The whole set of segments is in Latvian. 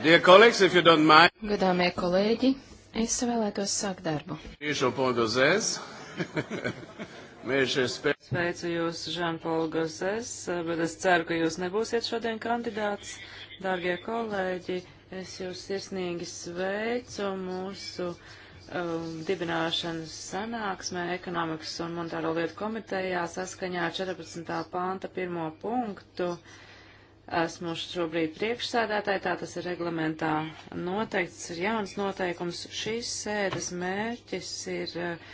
Godāmie kolēģi, es vēlētos sākt darbu. Sveicu jūs, Žanpaul Gozes, bet es ceru, ka jūs nebūsiet šodien kandidāts. Dārgie kolēģi, es jūs sirsnīgi sveicu mūsu um, dibināšanas sanāksmē ekonomikas un monetāro lietu komitejā saskaņā 14. panta pirmo punktu. Uh, Esmu šobrīd priekšsēdētāji, tā tas ir reglamentā noteikts, tas ir jauns noteikums. Šīs sēdes mērķis ir uh,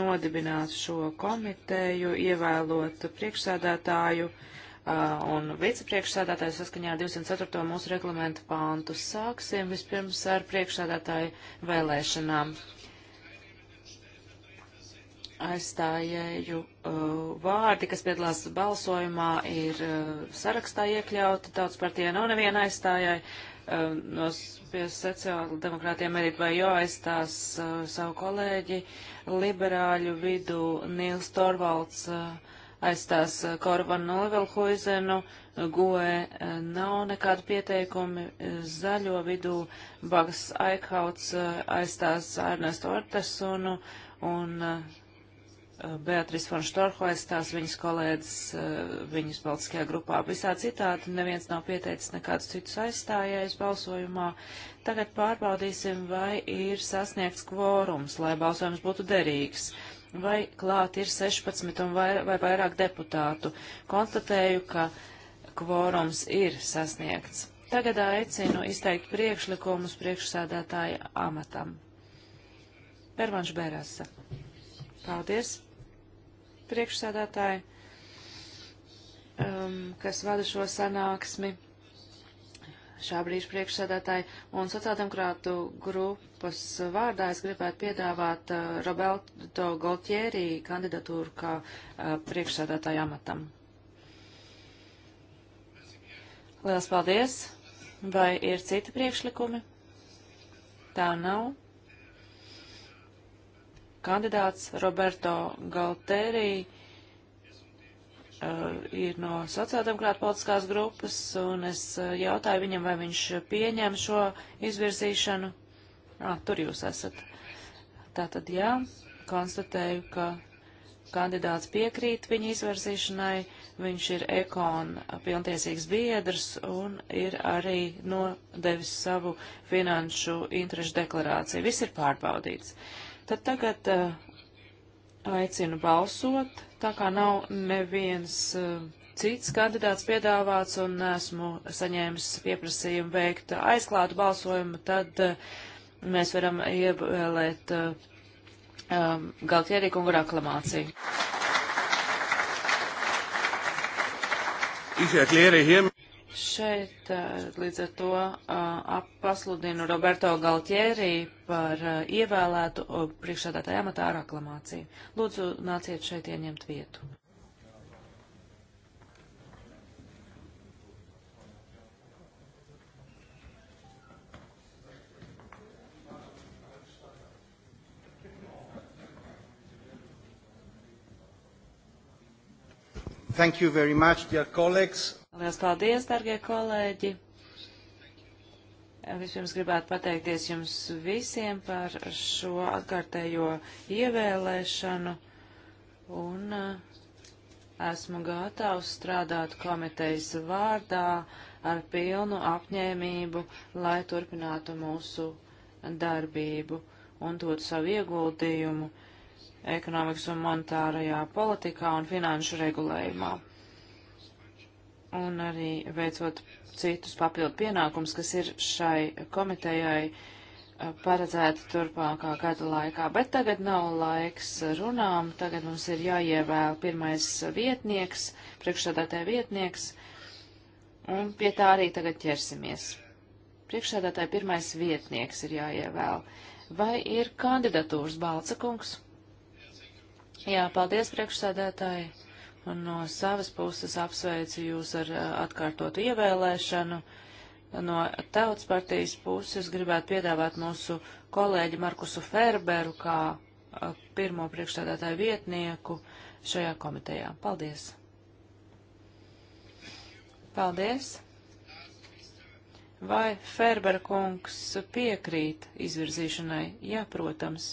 nodibināt šo komiteju, ievēlot priekšsēdētāju uh, un vicepriekšsēdētāju saskaņā ar 204. mūsu reglamentu pāntu. Sāksim vispirms ar priekšsēdētāju vēlēšanām aizstājēju uh, vārdi, kas piedalās balsojumā, ir uh, sarakstā iekļauti. Tautas partijā nav neviena aizstājai. Uh, no sociāla demokrātiem arī vai jo aizstās uh, savu kolēģi liberāļu vidu Nils Torvalds uh, aizstās uh, Korvanu Novelhuizenu, Goe nav nekādu pieteikumu, zaļo vidū Bagas Aikhauts aizstās Ernestu Ortesunu un, un Eh, Beatrice von Storhojas, tās viņas kolēģis, eh, viņas politiskajā grupā. Visā citādi neviens nav pieteicis nekādus citus aizstājējus balsojumā. Tagad pārbaudīsim, vai ir sasniegts kvorums, lai balsojums būtu derīgs. Vai klāt ir 16 un vai, vai vairāk deputātu. Konstatēju, ka kvorums ir sasniegts. Tagad aicinu izteikt priekšlikumus priekšsēdētāja amatam. Pervanš Berasa. Paldies, priekšsādātāji, um, kas vada šo sanāksmi šā brīža priekšsēdētāji un sociāldemokrātu grupas vārdā es gribētu piedāvāt uh, Roberto Goltieri kandidatūru kā uh, priekšsēdētāju amatam. Liels paldies! Vai ir citi priekšlikumi? Tā nav kandidāts Roberto Galteri uh, ir no sociāldemokrāta politiskās grupas, un es uh, jautāju viņam, vai viņš pieņem šo izvirzīšanu. Ah, tur jūs esat. Tātad jā, konstatēju, ka kandidāts piekrīt viņa izvirzīšanai, viņš ir ekon pilntiesīgs biedrs un ir arī nodevis savu finanšu interešu deklarāciju. Viss ir pārbaudīts. Uh, Tad tagad uh, aicinu balsot, tā kā nav neviens uh, cits kandidāts piedāvāts un esmu saņēmis pieprasījumu veikt aizklātu balsojumu, tad uh, mēs varam ievēlēt uh, um, Galtieri kungu aklamāciju. Ich erkläre hiermit. Šeit eh, līdz ar to eh, pasludinu Roberto Galtieri par eh, ievēlētu priekšsādātāju amatā ar aklamāciju. Lūdzu, nāciet šeit ieņemt vietu. Thank you very much, dear colleagues. Lielas paldies, dargie kolēģi! Vispirms gribētu pateikties jums visiem par šo atkārtējo ievēlēšanu un eh, esmu gatavs strādāt komitejas vārdā ar pilnu apņēmību, lai turpinātu mūsu darbību un dotu savu ieguldījumu ekonomikas un monetārajā politikā un finanšu regulējumā un arī veicot citus papildu pienākums, kas ir šai komitejai eh, paredzēti turpākā gada laikā. Bet tagad nav laiks runām, tagad mums ir jāievēl pirmais vietnieks, priekšsādātē vietnieks, un pie tā arī tagad ķersimies. Priekšsādātāja pirmais vietnieks ir jāievēl. Vai ir kandidatūras Balca kungs? Jā, paldies priekšsādātāji. No savas puses apsveicu jūs ar eh, atkārtotu ievēlēšanu. No tautas partijas puses gribētu piedāvāt mūsu kolēģi Markusu Ferberu kā eh, pirmo priekšstādātāju vietnieku šajā komitejā. Paldies! Paldies! Vai Ferbera kungs piekrīt izvirzīšanai? Jā, protams.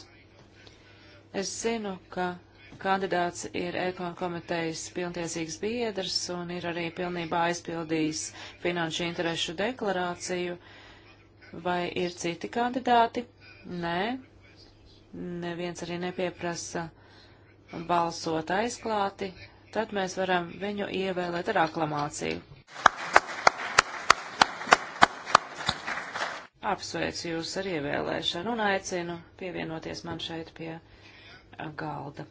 Es zinu, ka Kandidāts ir ekon komitejas pilntiesīgs biedrs un ir arī pilnībā aizpildījis finanšu interešu deklarāciju. Vai ir citi kandidāti? Nē. Neviens arī nepieprasa balsot aizklāti. Tad mēs varam viņu ievēlēt ar aklamāciju. apsveicu jūs ar ievēlēšanu un aicinu pievienoties man šeit pie galda.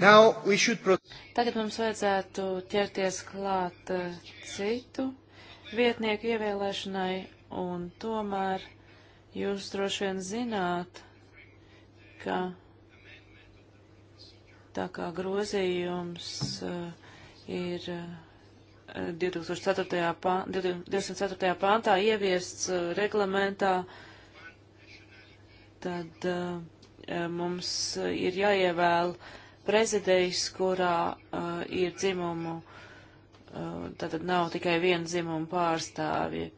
Should... Tagad mums vajadzētu ķerties klāt eh, citu vietnieku ievēlēšanai, un tomēr jūs droši vien zināt, ka tā kā grozījums eh, ir 2004. Pānt, 204. pāntā ieviests eh, reglamentā, tad mums ir jāievēl prezidejs, kurā uh, ir dzimumu, uh, tātad nav tikai viena dzimuma pārstāvja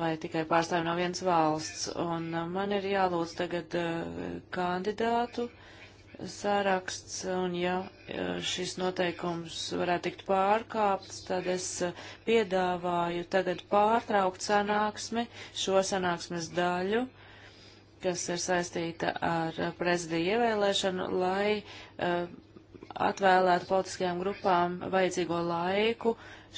vai tikai pārstāvja no vienas valsts. Un uh, man ir jālūdz tagad uh, kandidātu saraksts, un ja uh, šis noteikums varētu tikt pārkāpts, tad es uh, piedāvāju tagad pārtraukt sanāksmi, šo sanāksmes daļu. Uh, kas ir saistīta ar prezidiju ievēlēšanu, lai uh, atvēlētu politiskajām grupām vajadzīgo laiku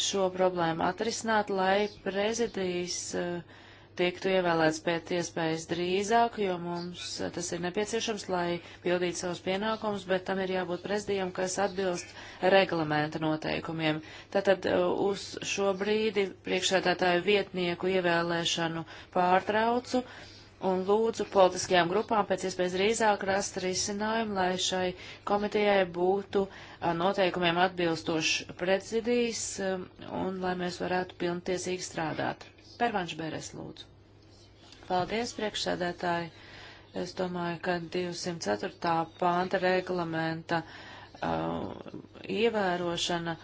šo problēmu atrisināt, lai prezidijs uh, eh, tiktu ievēlēts pēc iespējas drīzāk, jo mums eh, tas ir nepieciešams, lai pildītu savus pienākumus, bet tam ir jābūt prezidijam, kas atbilst reglamenta noteikumiem. Tātad uz šo brīdi priekšsēdētāju vietnieku ievēlēšanu pārtraucu. Uh, un lūdzu politiskajām grupām pēc iespējas drīzāk rast risinājumu, lai šai komitejai būtu noteikumiem atbilstošs prezidijs un lai mēs varētu pilntiesīgi strādāt. Pervanš Beres lūdzu. Paldies, priekšsēdētāji. Es domāju, ka 204. pānta reglamenta uh, ievērošana,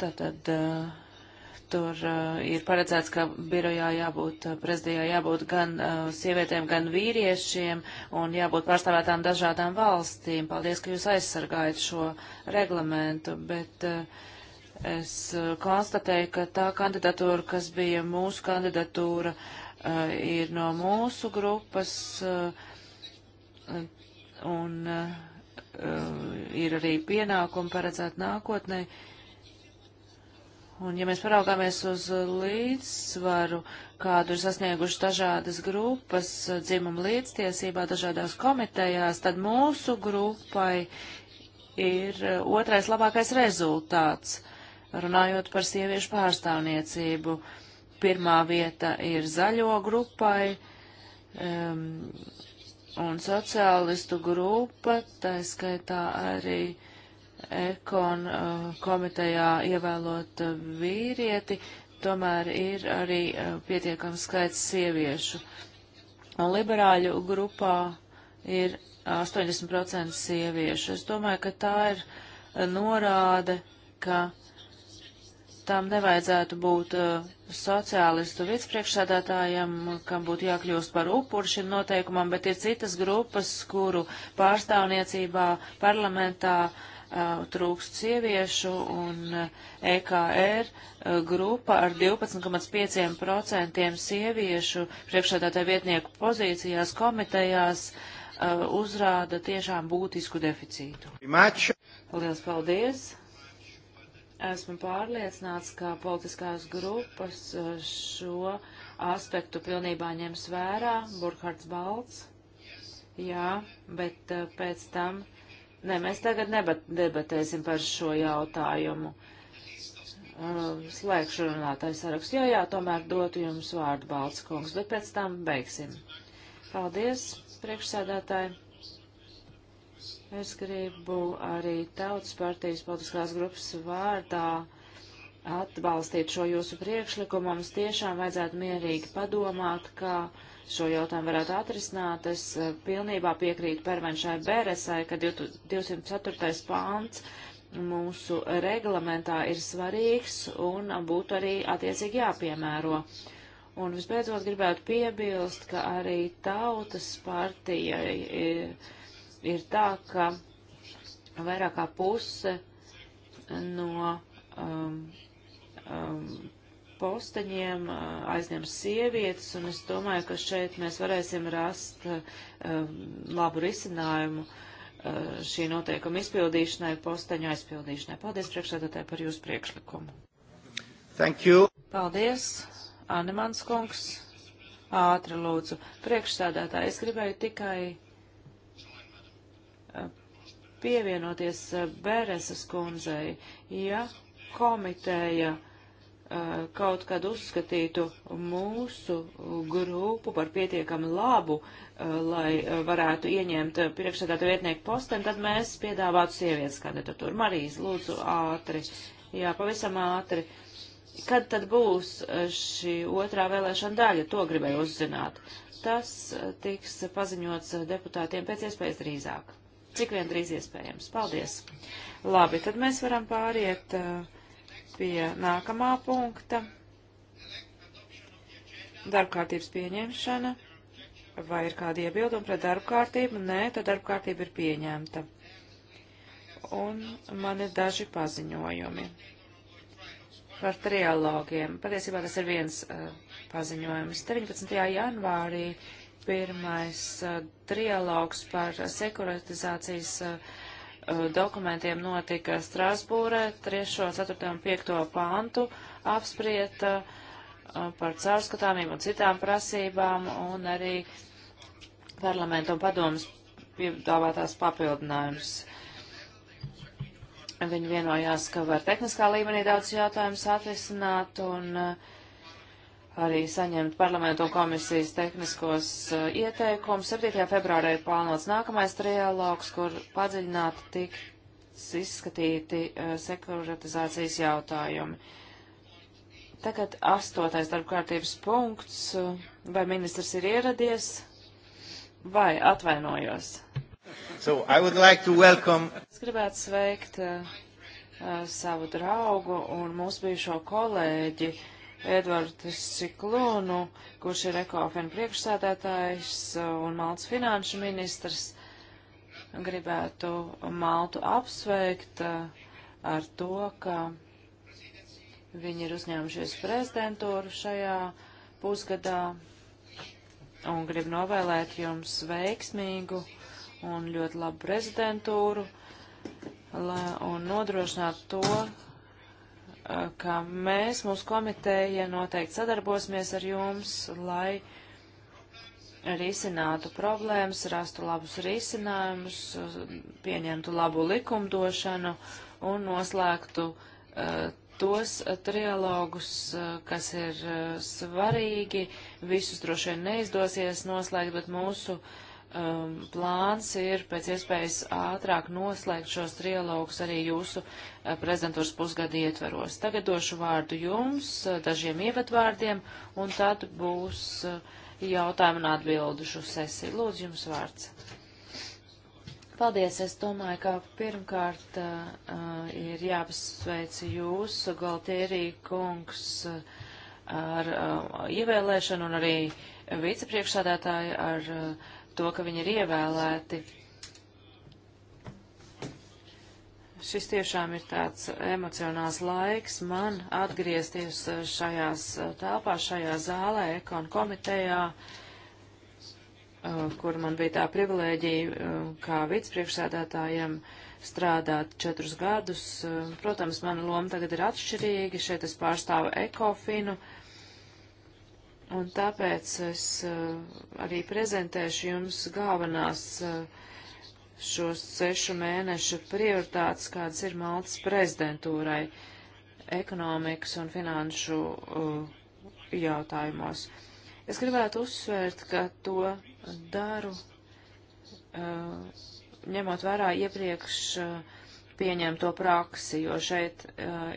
tātad uh, Tur uh, ir paredzēts, ka birojā jābūt, eh, prezidijā jābūt gan uh, sievietēm, gan vīriešiem un jābūt pārstāvētām dažādām valstīm. Paldies, ka jūs aizsargājat šo reglamentu, bet uh, es konstatēju, ka tā kandidatūra, kas bija mūsu kandidatūra, uh, ir no mūsu grupas uh, un uh, ir arī pienākumi paredzēt nākotnē. Uh, Un ja mēs paraugāmies uz līdzsvaru, kādu ir sasnieguši dažādas grupas dzimuma līdztiesībā dažādās komitejās, tad mūsu grupai ir otrais labākais rezultāts, runājot par sieviešu pārstāvniecību. Pirmā vieta ir zaļo grupai um, un sociālistu grupa, tā skaitā arī uh, ekon eh, komitejā ievēlot eh, vīrieti, tomēr ir arī eh, pietiekams skaits sieviešu. Un liberāļu grupā ir 80% sieviešu. Es domāju, ka tā ir norāde, ka tam nevajadzētu būt uh, sociālistu vicepriekšsādātājam, kam būtu jākļūst par upuru šim noteikumam, bet ir citas grupas, kuru pārstāvniecībā parlamentā uh, trūkst sieviešu un EKR grupa ar 12,5% sieviešu priekšādātāju vietnieku pozīcijās komitejās uzrāda tiešām būtisku deficītu. Lielas paldies! Esmu pārliecināts, ka politiskās grupas šo aspektu pilnībā ņems vērā. Burkhards Balts. Jā, bet pēc tam Nē, mēs tagad debatēsim par šo jautājumu. Um, slēgšu runātājs sarakstu. Jā, jā, tomēr dotu jums vārdu, Balts kungs, bet pēc tam beigsim. Paldies, priekšsēdētāji. Es gribu arī Tautas partijas politiskās grupas vārdā atbalstīt šo jūsu priekšlikumu. Mums tiešām vajadzētu mierīgi padomāt, kā. Ka šo jautājumu varētu atrisināt. Es eh, pilnībā piekrītu pervenšai Bēresai, ka 204. pāns mūsu reglamentā ir svarīgs un būtu arī attiecīgi jāpiemēro. Un visbeidzot gribētu piebilst, ka arī tautas partija ir, eh, ir tā, ka vairāk kā puse no um, um, posteņiem aizņems sievietes, un es domāju, ka šeit mēs varēsim rast uh, labu risinājumu uh, šī noteikuma izpildīšanai, posteņu aizpildīšanai. Paldies priekšsēdētāji par jūsu priekšlikumu. Thank you. Paldies, Anemans kungs. Ātri lūdzu. Priekšsēdētāji, es gribēju tikai pievienoties Bēreses kundzei, ja komiteja uh, Eh, kaut kad uzskatītu mūsu grupu par pietiekami labu, eh, lai eh, varētu ieņemt priekšsēdātu vietnieku posteni, tad mēs piedāvātu sievietes kandidatūru. Marijas, lūdzu, ātri. Jā, pavisam ātri. Kad tad būs šī otrā vēlēšana daļa? To gribēju uzzināt. Tas tiks paziņots deputātiem pēc iespējas drīzāk. Cik vien drīz iespējams. Paldies. Labi, tad mēs varam pāriet. Uh, pie nākamā punkta. Darbkārtības pieņemšana. Vai ir kādi iebildumi pret darbkārtību? Nē, tad darbkārtība ir pieņemta. Un man ir daži paziņojumi par trialogiem. Patiesībā tas ir viens uh, paziņojums. 19. janvārī pirmais uh, trialogs par sekuritizācijas uh, Eh, dokumentiem notika Strasbūrē 3., 4. un 5. pāntu apsprieta eh, par caurskatāmību un citām prasībām un arī parlamentu un padomus piedāvātās papildinājumus. Viņi vienojās, ka var tehniskā līmenī daudz jautājumus atrisināt un uh, arī saņemt parlamentu un komisijas tehniskos uh, ieteikumus. 7. februārā ir plānots nākamais trialogs, kur padziļināti tiks izskatīti uh, sekuritizācijas jautājumi. Tagad astotais darbkārtības punkts. Vai ministrs ir ieradies? Vai atvainojos? So I would like to welcome. Es gribētu sveikt uh, savu draugu un mūsu bijušo kolēģi. Uh, Edvardu Ciklūnu, kurš ir ekofina priekšsēdētājs un Maltas finanšu ministrs. Gribētu Maltu apsveikt uh, ar to, ka viņi ir uzņēmušies prezidentūru šajā pusgadā un grib novēlēt jums veiksmīgu un ļoti labu prezidentūru un nodrošināt to, ka mēs, mūsu komiteja, noteikti sadarbosimies ar jums, lai risinātu problēmas, rastu labus risinājumus, pieņemtu labu likumdošanu un noslēgtu uh, tos trialogus, eh, kas ir eh, svarīgi. Visus droši vien neizdosies noslēgt, bet mūsu uh, um, plāns ir pēc iespējas ātrāk noslēgt šos trialogus arī jūsu uh, prezidentūras pusgada ietveros. Tagad došu vārdu jums, uh, dažiem ievadvārdiem, un tad būs uh, jautājumu un atbildušu sesiju. Lūdzu, jums vārds. Paldies, es domāju, ka pirmkārt uh, uh ir jāpasveic jūs, Galtierī kungs, uh, ar uh, ievēlēšanu un arī vicepriekšsādātāju ar uh, to, ka viņi ir ievēlēti. Šis tiešām ir tāds emocionāls laiks man atgriezties šajās telpās, šajā zālē, ekon komitejā, uh, kur man bija tā privilēģija uh, kā vicepriekšsēdētājiem strādāt četrus gadus. Uh, protams, mana loma tagad ir atšķirīga. Šeit es pārstāvu ekofinu. Uh, Un tāpēc es eh, arī prezentēšu jums galvenās eh, šos sešu mēnešu prioritātes, kādas ir Maltas prezidentūrai ekonomikas un finanšu eh, jautājumos. Es gribētu uzsvērt, ka to daru ņemot vērā iepriekš pieņemto praksi, jo šeit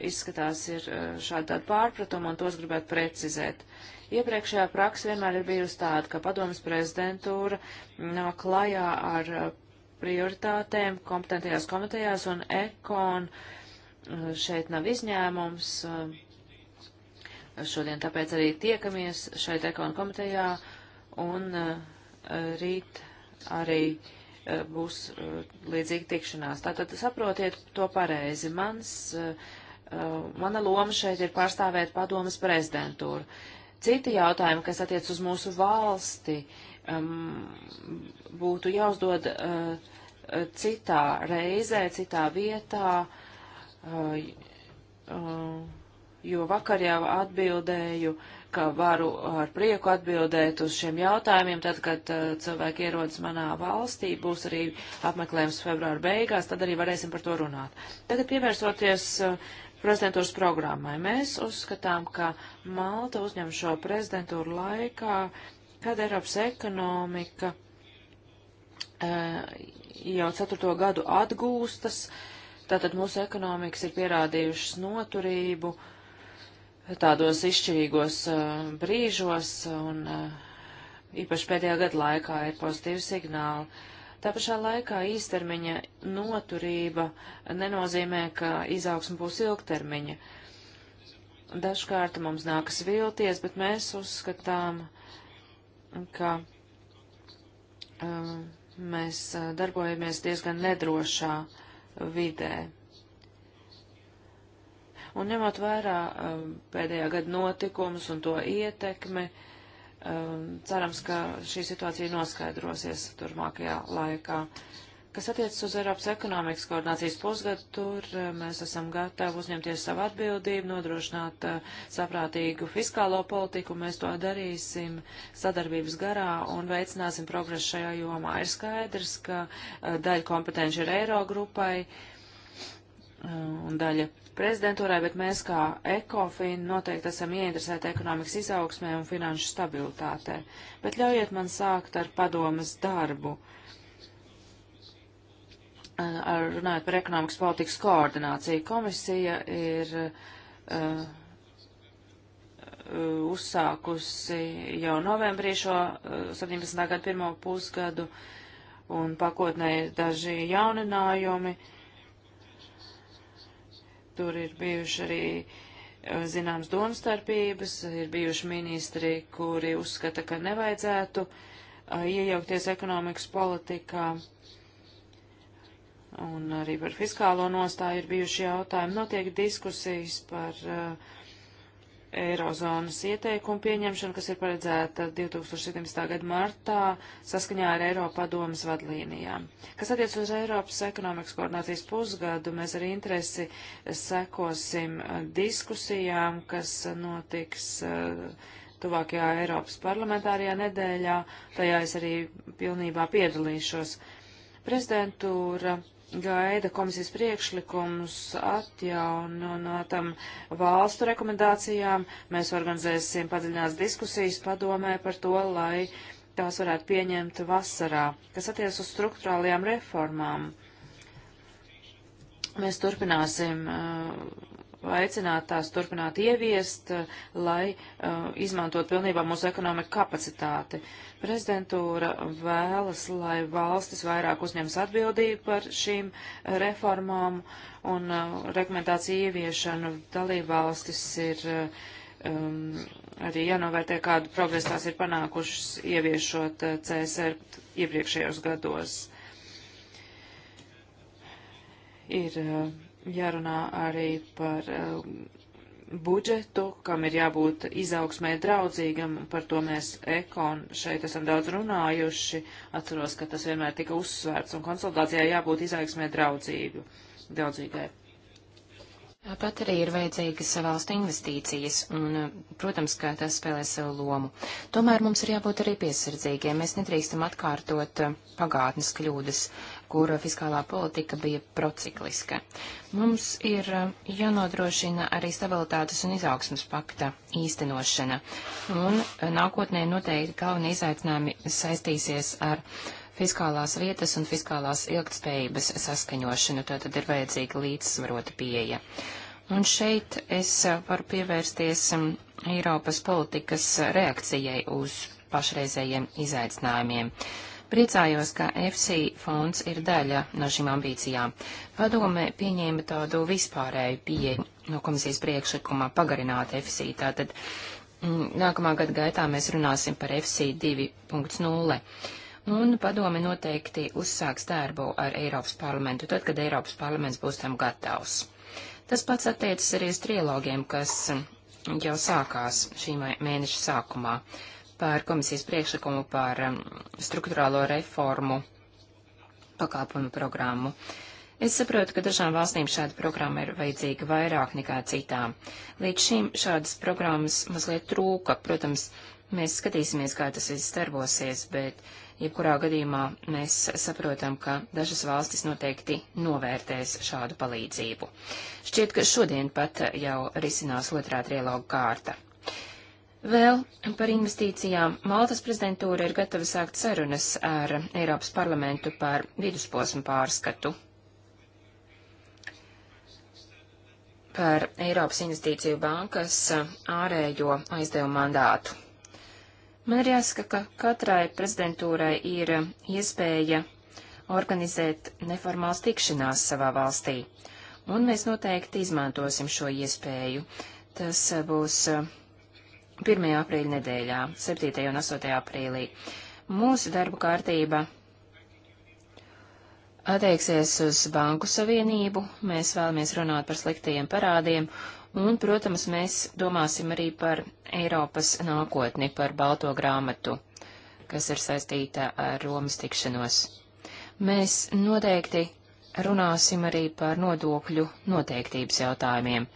izskatās ir šādi tādi pārpratumi, un tos gribētu precizēt. Uh, Iepriekšējā praksa vienmēr ir bijusi tāda, ka padomas prezidentūra nāk klajā ar uh, prioritātēm kompetentajās komitejās un ekon uh, šeit nav izņēmums. Uh, šodien tāpēc arī tiekamies šeit ekon komitejā un rīt arī būs līdzīga tikšanās. Tātad saprotiet to pareizi. Mans, mana loma šeit ir pārstāvēt padomas prezidentūru citi jautājumi, kas attiec uz mūsu valsti, um, būtu jāuzdod uh, citā reizē, citā vietā, uh, uh, jo vakar jau atbildēju, ka varu ar prieku atbildēt uz šiem jautājumiem, tad, kad uh, cilvēki ierodas manā valstī, būs arī apmeklējums februāra beigās, tad arī varēsim par to runāt. Tagad pievērsoties uh, prezidentūras programmai. Mēs uzskatām, ka Malta uzņem šo prezidentūru laikā, kad Eiropas ekonomika eh, jau ceturto gadu atgūstas, tātad mūsu ekonomikas ir pierādījušas noturību tādos izšķirīgos eh, brīžos, un eh, īpaši pēdējā gada laikā ir pozitīvi signāli. Tā pašā laikā īstermiņa noturība nenozīmē, ka izaugsme būs ilgtermiņa. Dažkārt mums nākas vilties, bet mēs uzskatām, ka um, mēs uh, darbojamies diezgan nedrošā vidē. Un ņemot vērā um, pēdējā gada notikumus un to ietekmi, uh, Um, cerams, ka šī situācija noskaidrosies turmākajā laikā. Kas attiecas uz Eiropas ekonomikas koordinācijas pusgadu, tur uh, mēs esam gatavi uzņemties savu atbildību, nodrošināt uh, saprātīgu fiskālo politiku, mēs to darīsim sadarbības garā un veicināsim progresu šajā jomā. Ir skaidrs, ka uh, daļa kompetenci ir Eirogrupai, Eh, un daļa prezidentūrai, bet mēs kā ECOFIN noteikti esam ieinteresēti ekonomikas izaugsmē un finanšu stabilitātē. Bet ļaujiet man sākt ar padomas darbu, eh, ar runājot par ekonomikas politikas koordināciju. Komisija ir uh, uzsākusi jau novembrī šo uh, 17. gadu pirmo pusgadu un pakotnē ir daži jauninājumi. Uh, Tur ir bijuši arī e, zināms domstarpības, ir bijuši ministri, kuri uzskata, ka nevajadzētu e, iejaukties ekonomikas politikā. Un arī par fiskālo nostāju ir bijuši jautājumi. Notiek diskusijas par uh, Eirozonas ieteikumu pieņemšanu, kas ir paredzēta 2017. gada martā saskaņā ar Eiropa padomas vadlīnijām. Kas attiec uz Eiropas ekonomikas koordinācijas pusgadu, mēs ar interesi sekosim uh, diskusijām, kas uh, notiks uh, tuvākajā Eiropas parlamentārajā nedēļā. Tajā es arī pilnībā piedalīšos. Prezidentūra gaida komisijas priekšlikums atjaunotam valstu rekomendācijām. Mēs organizēsim padziļinās diskusijas padomē par to, lai tās varētu pieņemt vasarā, kas attiec uz struktūrālajām reformām. Mēs turpināsim uh, aicināt tās turpināt ieviest, uh, lai uh, izmantot pilnībā mūsu ekonomiku kapacitāti. Uh, Prezidentūra vēlas, lai valstis vairāk uzņems atbildību par šīm reformām un uh, rekomendāciju ieviešanu. Dalībvalstis ir uh, um, arī jānovērtē, kādu progresu tās ir panākušas ieviešot uh, CSR iepriekšējos gados. Ir jārunā arī par um, budžetu, kam ir jābūt izaugsmē draudzīgam, un par to mēs ekon šeit esam daudz runājuši. Atceros, ka tas vienmēr tika uzsvērts, un konsultācijā jābūt izaugsmē draudzīgu, draudzīgai. Tāpat arī ir vajadzīgas valstu investīcijas, un, protams, ka tas spēlē savu lomu. Tomēr mums ir jābūt arī piesardzīgiem. Mēs nedrīkstam atkārtot pagātnes kļūdas kur fiskālā politika bija procikliska. Mums ir eh, jānodrošina arī stabilitātes un izaugsmas pakta īstenošana, un eh, nākotnē noteikti galvenie izaicinājumi saistīsies ar fiskālās vietas un fiskālās ilgtspējības saskaņošanu, tātad ir vajadzīga līdzsvarota pieeja. Un šeit es eh, varu pievērsties mm, Eiropas politikas reakcijai uz pašreizējiem izaicinājumiem. Uh, Priecājos, ka FC fonds ir daļa no šīm ambīcijām. Padome pieņēma tādu vispārēju pieeju no komisijas priekšlikumā pagarināt FC. Tātad m, mm, nākamā gada gaitā mēs runāsim par FC 2.0. Un padome noteikti uzsāks darbu ar Eiropas parlamentu, tad, kad Eiropas parlaments būs tam gatavs. Tas pats attiecas arī uz trilogiem, kas jau sākās šī mēneša sākumā. Uh, par komisijas priekšlikumu par um, struktūrālo reformu pakāpumu programmu. Es saprotu, ka dažām valstīm šāda programma ir vajadzīga vairāk nekā citām. Līdz šim šādas programmas mazliet trūka. Protams, mēs skatīsimies, kā tas viss darbosies, bet jebkurā gadījumā mēs saprotam, ka dažas valstis noteikti novērtēs šādu palīdzību. Šķiet, ka šodien pat jau risinās otrā trialoga kārta. Vēl par investīcijām. Maltas prezidentūra ir gatava sākt sarunas ar Eiropas parlamentu par vidusposmu pārskatu par Eiropas investīciju bankas ārējo aizdevumu mandātu. Man ir jāsaka, ka katrai prezidentūrai ir iespēja organizēt neformāls tikšanās savā valstī, un mēs noteikti izmantosim šo iespēju. Tas būs uh, 1. aprīļa nedēļā, 7. un 8. aprīlī. Mūsu darba kārtība attieksies uz Banku Savienību, mēs vēlamies runāt par sliktajiem parādiem, un, protams, mēs domāsim arī par Eiropas nākotni, par balto grāmatu, kas ir saistīta ar Romas tikšanos. Mēs noteikti runāsim arī par nodokļu noteiktības jautājumiem.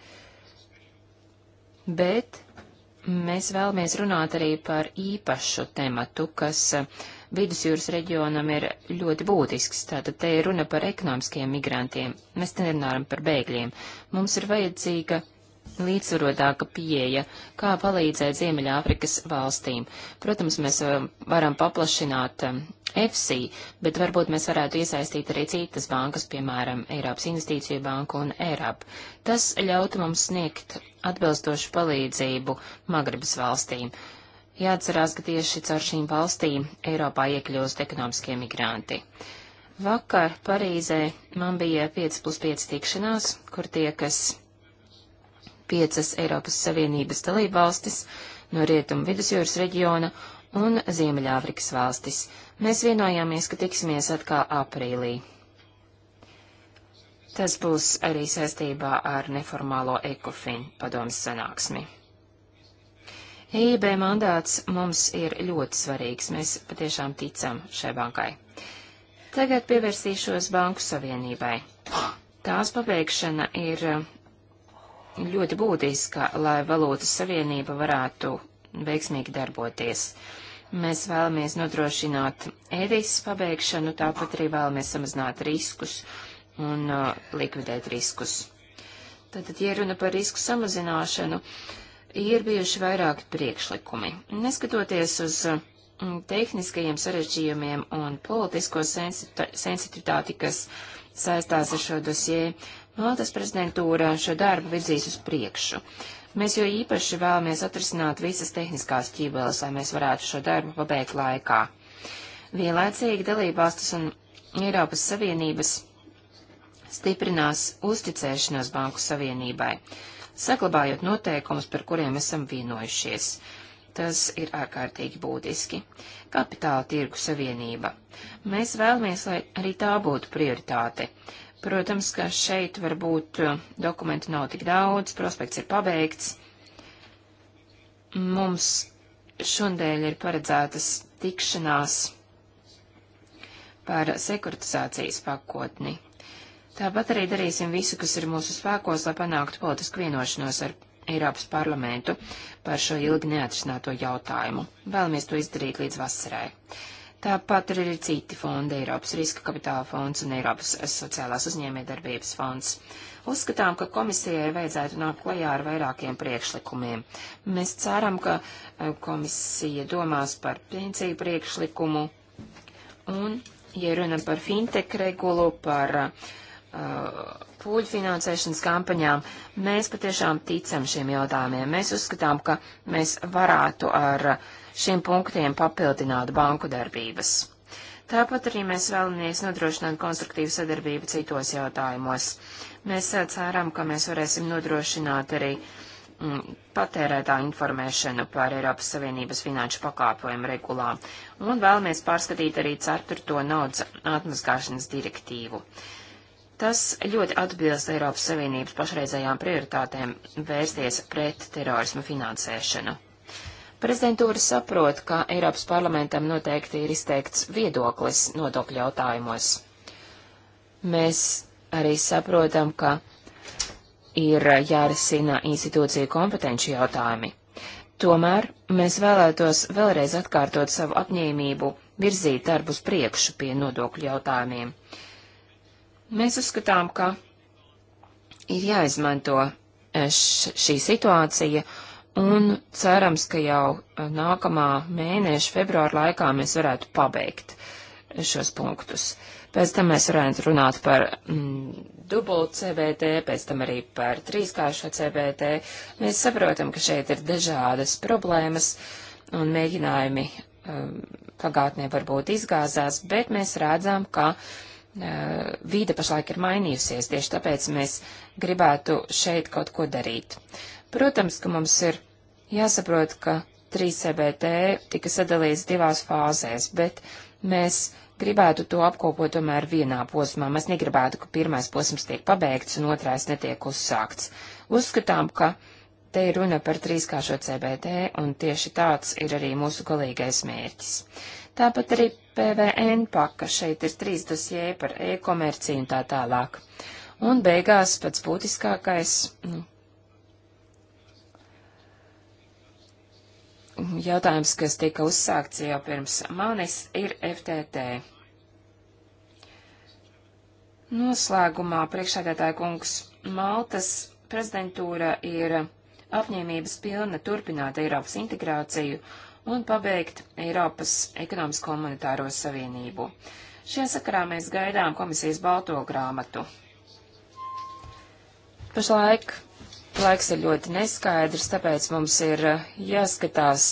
Bet Mēs vēlamies runāt arī par īpašu tematu, kas eh, vidusjūras reģionam ir ļoti būtisks. Tātad te ir runa par ekonomiskiem migrantiem. Mēs te nerunājam par bēgļiem. Mums ir vajadzīga līdzsvarotāka pieeja, kā palīdzēt Ziemeļāfrikas valstīm. Protams, mēs eh, varam paplašināt EFSI, eh, bet varbūt mēs varētu iesaistīt arī citas bankas, piemēram, Eiropas Investīciju banku un ERAB. Tas ļautu mums sniegt atbilstošu palīdzību Magribas valstīm. Jāatcerās, ka tieši caur šīm valstīm Eiropā iekļūst ekonomiskie migranti. Vakar Parīzē man bija 5 plus 5 tikšanās, kur tie, kas piecas Eiropas Savienības dalībvalstis no Rietumu vidusjūras reģiona un Ziemeļāfrikas valstis. Mēs vienojāmies, ka tiksimies atkal aprīlī. Tas būs arī saistībā ar neformālo ekofin padomas sanāksmi. EIB mandāts mums ir ļoti svarīgs, mēs patiešām ticam šai bankai. Tagad pievērsīšos Banku Savienībai. Tās pabeigšana ir ļoti būtiska, lai valūtas savienība varētu veiksmīgi darboties. Mēs vēlamies nodrošināt ēdīs pabeigšanu, tāpat arī vēlamies samazināt riskus un uh, likvidēt riskus. Tātad, ja runa par risku samazināšanu, ir bijuši vairāki priekšlikumi. Neskatoties uz uh, tehniskajiem sarežģījumiem un politisko sensitivitāti, kas saistās ar šo dosie, Maltas prezidentūra šo darbu virzīs uz priekšu. Mēs jo īpaši vēlamies atrisināt visas tehniskās ķībeles, lai mēs varētu šo darbu pabeigt laikā. Vienlaicīgi dalībvalstis un Eiropas Savienības stiprinās uzticēšanos Banku Savienībai, saglabājot noteikumus, par kuriem esam vienojušies. Tas ir ārkārtīgi būtiski. Kapitāla tirgu savienība. Mēs vēlamies, lai arī tā būtu prioritāte. Protams, ka šeit varbūt uh, dokumentu nav tik daudz, prospekts ir pabeigts. Mums šodien ir paredzētas tikšanās par sekuritizācijas pakotni. Tāpat arī darīsim visu, kas ir mūsu spēkos, lai panāktu politisku vienošanos ar Eiropas parlamentu par šo ilgi neatrisināto jautājumu. Vēlamies to izdarīt līdz vasarai. Tāpat arī ir citi fondi - Eiropas Riska kapitāla fonds un Eiropas sociālās uzņēmējdarbības fonds. Uzskatām, ka komisijai vajadzētu nākt klajā ar vairākiem priekšlikumiem. Mēs ceram, ka eh, komisija domās par pensiju priekšlikumu un, ja runa par fintech regulu, par uh, pūļu finansēšanas kampaņām. Mēs patiešām ticam šiem jautājumiem. Mēs uzskatām, ka mēs varētu ar šiem punktiem papildināt banku darbības. Tāpat arī mēs vēlamies nodrošināt konstruktīvu sadarbību citos jautājumos. Mēs eh, ceram, ka mēs varēsim nodrošināt arī mm, patērētāju informēšanu par Eiropas Savienības finanšu pakāpojumu regulā, un vēlamies pārskatīt arī ceturto naudas atmazgāšanas direktīvu. Uh, Tas ļoti atbilst Eiropas Savienības pašreizējām prioritātēm vērsties pret terorismu finansēšanu. Prezidentūra saprot, ka Eiropas parlamentam noteikti ir izteikts viedoklis nodokļu jautājumos. Mēs arī saprotam, ka ir jārisina institūciju kompetenci jautājumi. Tomēr mēs vēlētos vēlreiz atkārtot savu apņēmību virzīt darbus priekšu pie nodokļu jautājumiem. Mēs uzskatām, ka ir jāizmanto e, šī situācija, un cerams, ka jau e, nākamā mēneša februāra laikā mēs varētu pabeigt šos punktus. Pēc tam mēs varētu runāt par mm, dubultu CBT, pēc tam arī par trīskāršo CBT. Mēs saprotam, ka šeit ir dažādas problēmas un mēģinājumi um, pagātnē varbūt izgāzās, bet mēs redzam, ka uh, vīde pašlaik ir mainījusies, tieši tāpēc mēs gribētu šeit kaut ko darīt. Protams, ka mums ir jāsaprot, ka 3CBT tika sadalīts divās fāzēs, bet mēs gribētu to apkopot tomēr vienā posmā. Mēs negribētu, ka pirmais posms tiek pabeigts un otrais netiek uzsākts. Uzskatām, ka te ir runa par trīskāršo CBT, un tieši tāds ir arī mūsu galīgais mērķis. Tāpat arī PVN paka, šeit ir trīs dosjē par e-komerciju un tā tālāk. Un beigās pats būtiskākais mm, jautājums, kas tika uzsākts jau pirms manis, ir FTT. Noslēgumā priekšādātāja kungs Maltas prezidentūra ir apņēmības pilna turpināt Eiropas integrāciju un pabeigt Eiropas ekonomisko un monetāro savienību. Šajā sakarā mēs gaidām komisijas balto grāmatu. Pašlaik laiks ir ļoti neskaidrs, tāpēc mums ir eh, jāskatās,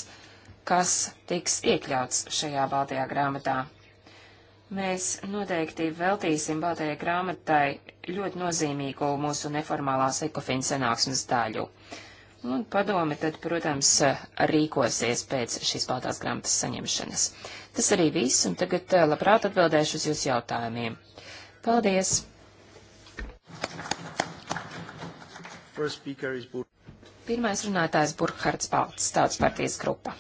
kas tiks iekļauts šajā baltajā grāmatā. Mēs noteikti veltīsim Baltajai grāmatai ļoti nozīmīgu mūsu neformālās ekofīna sanāksmes daļu. Un padome tad, protams, rīkosies pēc šīs baltās grāmatas saņemšanas. Tas arī viss, un tagad eh, labprāt atbildēšu uz jūsu jautājumiem. Paldies! Pirmais runātājs Burkhards Balts, Tautas partijas grupa.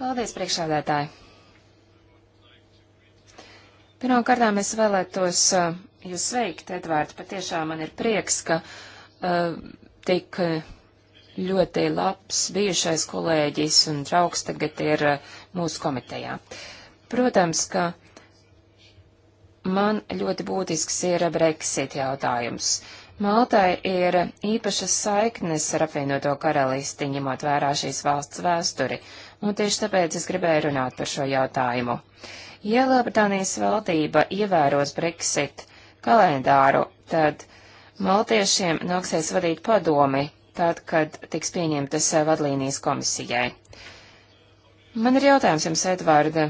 Paldies, priekšādētāji! Pirmkārtām es vēlētos eh, jūs sveikt, Edvārds. Patiešām man ir prieks, ka uh, tik ļoti labs bijušais kolēģis un draugs tagad ir eh, mūsu komitejā. Protams, ka man ļoti būtisks ir Brexit jautājums. Maltai ir īpašas saiknes ar apvienoto karalisti, ņemot vērā šīs valsts vēsturi, un tieši tāpēc es gribēju runāt par šo jautājumu. Ja Lielbritānijas valdība ievēros Brexit kalendāru, tad maltiešiem nāksies vadīt padomi tad, kad tiks pieņemtas eh, vadlīnijas komisijai. Man ir jautājums jums, Edvarda,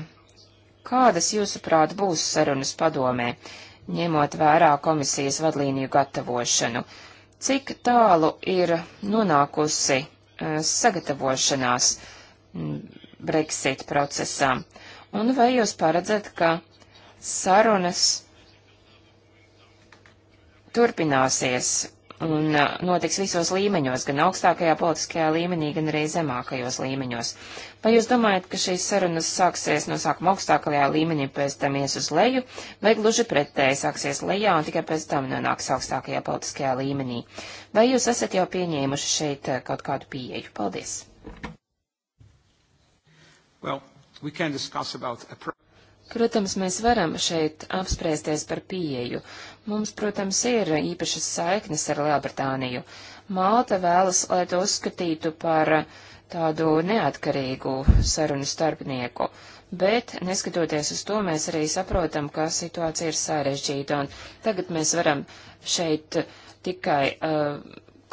kādas jūsuprāt būs sarunas padomē, ņemot vērā komisijas vadlīniju gatavošanu? Cik tālu ir nonākusi eh, sagatavošanās Brexit procesā? Un vai jūs paredzat, ka sarunas turpināsies un uh, notiks visos līmeņos, gan augstākajā politiskajā līmenī, gan arī zemākajos līmeņos. Vai jūs domājat, ka šīs sarunas sāksies no sākuma augstākajā līmenī, pēc tam ies uz leju, vai gluži pretēji sāksies lejā un tikai pēc tam nonāks augstākajā politiskajā līmenī? Vai jūs esat jau pieņēmuši šeit uh, kaut kādu pieeju? Paldies! Well, we can discuss about a Protams, mēs varam šeit apspriesties par pieeju, Mums, protams, ir īpašas saiknes ar Lielbritāniju. Malta vēlas, lai to uzskatītu par tādu neatkarīgu sarunu starpnieku, bet, neskatoties uz to, mēs arī saprotam, ka situācija ir sarežģīta, un tagad mēs varam šeit tikai uh,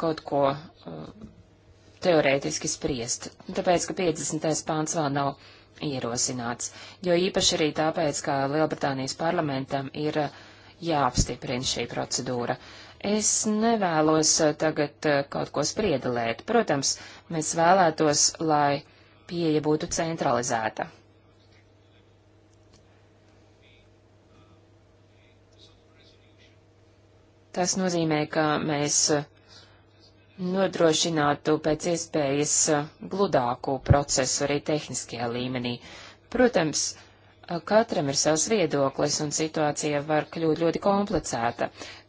kaut ko uh, teorētiski spriest, tāpēc, ka 50. pāns vēl nav ierosināts, jo īpaši arī tāpēc, ka Lielbritānijas parlamentam ir uh, jāapstiprina šī procedūra. Es nevēlos uh, tagad uh, kaut ko spriedelēt. Protams, mēs vēlētos, lai pieeja būtu centralizēta. Tas nozīmē, ka mēs uh, nodrošinātu pēc iespējas gludāku procesu arī tehniskajā līmenī. Protams, uh, Katram ir savs viedoklis, un situācija var kļūt ļoti komplicēta.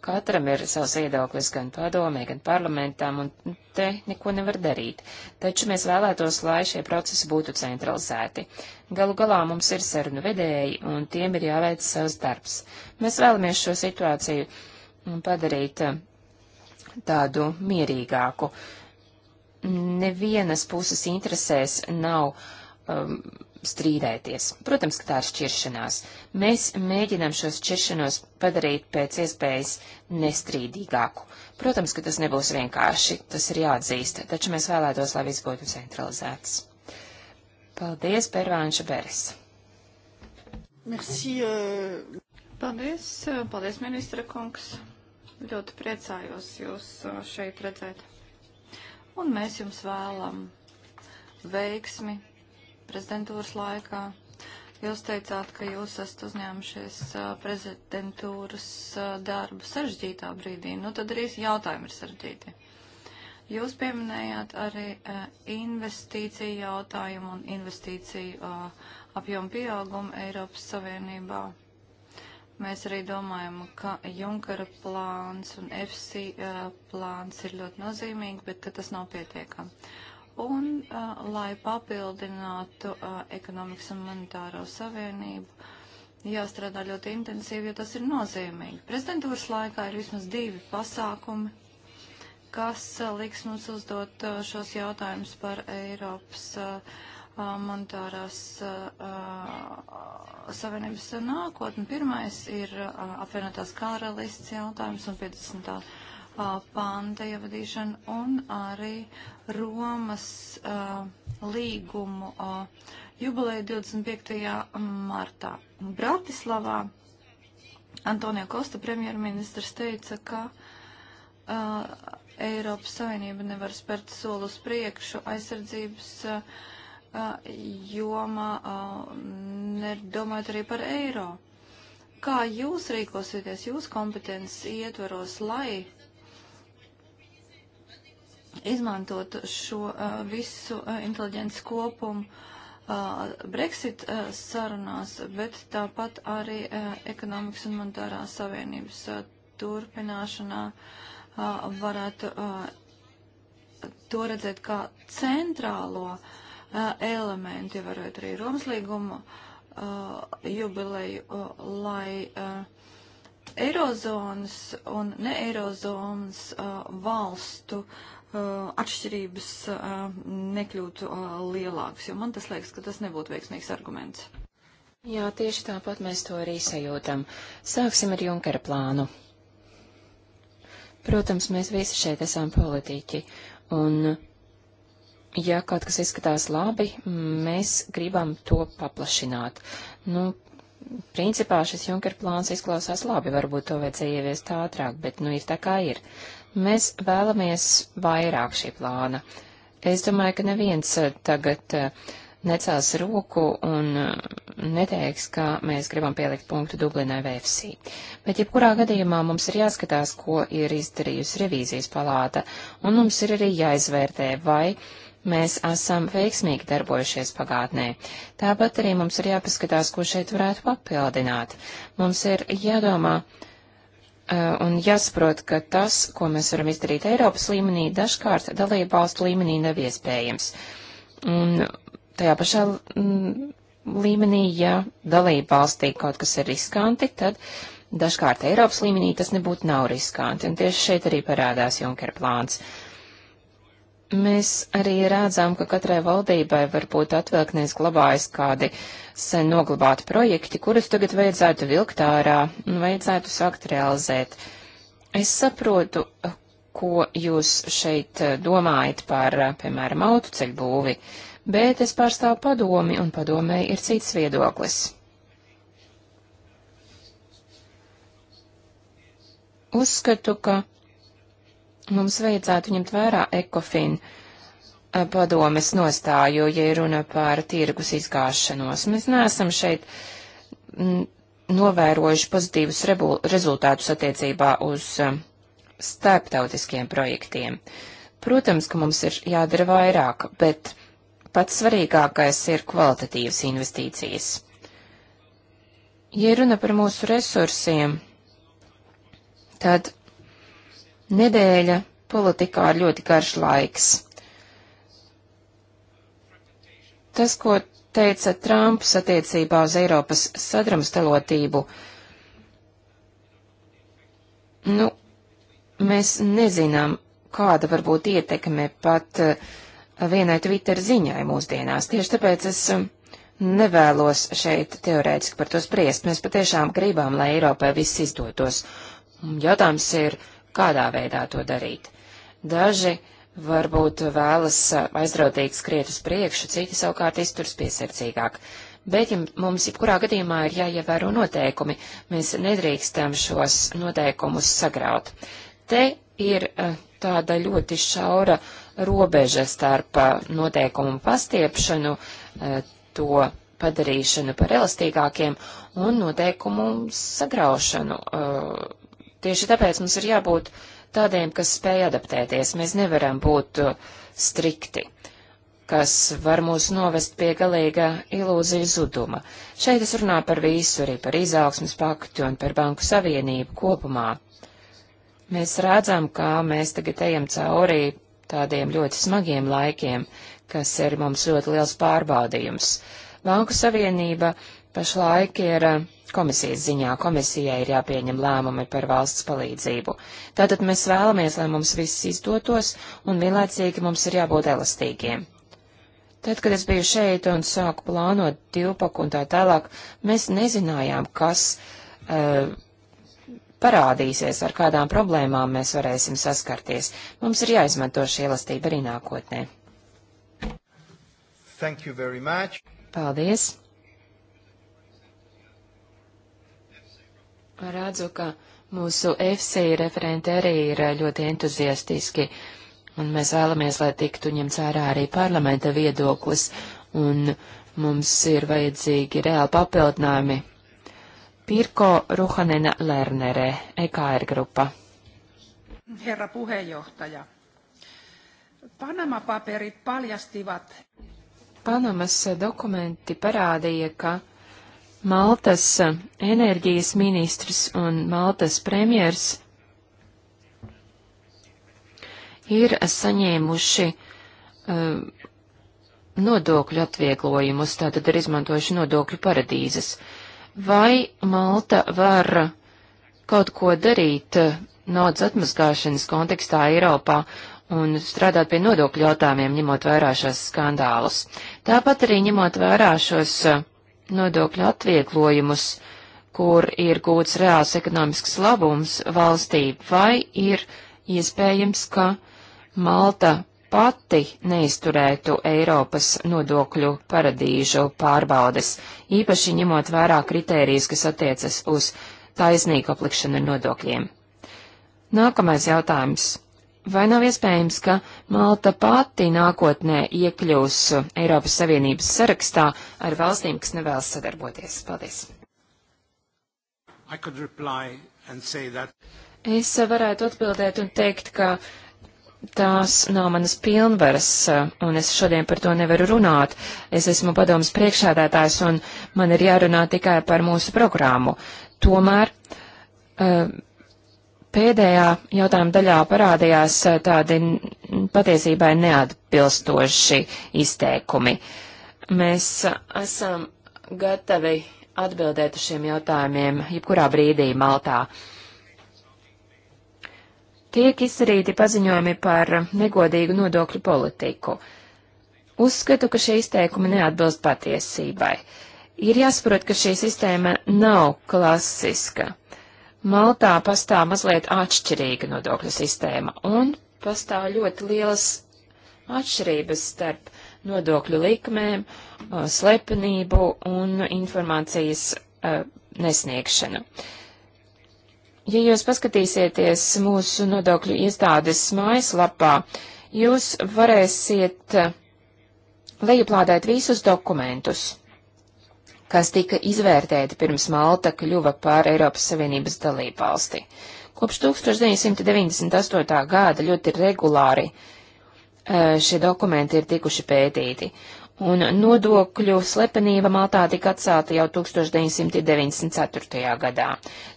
Katram ir savs viedoklis gan padomē, gan parlamentām, un te neko nevar darīt. Taču mēs vēlētos, lai šie procesi būtu centralizēti. Galu galā mums ir sarunu vedēji, un tiem ir jāveic savs darbs. Mēs vēlamies šo situāciju padarīt eh, tādu mierīgāku. Nevienas puses interesēs nav. Um, strīdēties. Protams, ka tā ir šķiršanās. Mēs mēģinām šos šķiršanos padarīt pēc iespējas nestrīdīgāku. Protams, ka tas nebūs vienkārši, tas ir jāatzīst, taču mēs vēlētos, lai viss būtu centralizēts. Paldies, Pervānša Beres! Merci, uh... Paldies, uh, paldies, ministra kungs! Ļoti priecājos jūs uh, šeit redzēt. Un mēs jums vēlam veiksmi prezidentūras laikā. Jūs teicāt, ka jūs esat uzņēmušies prezidentūras darbu sarežģītā brīdī. Nu, tad arī jautājumi ir sarežģīti. Jūs pieminējāt arī investīciju jautājumu un investīciju apjomu pieaugumu Eiropas Savienībā. Mēs arī domājam, ka Junkara plāns un FC plāns ir ļoti nozīmīgi, bet ka tas nav pietiekami un uh, lai papildinātu uh, ekonomikas un monetāro savienību. Jāstrādā ļoti intensīvi, jo tas ir nozīmīgi. Prezidentūras laikā ir vismaz divi pasākumi, kas uh, liks mums uzdot uh, šos jautājumus par Eiropas uh, uh monetārās uh, uh, savienības nākotni. Pirmais ir apvienotās karalists jautājums un 50. Uh, panta ievadīšanu un arī Romas uh, līgumu uh, jubileju 25. martā. Bratislavā Antonija Kosta premjerministrs teica, ka uh, Eiropas Savienība nevar spērt soli uz priekšu aizsardzības uh, uh, jomā, nedomājot arī par eiro. Kā jūs rīkosieties jūs kompetences ietvaros, lai izmantot šo uh, visu uh, inteliģents kopumu uh, Brexit uh, sarunās, bet tāpat arī uh, ekonomikas un monetārā savienības uh, turpināšanā uh, varētu uh, to redzēt kā centrālo uh, elementu, ja varētu arī Romas līguma uh, jubileju, uh, lai uh, Eirozonas un ne Eirozonas uh, valstu uh, Uh, atšķirības uh, nekļūtu uh, lielākas, jo man tas liekas, ka tas nebūtu veiksmīgs arguments. Jā, tieši tāpat mēs to arī sajūtam. Sāksim ar Junkera plānu. Protams, mēs visi šeit esam politiķi, un ja kaut kas izskatās labi, mēs gribam to paplašināt. Nu, principā šis Junker plāns izklausās labi, varbūt to vajadzēja ieviest ātrāk, bet nu ir tā kā ir. Mēs vēlamies vairāk šī plāna. Es domāju, ka neviens eh, tagad eh, necels roku un eh, neteiks, ka mēs gribam pielikt punktu Dublinai VFC. Bet jebkurā gadījumā mums ir jāskatās, ko ir izdarījusi revīzijas palāta, un mums ir arī jāizvērtē, vai mēs esam veiksmīgi darbojušies pagātnē. Tāpat arī mums ir jāpaskatās, ko šeit varētu papildināt. Mums ir jādomā, Eh, un jāsaprot, ka tas, ko mēs varam izdarīt Eiropas līmenī, dažkārt dalību valstu līmenī nav iespējams. Un tajā pašā mm, līmenī, ja dalību valstī kaut kas ir riskanti, tad dažkārt Eiropas līmenī tas nebūtu nav riskanti. Un tieši šeit arī parādās Junkera plāns. Uh, Mēs arī redzam, ka katrai valdībai varbūt atvilknēs glabājas kādi sen noglabāti projekti, kurus tagad vajadzētu vilkt ārā un vajadzētu sākt realizēt. Es saprotu, ko jūs šeit eh, domājat par, eh, piemēram, autoceļu būvi, bet es pārstāvu padomi un padomē ir cits viedoklis. Uzskatu, ka Mums vajadzētu ņemt vērā ekofin eh, padomes nostāju, ja runa par tirgus izgāšanos. Mēs neesam šeit mm, novērojuši pozitīvus rezultātus attiecībā uz eh, starptautiskiem projektiem. Protams, ka mums ir jādara vairāk, bet pats svarīgākais ir kvalitatīvas investīcijas. Ja runa par mūsu resursiem, tad Nedēļa politikā ir ļoti garš laiks. Tas, ko teica Trumps attiecībā uz Eiropas sadrumstalotību, nu, mēs nezinām, kāda var būt ietekme pat eh, vienai Twitter ziņai mūsdienās. Tieši tāpēc es eh, nevēlos šeit teorētiski par to spriest. Mēs patiešām gribam, lai Eiropai viss izdotos. Jautājums ir, uh, kādā veidā to darīt. Daži varbūt vēlas aizrautīgs skriet uz priekšu, citi savukārt izturs piesardzīgāk. Bet ja mums jebkurā gadījumā ir jāievēro noteikumi, mēs nedrīkstam šos noteikumus sagraut. Te ir tāda ļoti šaura robeža starp noteikumu pastiepšanu, to padarīšanu par elastīgākiem un noteikumu sagraušanu, Tieši tāpēc mums ir jābūt tādiem, kas spēj adaptēties. Mēs nevaram būt uh, strikti, kas var mūs novest pie galīga ilūzija zuduma. Šeit es runāju par visu, arī par izaugsmas paktu un par banku savienību kopumā. Mēs redzam, kā mēs tagad ejam cauri tādiem ļoti smagiem laikiem, kas ir mums ļoti liels pārbaudījums. Banku savienība pašlaik ir eh, komisijas ziņā. Komisijai ir jāpieņem lēmumi par valsts palīdzību. Tātad mēs vēlamies, lai mums viss izdotos, un vienlaicīgi mums ir jābūt elastīgiem. Tad, kad es biju šeit un sāku plānot divpaku un tā tālāk, mēs nezinājām, kas uh, parādīsies, ar kādām problēmām mēs varēsim saskarties. Mums ir jāizmanto šī elastība arī nākotnē. Paldies! Redzu, ka mūsu FC referenti arī ir ļoti entuziastiski, un mēs vēlamies, lai tiktu ņemts vērā arī parlamenta viedoklis, un mums ir vajadzīgi reāli papildinājumi. Pirko Ruhanena Lernere, EKR grupa. Herra puheenjohtaja, Panama-paperit paljastivat. Panamas dokumenti parādīja, ka Maltas eh, enerģijas ministrs un Maltas premjers ir saņēmuši uh, nodokļu atvieglojumus, tātad ir izmantojuši nodokļu paradīzes. Vai Malta var kaut ko darīt eh, naudas atmazgāšanas kontekstā Eiropā un strādāt pie nodokļu jautājumiem, ņemot vērā šos skandālus? Tāpat arī ņemot vērā šos uh, nodokļu atvieglojumus, kur ir gūts reāls ekonomisks labums valstī, vai ir iespējams, ka Malta pati neizturētu Eiropas nodokļu paradīžu pārbaudes, īpaši ņemot vērā kritērijas, kas attiecas uz taisnīgu aplikšanu ar nodokļiem. Nākamais jautājums. Vai nav iespējams, ka Malta pati nākotnē iekļūs Eiropas Savienības sarakstā ar valstīm, kas nevēlas sadarboties? Paldies! Es varētu atbildēt un teikt, ka tās nav manas pilnvaras, un es šodien par to nevaru runāt. Es esmu padomas priekšādātājs, un man ir jārunā tikai par mūsu programmu. Tomēr. Uh, pēdējā jautājuma daļā parādījās eh, tādi patiesībai neatbilstoši izteikumi. Mēs eh, esam gatavi atbildēt uz šiem jautājumiem jebkurā brīdī Maltā. Tiek izdarīti paziņojumi par negodīgu nodokļu politiku. Uzskatu, ka šie izteikumi neatbilst patiesībai. Ir jāsaprot, ka šī sistēma nav klasiska. Maltā pastāv mazliet atšķirīga nodokļu sistēma un pastāv ļoti lielas atšķirības starp nodokļu likmēm, uh, slepenību un informācijas uh, nesniegšanu. Ja jūs paskatīsieties mūsu nodokļu iestādes mājaslapā, jūs varēsiet uh, lejuplādēt visus dokumentus kas tika izvērtēti pirms Malta kļuva par Eiropas Savienības dalību valsti. Kopš 1998. gada ļoti regulāri e, šie dokumenti ir tikuši pētīti, un nodokļu slepenība Maltā tika atcelta jau 1994. gadā.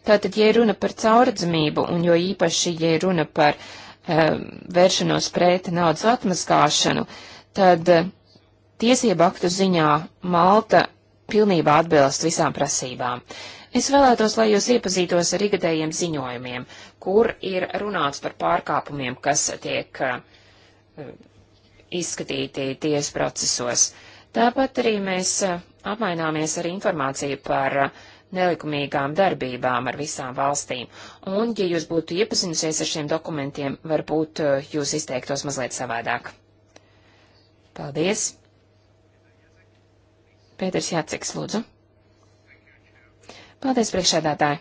Tātad, ja runa par cauradzamību, un jo īpaši, ja runa par um, vēršanos pret naudas atmaskāšanu, tad tiesību aktu ziņā Malta pilnībā atbilst visām prasībām. Es vēlētos, lai jūs iepazītos ar ikgadējiem ziņojumiem, kur ir runāts par pārkāpumiem, kas tiek uh, izskatīti tiesu procesos. Tāpat arī mēs uh, apmaināmies ar informāciju par uh, nelikumīgām darbībām ar visām valstīm, un, ja jūs būtu iepazinusies ar šiem dokumentiem, varbūt uh, jūs izteiktos mazliet savādāk. Paldies! Pēters Jāceks, lūdzu. Paldies, priekšēdātāji.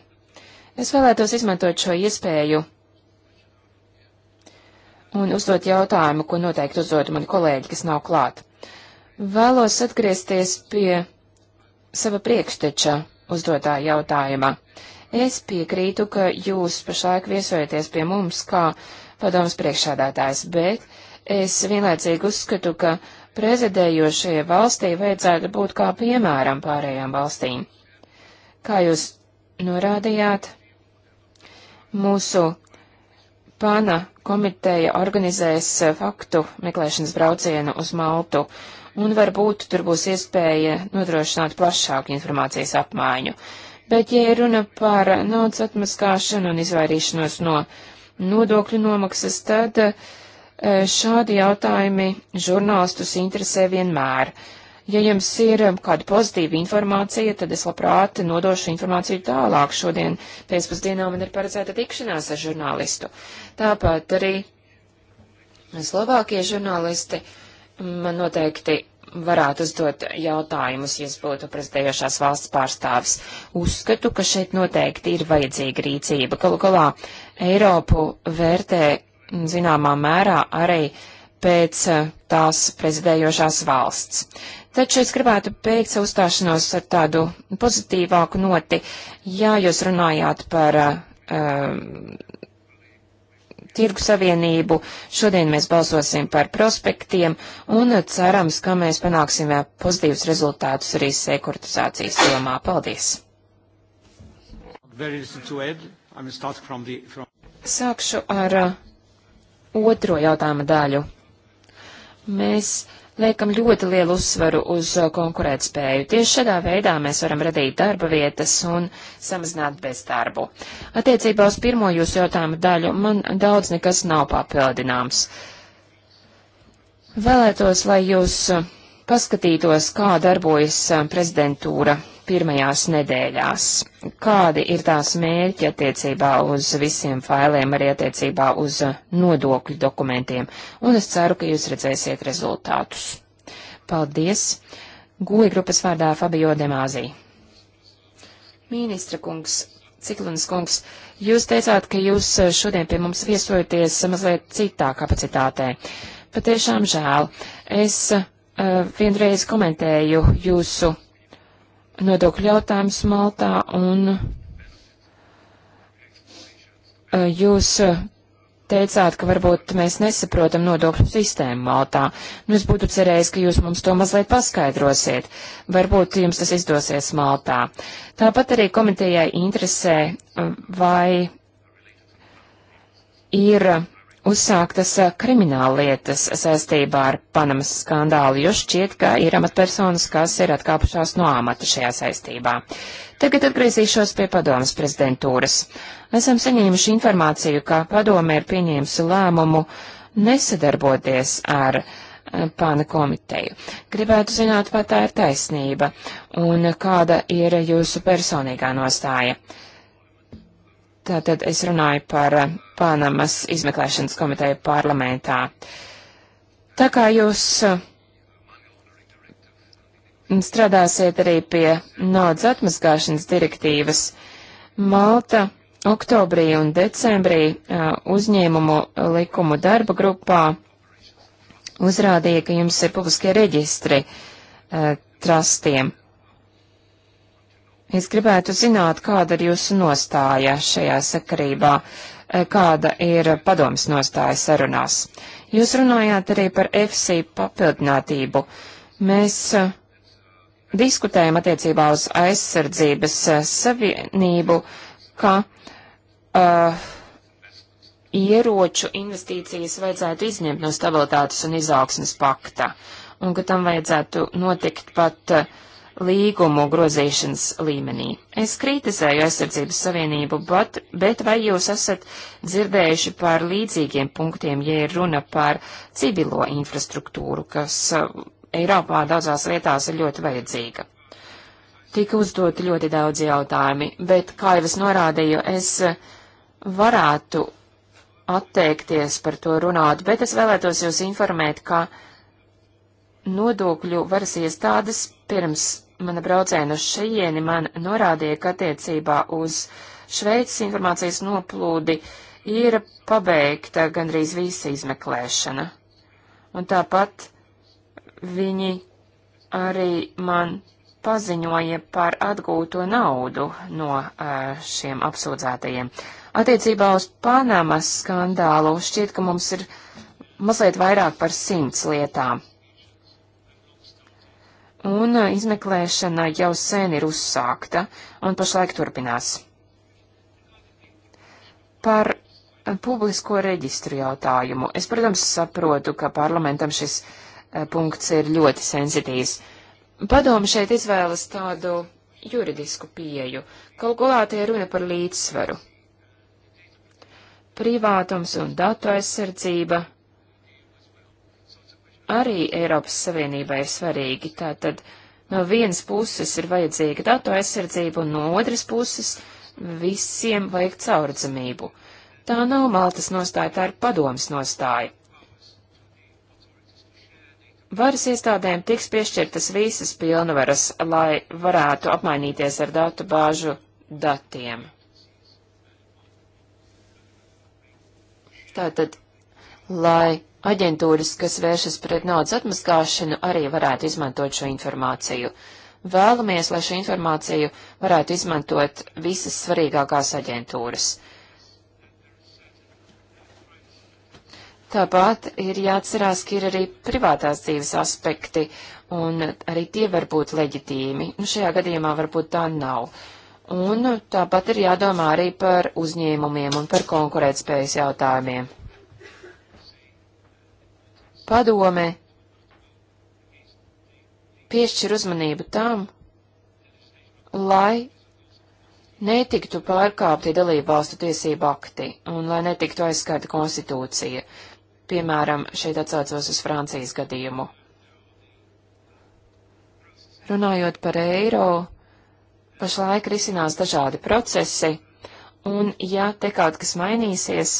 Es vēlētos izmantot šo iespēju un uzdot jautājumu, ko noteikti uzdod mani kolēģi, kas nav klāt. Vēlos atgriezties pie sava priekšteča uzdotā jautājuma. Es piekrītu, ka jūs pašlaik viesojaties pie mums kā padomas priekšādātājs, bet es vienlaicīgi uzskatu, ka prezidējošajai valstī vajadzētu būt kā piemēram pārējām valstīm. Kā jūs norādījāt, mūsu Pana komiteja organizēs faktu meklēšanas braucienu uz Maltu, un varbūt tur būs iespēja nodrošināt plašāku informācijas apmaiņu. Bet, ja runa par naudas atmaskāšanu un izvairīšanos no nodokļu nomaksas, tad uh, E, šādi jautājumi žurnālistus interesē vienmēr. Ja jums ir um, kāda pozitīva informācija, tad es labprāt nodošu informāciju tālāk. Šodien pēcpusdienā man ir paredzēta tikšanās ar žurnālistu. Tāpat arī Slovākie žurnālisti man noteikti varētu uzdot jautājumus, ja es būtu prezidējošās valsts pārstāvis. Uzskatu, ka šeit noteikti ir vajadzīga rīcība. Galu galā Eiropu vērtē zināmā mērā arī pēc eh, tās prezidējošās valsts. Taču es gribētu beigt savu uzstāšanos ar tādu pozitīvāku noti. Jā, jūs runājāt par um, tirgu savienību, šodien mēs balsosim par prospektiem un cerams, ka mēs panāksim pozitīvus rezultātus arī sekurtizācijas jomā. Paldies! Sākšu ar uh, otro jautājuma daļu. Mēs liekam ļoti lielu uzsvaru uz uh, konkurētspēju. Tieši šādā veidā mēs varam radīt darba vietas un samazināt bezdarbu. Attiecībā uz pirmo jūsu jautājumu daļu man daudz nekas nav papildināms. Vēlētos, lai jūs uh, paskatītos, kā darbojas uh, prezidentūra pirmajās nedēļās. Kādi ir tās mērķi attiecībā uz visiem failiem, arī attiecībā uz nodokļu dokumentiem? Un es ceru, ka jūs redzēsiet rezultātus. Paldies! Guļu grupas vārdā Fabio Demāzī. Ministra kungs, Ciklunas kungs, jūs teicāt, ka jūs šodien pie mums viesojaties mazliet citā kapacitātē. Patiešām žēl. Es uh, vienreiz komentēju jūsu nodokļu jautājums Maltā, un e, jūs teicāt, ka varbūt mēs nesaprotam nodokļu sistēmu Maltā. Nu, es būtu cerējis, ka jūs mums to mazliet paskaidrosiet. Varbūt jums tas izdosies Maltā. Tāpat arī komitejai interesē, e, vai ir uzsāktas eh, krimināllietas saistībā ar Panamas skandālu, jo šķiet, ka ir amatpersonas, kas ir atkāpušās no amata šajā saistībā. Tagad atgriezīšos pie padomas prezidentūras. Esam saņēmuši informāciju, ka padome ir pieņēmusi lēmumu nesadarboties ar eh, pāna komiteju. Gribētu zināt, vai tā ir taisnība un kāda ir jūsu personīgā nostāja. Tātad es runāju par eh, Panamas izmeklēšanas komiteja parlamentā. Tā kā jūs uh, strādāsiet arī pie naudas atmaskāšanas direktīvas, Malta oktobrī un decembrī uh, uzņēmumu likumu darba grupā uzrādīja, ka jums ir publiskie reģistri uh, trastiem. Es gribētu zināt, kāda ir jūsu nostāja šajā sakarībā. Uh, kāda ir padomas nostāja sarunās. Jūs runājāt arī par FC papildinātību. Mēs uh, diskutējam attiecībā uz aizsardzības uh, savienību, ka uh, ieroču investīcijas vajadzētu izņemt no stabilitātes un izaugsmes pakta, un ka tam vajadzētu notikt pat uh, līgumu grozīšanas līmenī. Es kritizēju aizsardzības savienību, bet, bet vai jūs esat dzirdējuši par līdzīgiem punktiem, ja ir runa par civilo infrastruktūru, kas eh, Eiropā daudzās vietās ir ļoti vajadzīga? Tika uzdoti ļoti daudz jautājumi, bet, kā jau es norādīju, es varētu atteikties par to runāt, bet es vēlētos jūs informēt, ka nodokļu varas iestādes pirms mana braucēna uz šajieni man norādīja, ka attiecībā uz Šveices informācijas noplūdi ir pabeigta gandrīz visa izmeklēšana. Un tāpat viņi arī man paziņoja par atgūto naudu no šiem apsūdzētajiem. Attiecībā uz Panamas skandālu šķiet, ka mums ir mazliet vairāk par simts lietām un izmeklēšana jau sen ir uzsākta un pašlaik turpinās. Par publisko reģistru jautājumu. Es, protams, saprotu, ka parlamentam šis punkts ir ļoti sensitīvs. Padomu šeit izvēlas tādu juridisku pieju. Kalkulātie runa par līdzsvaru. Privātums un datu aizsardzība arī Eiropas Savienībai ir svarīgi. Tātad no vienas puses ir vajadzīga datu aizsardzība, un no otras puses visiem vajag caurdzamību. Tā nav Maltas nostāja, tā ir padomas nostāja. Varas iestādēm tiks piešķirtas visas pilnvaras, lai varētu apmainīties ar datu bāžu datiem. Tātad, lai aģentūras, kas vēršas pret naudas atmaskāšanu, arī varētu izmantot šo informāciju. Vēlamies, lai šo informāciju varētu izmantot visas svarīgākās aģentūras. Tāpat ir jāatcerās, ka ir arī privātās dzīves aspekti, un arī tie var būt leģitīmi. Nu, šajā gadījumā varbūt tā nav. Un tāpat ir jādomā arī par uzņēmumiem un par konkurētspējas jautājumiem. Padome piešķir uzmanību tam, lai netiktu pārkāpti dalību valstu tiesību akti un lai netiktu aizskaita konstitūcija. Piemēram, šeit atsaucos uz Francijas gadījumu. Runājot par eiro, pašlaik risinās dažādi procesi, un ja te kaut kas mainīsies,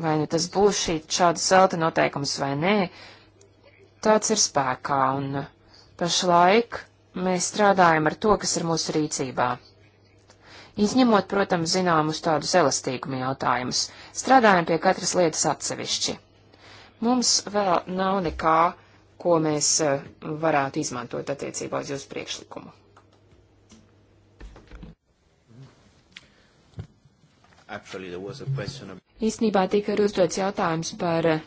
vai nu tas būs šī šāda zelta noteikums vai nē, tāds ir spēkā, un pašlaik mēs strādājam ar to, kas ir mūsu rīcībā. Izņemot, protams, zināmus tādus elastīgumu jautājumus, strādājam pie katras lietas atsevišķi. Mums vēl nav nekā, ko mēs eh, varētu izmantot attiecībā uz jūsu priekšlikumu. Actually, of... Īsnībā tika arī uzdots jautājums par eh,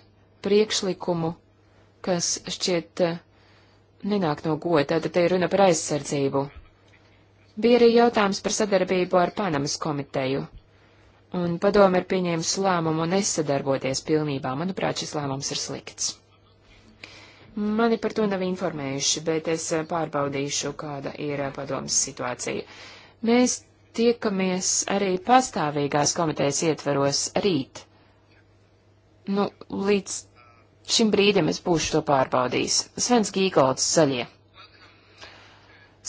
priekšlikumu, kas šķiet eh, nenāk no goda, tad te ir runa par aizsardzību. Bija arī jautājums par sadarbību ar Panamas komiteju, un padomi ir pieņēmusi lēmumu nesadarboties pilnībā. Manuprāt, šis lēmums ir slikts. Mani par to nav informējuši, bet es eh, pārbaudīšu, kāda ir padomas situācija. Mēs tiekamies arī pastāvīgās komitejas ietveros rīt. Nu, līdz šim brīdim es būšu to pārbaudījis. Svens Gīgolds zaļie.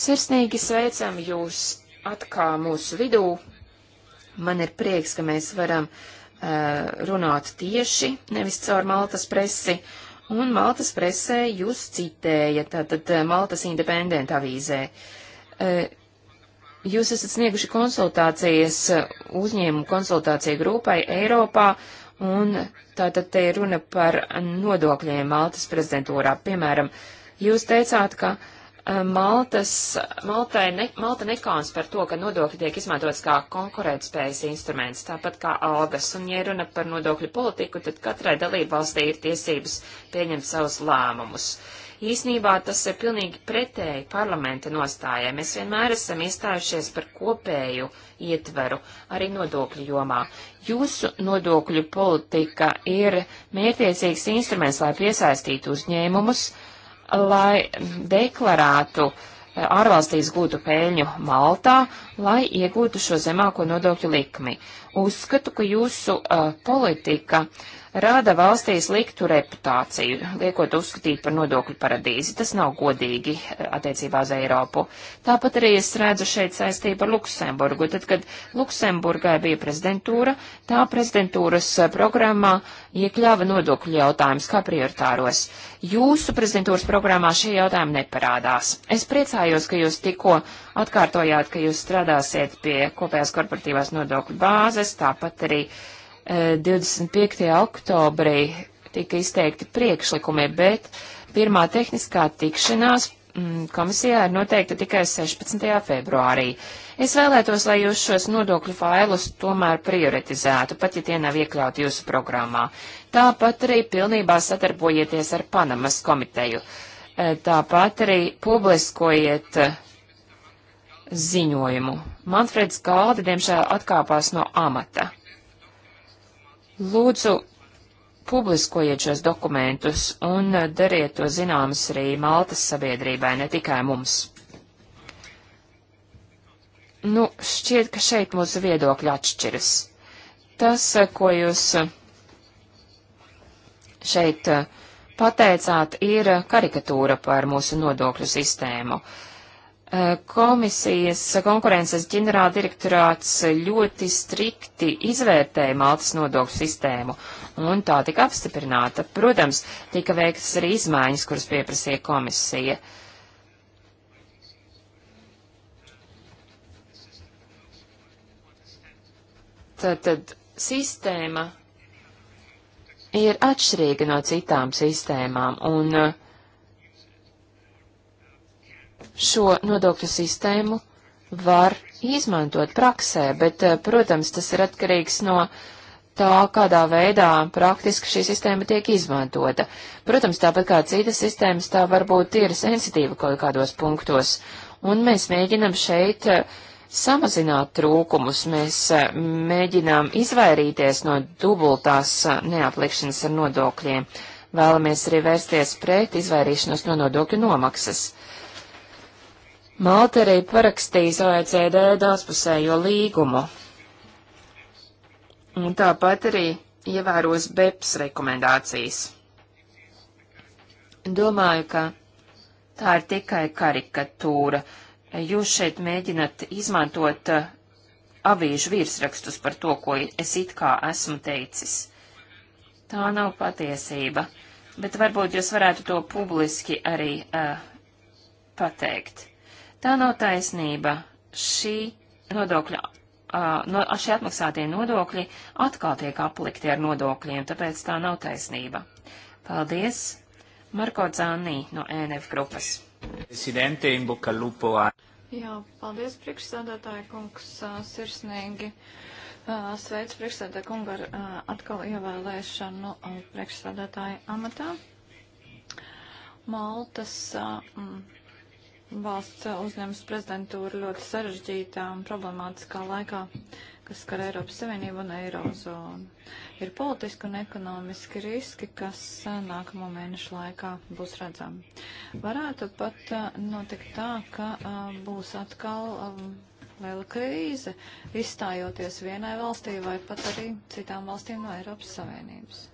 Sirsnīgi sveicam jūs atkal mūsu vidū. Man ir prieks, ka mēs varam uh, runāt tieši, nevis caur Maltas presi. Un Maltas presē jūs citēja, tātad eh, Maltas Independent avīzē. Uh, Jūs esat snieguši konsultācijas uh, uzņēmumu konsultāciju grupai Eiropā, un tātad te ir runa par nodokļiem Maltas prezidentūrā. Piemēram, jūs teicāt, ka uh, Maltas, Maltai ne, Malta nekāns par to, ka nodokļi tiek izmantots kā konkurētspējas instruments, tāpat kā algas, un ja runa par nodokļu politiku, tad katrai dalībvalstī ir tiesības pieņemt savus lēmumus. Uh, Īsnībā tas ir pilnīgi pretēji parlamenta nostājai. Mēs vienmēr esam iestājušies par kopēju ietveru arī nodokļu jomā. Jūsu nodokļu politika ir mērtiecīgs instruments, lai piesaistītu uzņēmumus, lai deklarētu eh, ārvalstīs gūtu pēļņu Maltā, lai iegūtu šo zemāko nodokļu likmi. Uzskatu, ka jūsu uh, politika uh, rada valstīs liktu reputāciju, liekot uzskatīt par nodokļu paradīzi. Tas nav godīgi eh, attiecībā uz Eiropu. Tāpat arī es redzu šeit saistību ar Luksemburgu. Tad, kad Luksemburgai bija prezidentūra, tā prezidentūras eh, programmā iekļāva nodokļu jautājumus kā prioritāros. Jūsu prezidentūras programmā šie jautājumi neparādās. Es priecājos, ka jūs tikko atkārtojāt, ka jūs strādāsiet pie kopējās korporatīvās nodokļu bāzes, tāpat arī uh, 25. Eh, oktobrī tika izteikti priekšlikumi, bet pirmā tehniskā tikšanās mm, komisijā ir noteikta tikai 16. februārī. Es vēlētos, lai jūs šos nodokļu failus tomēr prioritizētu, pat ja tie nav iekļauti jūsu programmā. Tāpat arī pilnībā sadarbojieties ar Panamas komiteju. Eh, tāpat arī publiskojiet eh, ziņojumu. Manfreds Galdi, diemžēl, atkāpās no amata. Lūdzu, publiskojiet šos dokumentus un eh, dariet to zināmas arī Maltas sabiedrībai, ne tikai mums. Nu, šķiet, ka šeit mūsu viedokļi atšķiras. Tas, eh, ko jūs eh, šeit pateicāt, ir karikatūra par mūsu nodokļu sistēmu. Uh, Komisijas konkurences ģenerāldirektorāts ļoti strikti izvērtēja Maltas nodokļu sistēmu, un tā tika apstiprināta. Protams, tika veiktas arī izmaiņas, kuras pieprasīja komisija. Tad, tad sistēma ir atšķirīga no citām sistēmām, un uh, šo nodokļu sistēmu var izmantot praksē, bet, eh, protams, tas ir atkarīgs no tā, kādā veidā praktiski šī sistēma tiek izmantota. Protams, tāpat kā citas sistēmas, tā varbūt ir sensitīva kaut kādos punktos, un mēs mēģinam šeit eh, samazināt trūkumus, mēs eh, mēģinām izvairīties no dubultās neaplikšanas ar nodokļiem. Vēlamies arī vērsties pret izvairīšanos no nodokļu nomaksas. Malta arī parakstīs OECD daudzpusējo līgumu. Un tāpat arī ievēros BEPS rekomendācijas. Domāju, ka tā ir tikai karikatūra. Jūs šeit mēģinat izmantot uh, avīžu virsrakstus par to, ko es it kā esmu teicis. Tā nav patiesība, bet varbūt jūs varētu to publiski arī uh, pateikt. Tā nav taisnība. Šī nodokļa, uh, no, šie atmaksātie nodokļi atkal tiek aplikti ar nodokļiem, tāpēc tā nav taisnība. Paldies, Marko Dzānī no ENF grupas. Presidente, in bocca al lupo. Jā, paldies, priekšsādātāja kungs, sirsnīgi. Sveic priekšsādātāja kunga ar atkal ievēlēšanu priekšsādātāja amatā. Maltas. Uh, mm valsts uzņemas prezidentūru ļoti sarežģītā un problemātiskā laikā, kas skar Eiropas Savienību un Eirozonu. Ir politiski un ekonomiski riski, kas nākamo mēnešu laikā būs redzami. Varētu pat notikt tā, ka būs atkal liela krīze, izstājoties vienai valstī vai pat arī citām valstīm no Eiropas Savienības.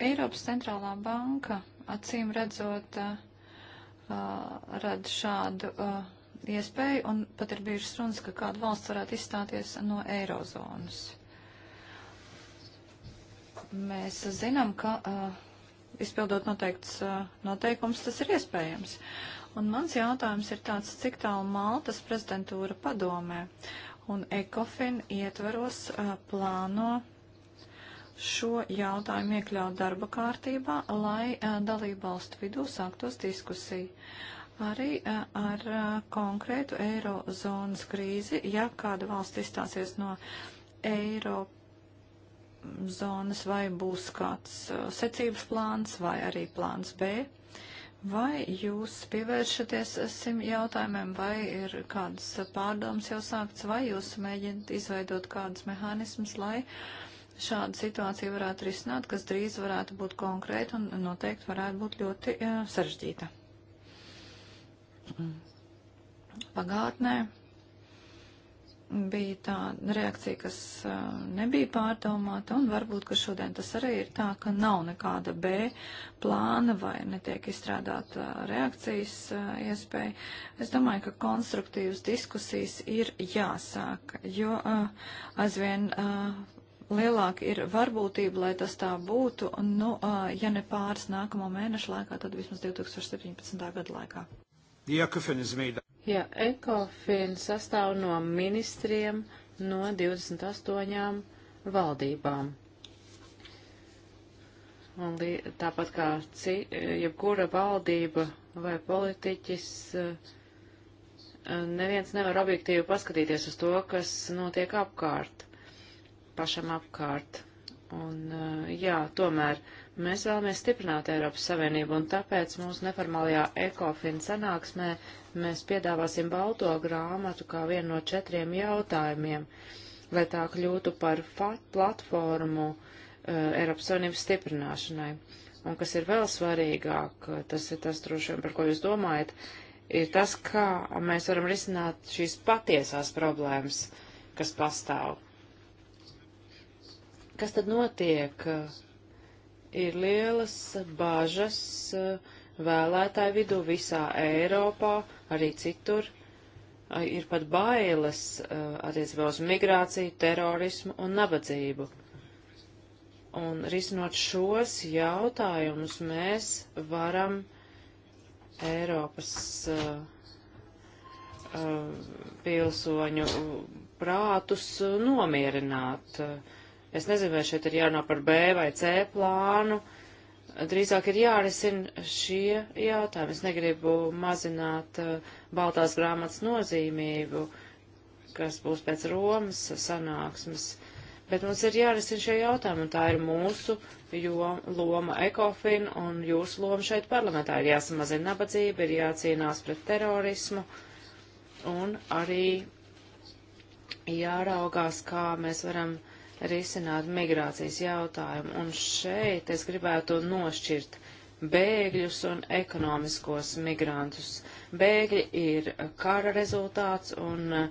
Eiropas centrālā banka acīm redzot eh, eh, rada šādu eh, iespēju, un pat ir bijušas runas, ka kāda valsts varētu izstāties no eirozonas. Mēs zinām, ka izpildot noteikts noteikums, tas ir iespējams. Un mans jautājums ir tāds, cik tālu Maltas prezidentūra padomē un ECOFIN ietvaros plāno šo jautājumu iekļaut darba kārtībā, lai dalību valstu vidū sāktos diskusija. Arī ar konkrētu eirozonas krīzi, ja kāda valsts izstāsies no eirozonas, vai būs kāds secības plāns, vai arī plāns B, vai jūs pievēršaties šim jautājumam, vai ir kādas pārdomas jau sākts, vai jūs mēģināt izveidot kādus mehānismus, lai uh, šādu situāciju varētu risināt, kas drīz varētu būt konkrēta un noteikti varētu būt ļoti uh, sarežģīta. Mm. Pagātnē bija tā reakcija, kas uh, nebija pārdomāta, un varbūt, ka šodien tas arī ir tā, ka nav nekāda B plāna vai netiek izstrādāta reakcijas uh, iespēja. Es domāju, ka konstruktīvas diskusijas ir jāsāk, jo uh, aizvien lielāka ir varbūtība, lai tas tā būtu, nu, ja ne pāris nākamo mēnešu laikā, tad vismaz 2017. gada laikā. Ja ekofin sastāv no ministriem no 28 valdībām. Un li, tāpat kā ci, jebkura valdība vai politiķis, neviens nevar objektīvi paskatīties uz to, kas notiek apkārt pašam apkārt. Un, eh, jā, tomēr mēs vēlamies stiprināt Eiropas Savienību, un tāpēc mūsu neformālajā ekofin sanāksmē mēs piedāvāsim balto grāmatu kā vienu no četriem jautājumiem, lai tā kļūtu par platformu uh, Eiropas Savienības stiprināšanai. Un kas ir vēl svarīgāk, eh, tas ir tas droši vien, par ko jūs domājat, ir tas, kā mēs varam risināt šīs patiesās problēmas, kas pastāv Kas tad notiek? Ir lielas bažas eh, vēlētāju vidū visā Eiropā, arī citur. Ir pat bailes eh, attiecībā uz migrāciju, terorismu un nabadzību. Un risinot šos jautājumus, mēs varam Eiropas uh, uh, pilsoņu prātus nomierināt. Uh, Es nezinu, vai šeit ir jārunā par B vai C plānu. Drīzāk ir jārisina šie jautājumi. Es negribu mazināt uh, Baltās grāmatas nozīmību, kas būs pēc Romas sanāksmes. Bet mums ir jārisina šie jautājumi, un tā ir mūsu jo, loma ekofin, un jūsu loma šeit parlamentā ir jāsamazina nabadzība, ir jācīnās pret terorismu, un arī jāraugās, kā mēs varam risināt migrācijas jautājumu. Un šeit es gribētu nošķirt bēgļus un ekonomiskos migrantus. Bēgļi ir kara rezultāts un uh,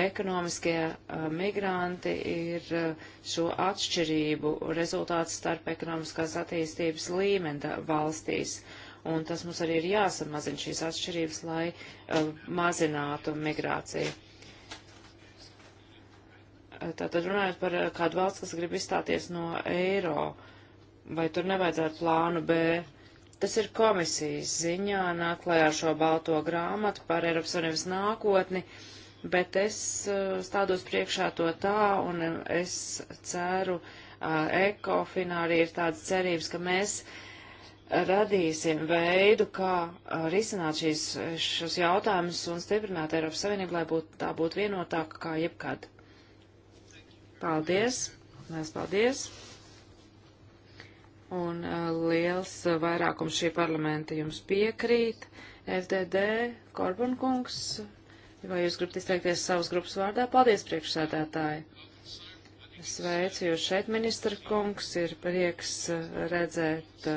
ekonomiskie uh, migranti ir uh, šo atšķirību rezultāts starp ekonomiskās attīstības līmeni valstīs un tas mums arī ir jāsamazina šīs atšķirības, lai uh, mazinātu migrāciju. Tātad runājot par eh, kādu valsts, kas grib izstāties no eiro, vai tur nevajadzētu plānu B? Tas ir komisijas ziņā, nāk klajā ar šo balto grāmatu par Eiropas Savienības nākotni, bet es eh, stādos priekšā to tā, un es ceru, eh, ekofinā arī ir tādas cerības, ka mēs radīsim veidu, kā risināt šīs, šos jautājumus un stiprināt Eiropas Savienību, lai būt, tā būtu vienotāka kā jebkad. Paldies! Mēs paldies! Un uh, liels uh, vairākums šī parlamenta jums piekrīt. FDD, Korbunkungs, vai jūs gribat izteikties savas grupas vārdā? Paldies, priekšsēdētāji! Sveicu jūs šeit, ministra kungs, ir prieks uh, redzēt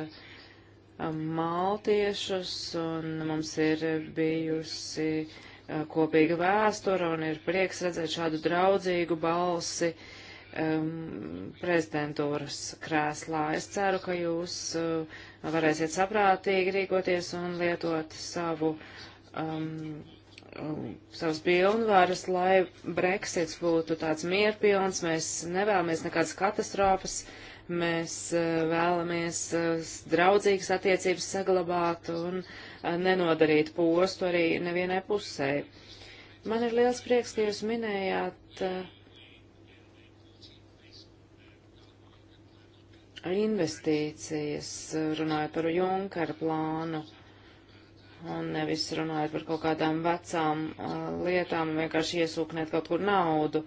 maltiešus, un mums ir bijusi uh, Eh, kopīga vēstura un ir prieks redzēt šādu draudzīgu balsi um, prezidentūras krēslā. Es ceru, ka jūs uh, varēsiet saprātīgi rīkoties un lietot savu, um, savus pilnvaras, lai Brexits būtu tāds mierpilns. Mēs nevēlamies nekādas katastrofas. Mēs uh, vēlamies uh, draudzīgas attiecības saglabāt un uh, nenodarīt postu arī nevienai pusē. Man ir liels prieks, ka jūs minējāt uh, investīcijas, runājot par Junkara plānu un nevis runājot par kaut kādām vecām uh, lietām un vienkārši iesūknēt kaut kur naudu.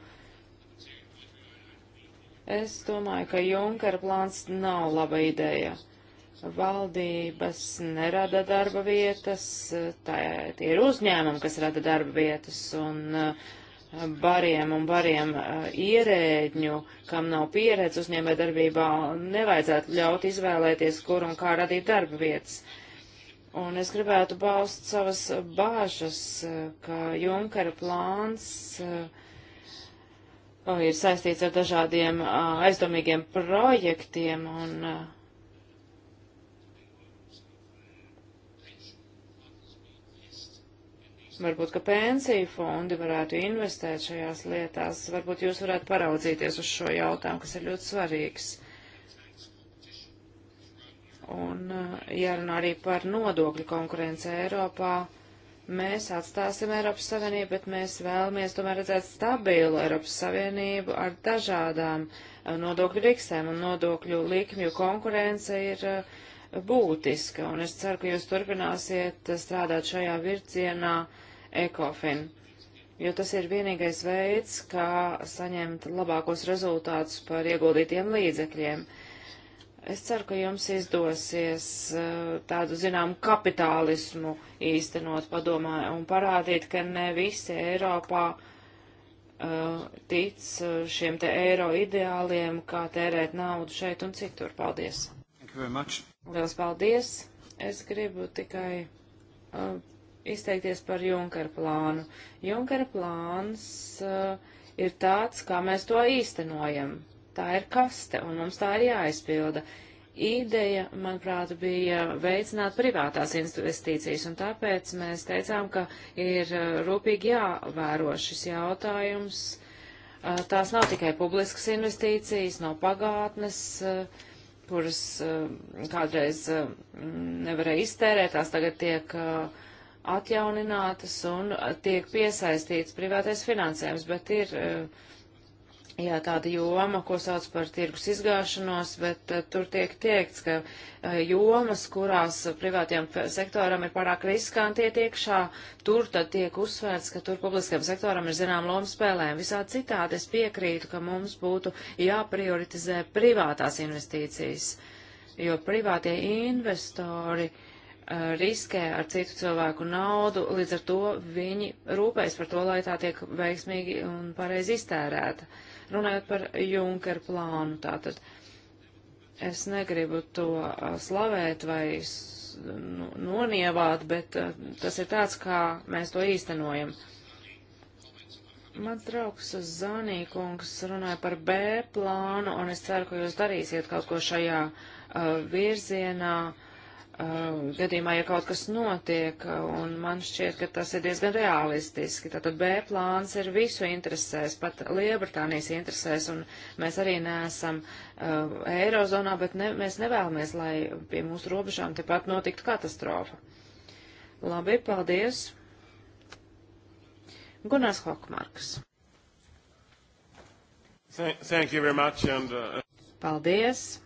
Es domāju, ka Junkara plāns nav laba ideja valdības nerada darba vietas, tā, tie ir uzņēmumi, kas rada darba vietas, un uh, bariem un bariem uh, ierēģņu, kam nav pieredze uzņēmē darbībā, nevajadzētu ļaut izvēlēties, kur un kā radīt darba vietas. Un es gribētu baust savas bāžas, uh, ka Junkara plāns ir saistīts ar dažādiem aizdomīgiem projektiem un Varbūt, ka pensiju fondi varētu investēt šajās lietās. Varbūt jūs varētu paraudzīties uz šo jautājumu, kas ir ļoti svarīgs. Un eh, jārunā arī par nodokļu konkurenci Eiropā. Mēs atstāsim Eiropas Savienību, bet mēs vēlamies tomēr redzēt stabilu Eiropas Savienību ar dažādām eh, nodokļu riksēm un nodokļu likmju konkurence ir eh, būtiska. Un es ceru, ka jūs turpināsiet strādāt šajā virzienā ECOFIN, jo tas ir vienīgais veids, kā saņemt labākos rezultātus par ieguldītiem līdzekļiem. Es ceru, ka jums izdosies eh, tādu, zinām, kapitālismu īstenot padomā un parādīt, ka ne visi Eiropā uh, tic eh, šiem te eiro ideāliem, kā tērēt naudu šeit un citur. Paldies! Lielas paldies! Es gribu tikai uh, izteikties par Junkara plānu. Junkara plāns uh, ir tāds, kā mēs to īstenojam. Tā ir kaste, un mums tā ir jāizpilda. Ideja, manuprāt, bija veicināt privātās investīcijas, un tāpēc mēs teicām, ka ir uh, rūpīgi jāvēro šis jautājums. Uh, tās nav tikai publiskas investīcijas, nav pagātnes. Uh, kuras uh, kādreiz uh, nevarēja iztērēt, tās tagad tiek uh, atjauninātas un tiek piesaistīts privātais finansējums, bet ir eh, jā, tāda joma, ko sauc par tirgus izgāšanos, bet eh, tur tiek teikts, ka eh, jomas, kurās privātajam sektoram ir pārāk riskanti iet iekšā, tur tad tiek uzsvērts, ka tur publiskajam sektoram ir zinām loma spēlēm. Visā citādi es piekrītu, ka mums būtu jāprioritizē privātās investīcijas, jo privātie investori uh, Eh, riskē ar citu cilvēku naudu, līdz ar to viņi rūpēs par to, lai tā tiek veiksmīgi un pareizi iztērēta. Runājot par Junker plānu, tātad es negribu to eh, slavēt vai nu, nonievāt, bet eh, tas ir tāds, kā mēs to īstenojam. Mans draugs Zanīkungs runāja par B plānu, un es ceru, ka jūs darīsiet kaut ko šajā uh, virzienā. Uh, gadījumā, ja kaut kas notiek, un man šķiet, ka tas ir diezgan realistiski. Tātad B plāns ir visu interesēs, pat Liebritānijas interesēs, un mēs arī neesam uh, Eirozonā, bet ne, mēs nevēlamies, lai pie mūsu robežām tepat notiktu katastrofa. Labi, paldies. Gunārs Hokmarks. Thank you very much and, uh... Paldies.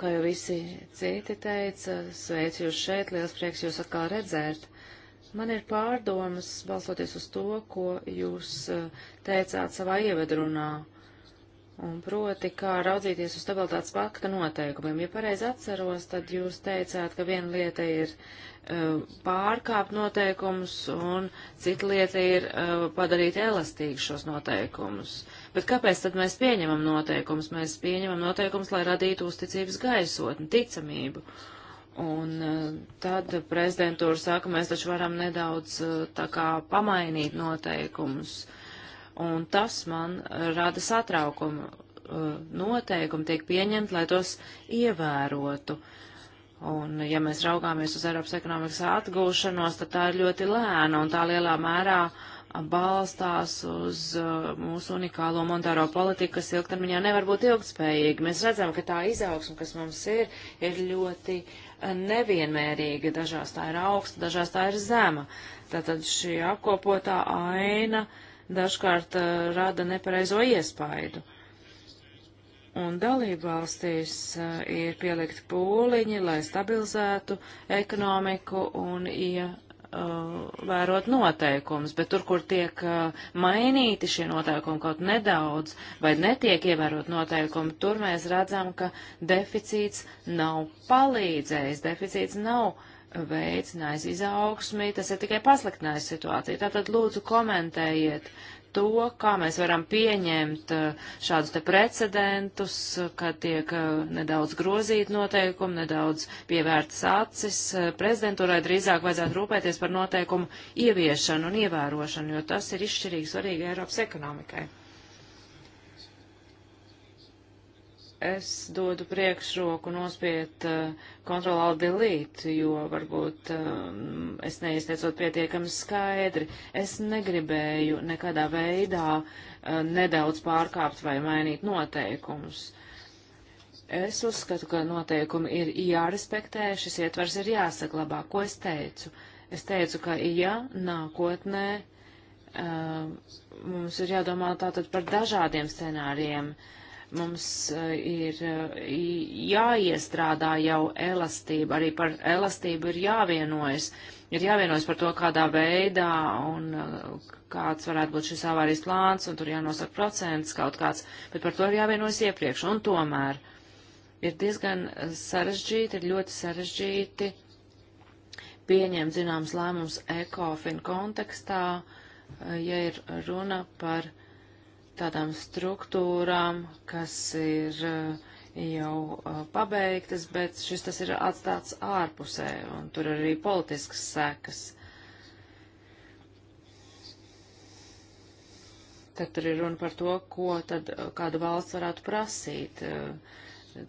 Kā jau visi citi teica, sveicu jūs šeit, liels prieks jūs atkal redzēt. Man ir pārdomas, balstoties uz to, ko jūs eh, teicāt savā ievedrunā, un proti, kā raudzīties uz stabilitātes pakta noteikumiem. Ja pareizi atceros, tad jūs teicāt, ka viena lieta ir uh, pārkāpt noteikumus, un cita lieta ir uh, padarīt elastīgu šos noteikumus. Uh, Bet kāpēc tad mēs pieņemam noteikumus? Mēs pieņemam noteikumus, lai radītu uzticības gaisotni, ticamību. Un eh, tad prezidentūra saka, mēs taču varam nedaudz eh, tā kā pamainīt noteikumus. Un tas man eh, rada satraukumu. Noteikumi tiek pieņemti, lai tos ievērotu. Un, ja mēs raugāmies uz Eiropas ekonomikas atgūšanos, tad tā ir ļoti lēna un tā lielā mērā balstās uz uh, mūsu unikālo monetāro politiku, kas ilgtermiņā nevar būt ilgspējīga. Mēs redzam, ka tā izaugsme, kas mums ir, ir ļoti uh, nevienmērīga. Dažās tā ir augsta, dažās tā ir zema. Tātad šī apkopotā aina dažkārt uh, rada nepareizo iespaidu. Un dalībvalstīs uh, ir pielikt pūliņi, lai stabilizētu ekonomiku un ie, uh, vērot noteikumus, bet tur, kur tiek uh, mainīti šie noteikumi kaut nedaudz vai netiek ievērot noteikumi, tur mēs redzam, ka deficīts nav palīdzējis, deficīts nav veicinājis izaugsmi, tas ir tikai pasliktinājis situāciju. Tātad lūdzu komentējiet to, kā mēs varam pieņemt eh, šādus te precedentus, kad tiek eh, nedaudz grozīt noteikumi, nedaudz pievērtas acis. Eh, prezidentūrai drīzāk vajadzētu rūpēties par noteikumu ieviešanu un ievērošanu, jo tas ir izšķirīgi svarīgi Eiropas ekonomikai. es dodu priekšroku nospiet uh, eh, kontrolālu delītu, jo varbūt uh, es neizteicot pietiekami skaidri. Es negribēju nekādā veidā uh, nedaudz pārkāpt vai mainīt noteikumus. Es uzskatu, ka noteikumi ir jārespektē, šis ietvars ir jāsaglabā. Ko es teicu? Es teicu, ka ja nākotnē uh, mums ir jādomā tātad par dažādiem scenārijiem, uh, Mums eh, ir eh, jāiestrādā jau elastība, arī par elastību ir jāvienojas. Ir jāvienojas par to, kādā veidā un eh, kāds varētu būt šis avārijas plāns, un tur jānosaka procents kaut kāds, bet par to ir jāvienojas iepriekš. Un tomēr ir diezgan sarežģīti, ir ļoti sarežģīti pieņemt zināms lēmums ekofin kontekstā, ja ir runa par tādām struktūrām, kas ir eh, jau eh, pabeigtas, bet šis tas ir atstāts ārpusē, un tur arī politiskas sekas. Tad tur ir runa par to, ko tad eh, kādu valsts varētu prasīt,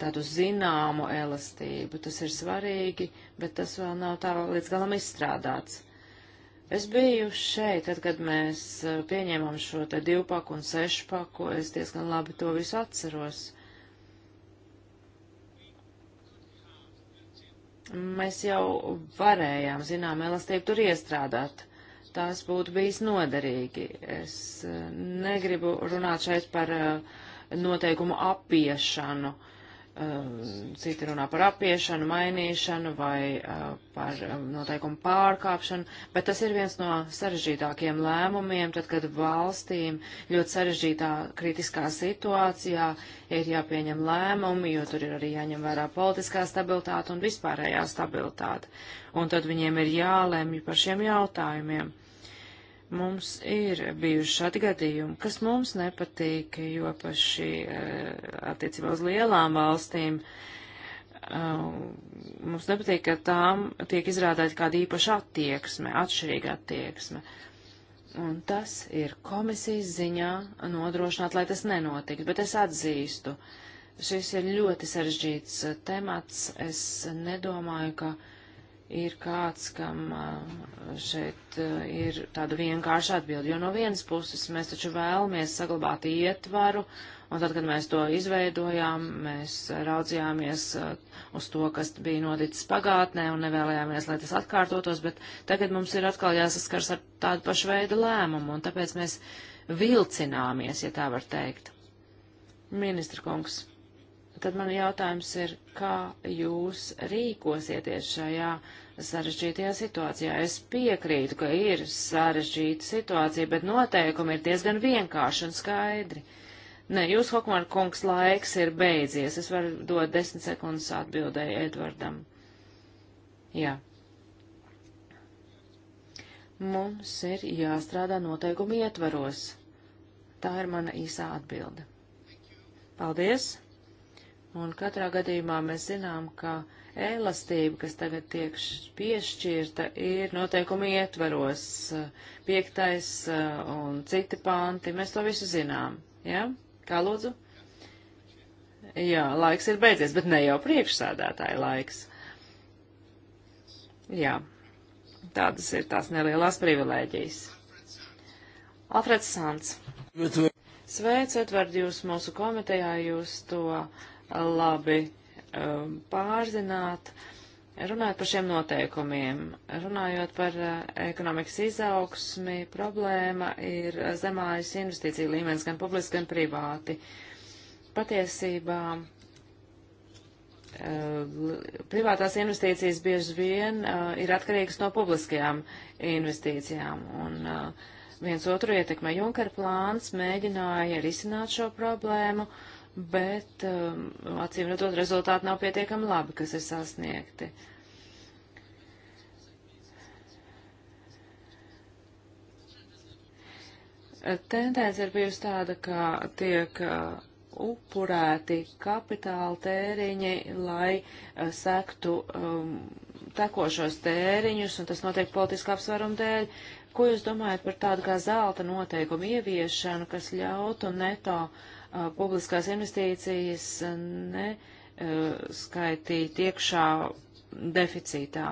tādu zināmu elastību. Tas ir svarīgi, bet tas vēl nav tā līdz galam izstrādāts. Es biju šeit, tad, kad mēs eh, pieņēmām šo te divpaku un sešpaku, es diezgan labi to visu atceros. Mēs jau varējām, zinām, elastību tur iestrādāt. Tās būtu bijis noderīgi. Es eh, negribu runāt šeit par eh, noteikumu apiešanu. Uh, Um, citi runā par apiešanu, mainīšanu vai uh, par um, noteikumu pārkāpšanu, bet tas ir viens no sarežģītākiem lēmumiem, tad, kad valstīm ļoti sarežģītā kritiskā situācijā ir jāpieņem lēmumi, jo tur ir arī jāņem vērā politiskā stabilitāte un vispārējā stabilitāte. Un tad viņiem ir jālemj par šiem jautājumiem. Mums ir bijuši šādi gadījumi, kas mums nepatīk, jo paši eh, attiecībā uz lielām valstīm eh, mums nepatīk, ka tām tiek izrādāta kāda īpaša attieksme, atšķirīga attieksme. Un tas ir komisijas ziņā nodrošināt, lai tas nenotiktu, bet es atzīstu, šis ir ļoti sarežģīts temats. Es nedomāju, ka ir kāds, kam šeit ir tāda vienkārša atbildi, jo no vienas puses mēs taču vēlamies saglabāt ietvaru, un tad, kad mēs to izveidojām, mēs raudzījāmies uz to, kas bija noticis pagātnē, un nevēlējāmies, lai tas atkārtotos, bet tagad mums ir atkal jāsaskars ar tādu pašu veidu lēmumu, un tāpēc mēs vilcināmies, ja tā var teikt. Ministra kungs tad man jautājums ir, kā jūs rīkosieties šajā sarežģītajā situācijā? Es piekrītu, ka ir sarežģīta situācija, bet noteikumi ir diezgan vienkārši un skaidri. Nē, jūs, Hokmar kungs, laiks ir beidzies. Es varu dot desmit sekundes atbildēju Edvardam. Jā. Mums ir jāstrādā noteikumi ietvaros. Tā ir mana īsā atbilde. Paldies! Un katrā gadījumā mēs zinām, ka elastība, kas tagad tiek piešķirta, ir noteikumi ietvaros, piektais un citi panti, mēs to visu zinām, ja? Kā lūdzu? Jā, laiks ir beidzies, bet ne jau priekšsēdētāja laiks. Jā, tādas ir tās nelielās privilēģijas. Alfreds Sants. Sveic, Edvard, jūs mūsu komitejā, jūs to labi um, pārzināt. Runājot par šiem noteikumiem, runājot par uh, ekonomikas izaugsmi, problēma ir zemājas investīcija līmenis gan publiski, gan privāti. Patiesībā uh, privātās investīcijas bieži vien uh, ir atkarīgas no publiskajām investīcijām. Un uh, viens otru ietekmē Junkara plāns mēģināja risināt šo problēmu, bet um, acīm redzot rezultāti nav pietiekami labi, kas ir sasniegti. Tendence ir bijusi tāda, ka tiek uh, upurēti kapitāla tēriņi, lai uh, sektu um, tekošos tēriņus, un tas notiek politiska apsvaruma dēļ. Ko jūs domājat par tādu kā zelta noteikumu ieviešanu, kas ļautu neto uh, publiskās investīcijas neskaitīt iekšā deficītā.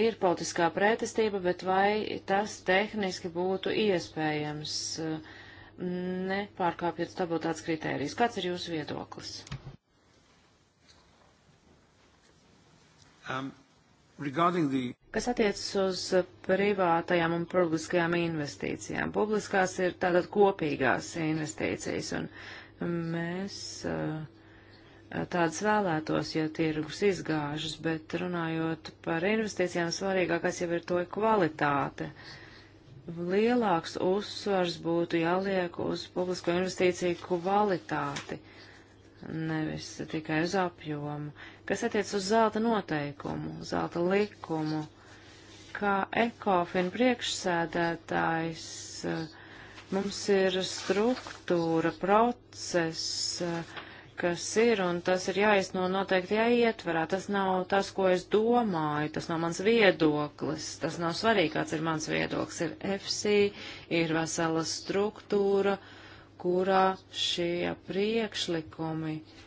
Ir politiskā pretestība, bet vai tas tehniski būtu iespējams, nepārkāpjot stabilitātes kritērijas? Kāds ir jūsu viedoklis? Um, Kas attiecas uz privātajām un publiskajām investīcijām? Publiskās ir tātad kopīgās investīcijas, un mēs uh, tādas vēlētos, ja tirgus izgāžas, bet runājot par investīcijām, svarīgākais jau ir to kvalitāte. Lielāks uzsvars būtu jāliek uz publisko investīciju kvalitāti, nevis tikai uz apjomu kas attiec uz zelta noteikumu, zelta likumu, kā ekofin priekšsēdētājs eh, mums ir struktūra, process, eh, kas ir, un tas ir jāizno noteiktajā ietverā. Tas nav tas, ko es domāju, tas nav mans viedoklis, tas nav svarīgi, kāds ir mans viedoklis. Ir FC, ir vesela struktūra, kurā šie priekšlikumi uh,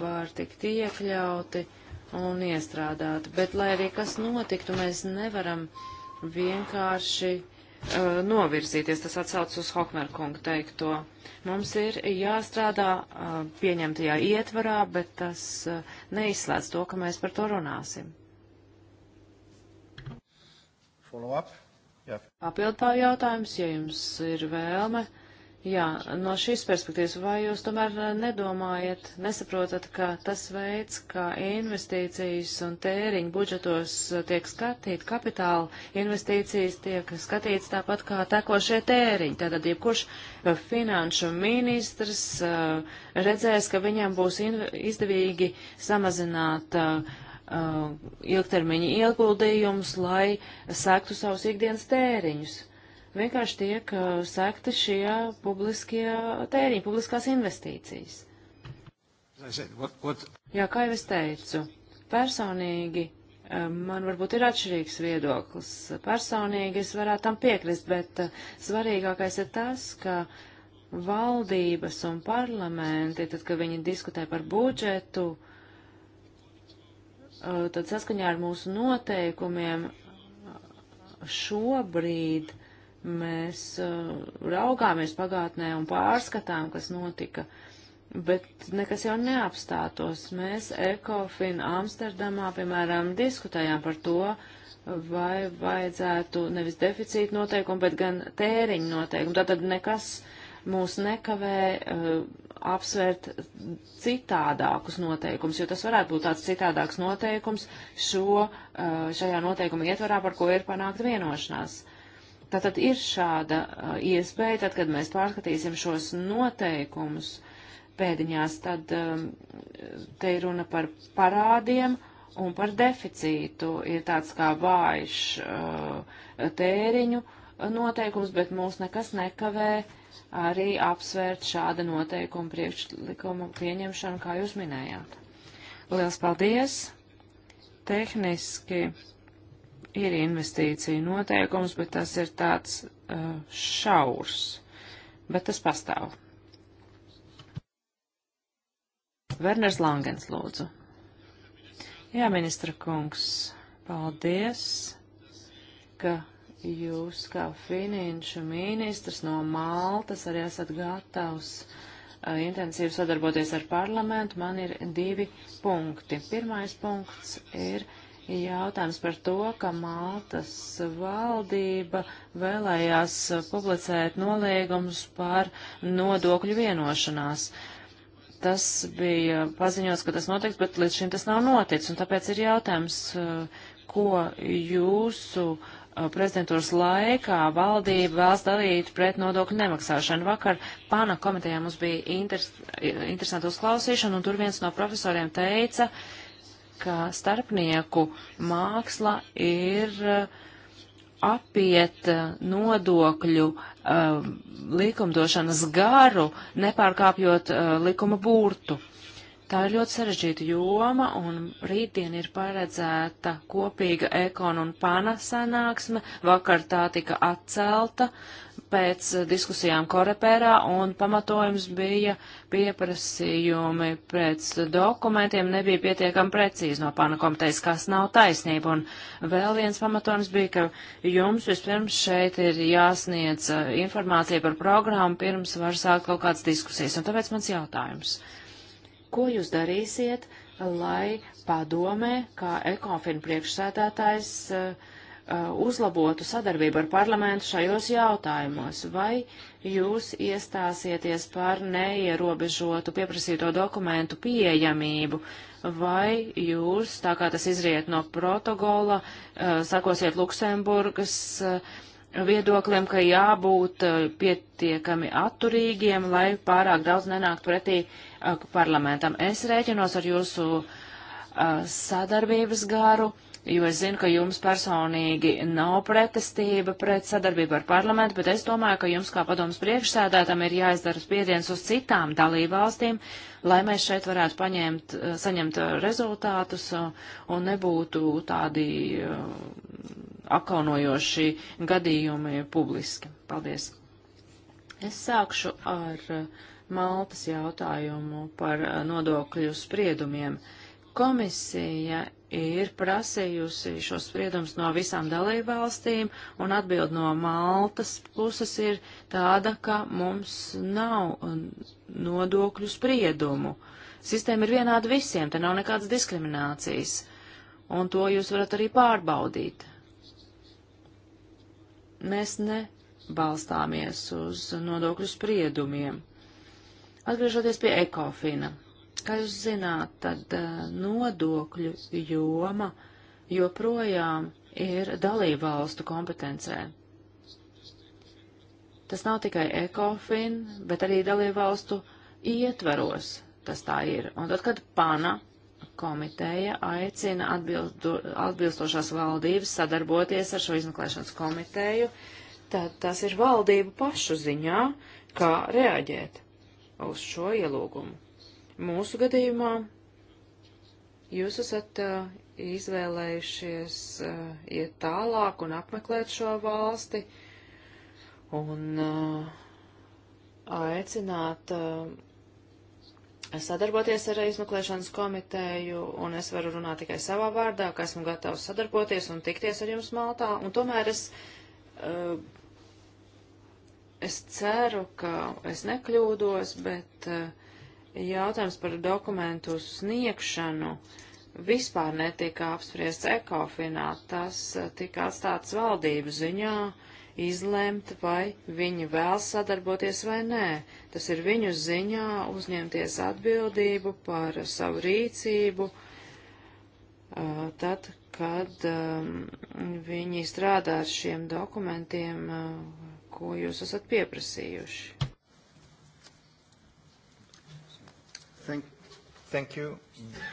var tikt iekļauti un iestrādāti. Bet, lai arī kas notiktu, mēs nevaram vienkārši uh, novirzīties. Tas atsauc uz Hokmerkungu teikto. Mums ir jāstrādā uh, pieņemtajā ietvarā, bet tas uh, neizslēdz to, ka mēs par to runāsim. Papildu jautājums, ja jums ir vēlme. Uh, Jā, no šīs perspektīvas, vai jūs tomēr eh, nedomājat, nesaprotat, ka tas veids, kā investīcijas un tēriņi budžetos eh, tiek skatīt, kapitāla investīcijas tiek skatīts tāpat kā tekošie tēriņi. Tātad, ja kurš eh, finanšu ministrs redzēs, ka viņam būs izdevīgi samazināt ilgtermiņa ieguldījumus, lai sektu savus ikdienas tēriņus vienkārši tiek uh, sekta šie publiskie tēriņi, publiskās investīcijas. Jā, kā jau es teicu, personīgi uh, Man varbūt ir atšķirīgs viedoklis. Personīgi es varētu tam piekrist, bet uh, svarīgākais ir tas, ka valdības un parlamenti, tad, kad viņi diskutē par budžetu, tad saskaņā ar mūsu noteikumiem šobrīd Mēs uh, raugāmies pagātnē un pārskatām, kas notika, bet nekas jau neapstātos. Mēs Ekofin Amsterdamā, piemēram, diskutējām par to, vai vajadzētu nevis deficīta noteikumu, bet gan tēriņu noteikumu. Tātad nekas mūs nekavē uh, apsvērt citādākus noteikumus, jo tas varētu būt tāds citādāks noteikums šo, uh, šajā noteikuma ietvarā, par ko ir panākt vienošanās. Tātad ir šāda uh, iespēja, tad, kad mēs pārskatīsim šos noteikumus pēdiņās, tad um, te ir runa par parādiem un par deficītu. Ir tāds kā vājš uh, tēriņu noteikums, bet mūs nekas nekavē arī apsvērt šāda noteikuma priekšlikuma pieņemšanu, kā jūs minējāt. Liels paldies! Tehniski ir investīcija noteikums, bet tas ir tāds uh, šaurs, bet tas pastāv. Werners Langens, lūdzu. Jā, ministra kungs, paldies, ka jūs kā finanšu ministrs no Maltas arī esat gatavs uh, intensīvi sadarboties ar parlamentu. Man ir divi punkti. Pirmais punkts ir jautājums par to, ka Maltas valdība vēlējās publicēt noliegumus par nodokļu vienošanās. Tas bija paziņots, ka tas notiks, bet līdz šim tas nav noticis, un tāpēc ir jautājums, eh, ko jūsu eh, prezidentūras laikā valdība vēlas darīt pret nodokļu nemaksāšanu. Vakar Pāna komitejā mums bija interes, interesanta uzklausīšana, un tur viens no profesoriem teica, uh, ka starpnieku māksla ir uh, apiet uh, nodokļu uh, likumdošanas garu, nepārkāpjot uh, likuma burtu. Tā ir ļoti sarežģīta joma, un rītdien ir paredzēta kopīga ekonu un pana sanāksme, vakar tā tika atcelta, pēc diskusijām Korepērā, un pamatojums bija pieprasījumi pēc dokumentiem nebija pietiekami precīzi no pana komitejas, kas nav taisnība. Un vēl viens pamatojums bija, ka jums vispirms šeit ir jāsniedz uh, informācija par programmu, pirms var sākt kaut kādas diskusijas. Un tāpēc mans jautājums. Ko jūs darīsiet, lai padomē, kā ekofina priekšsēdētājs, uh, Uh, uzlabotu sadarbību ar parlamentu šajos jautājumos, vai jūs iestāsieties par neierobežotu pieprasīto dokumentu pieejamību, vai jūs, tā kā tas izriet no protokola, uh, sakosiet Luksemburgas uh, viedoklim, ka jābūt pietiekami atturīgiem, lai pārāk daudz nenākt pretī parlamentam. Es rēķinos ar jūsu sadarbības garu jo es zinu, ka jums personīgi nav pretestība pret sadarbību ar parlamentu, bet es domāju, ka jums kā padomas priekšsēdētam ir jāizdara spiediens uz citām dalībvalstīm, lai mēs šeit varētu paņemt, eh, saņemt eh, rezultātus eh, un nebūtu tādi akaunojoši gadījumi publiski. Paldies! Es sākšu ar Maltas jautājumu par nodokļu spriedumiem. Komisija ir prasījusi šos spriedumus no visām dalībvalstīm, un atbild no Maltas puses ir tāda, ka mums nav um, nodokļu spriedumu. Sistēma ir vienāda visiem, te nav nekādas diskriminācijas, un to jūs varat arī pārbaudīt. Mēs nebalstāmies uz nodokļu spriedumiem. Atgriežoties pie ekofina Kā jūs zināt, tad eh, nodokļu joma joprojām ir dalību valstu kompetencē. Tas nav tikai ECOFIN, bet arī dalību valstu ietveros tas tā ir. Un tad, kad PANA komiteja aicina atbildu, atbilstošās valdības sadarboties ar šo izmeklēšanas komiteju, tad tas ir valdību pašu ziņā, kā reaģēt uz šo ielūgumu. Mūsu gadījumā jūs esat uh, izvēlējušies uh, iet tālāk un apmeklēt šo valsti un uh, aicināt sadarboties ar izmeklēšanas komiteju, un es varu runāt tikai savā vārdā, ka esmu gatavs sadarboties un tikties ar jums Maltā, un tomēr es, es ceru, ka es nekļūdos, bet uh, jautājums par dokumentu sniegšanu vispār netika apspriests ekofinā. Tas eh, tika atstāts valdību ziņā izlemt, vai viņi vēl sadarboties vai nē. Tas ir viņu ziņā uzņemties atbildību par savu rīcību, eh, tad, kad ehm, viņi strādā ar šiem dokumentiem, eh, ko jūs esat pieprasījuši. Thank you.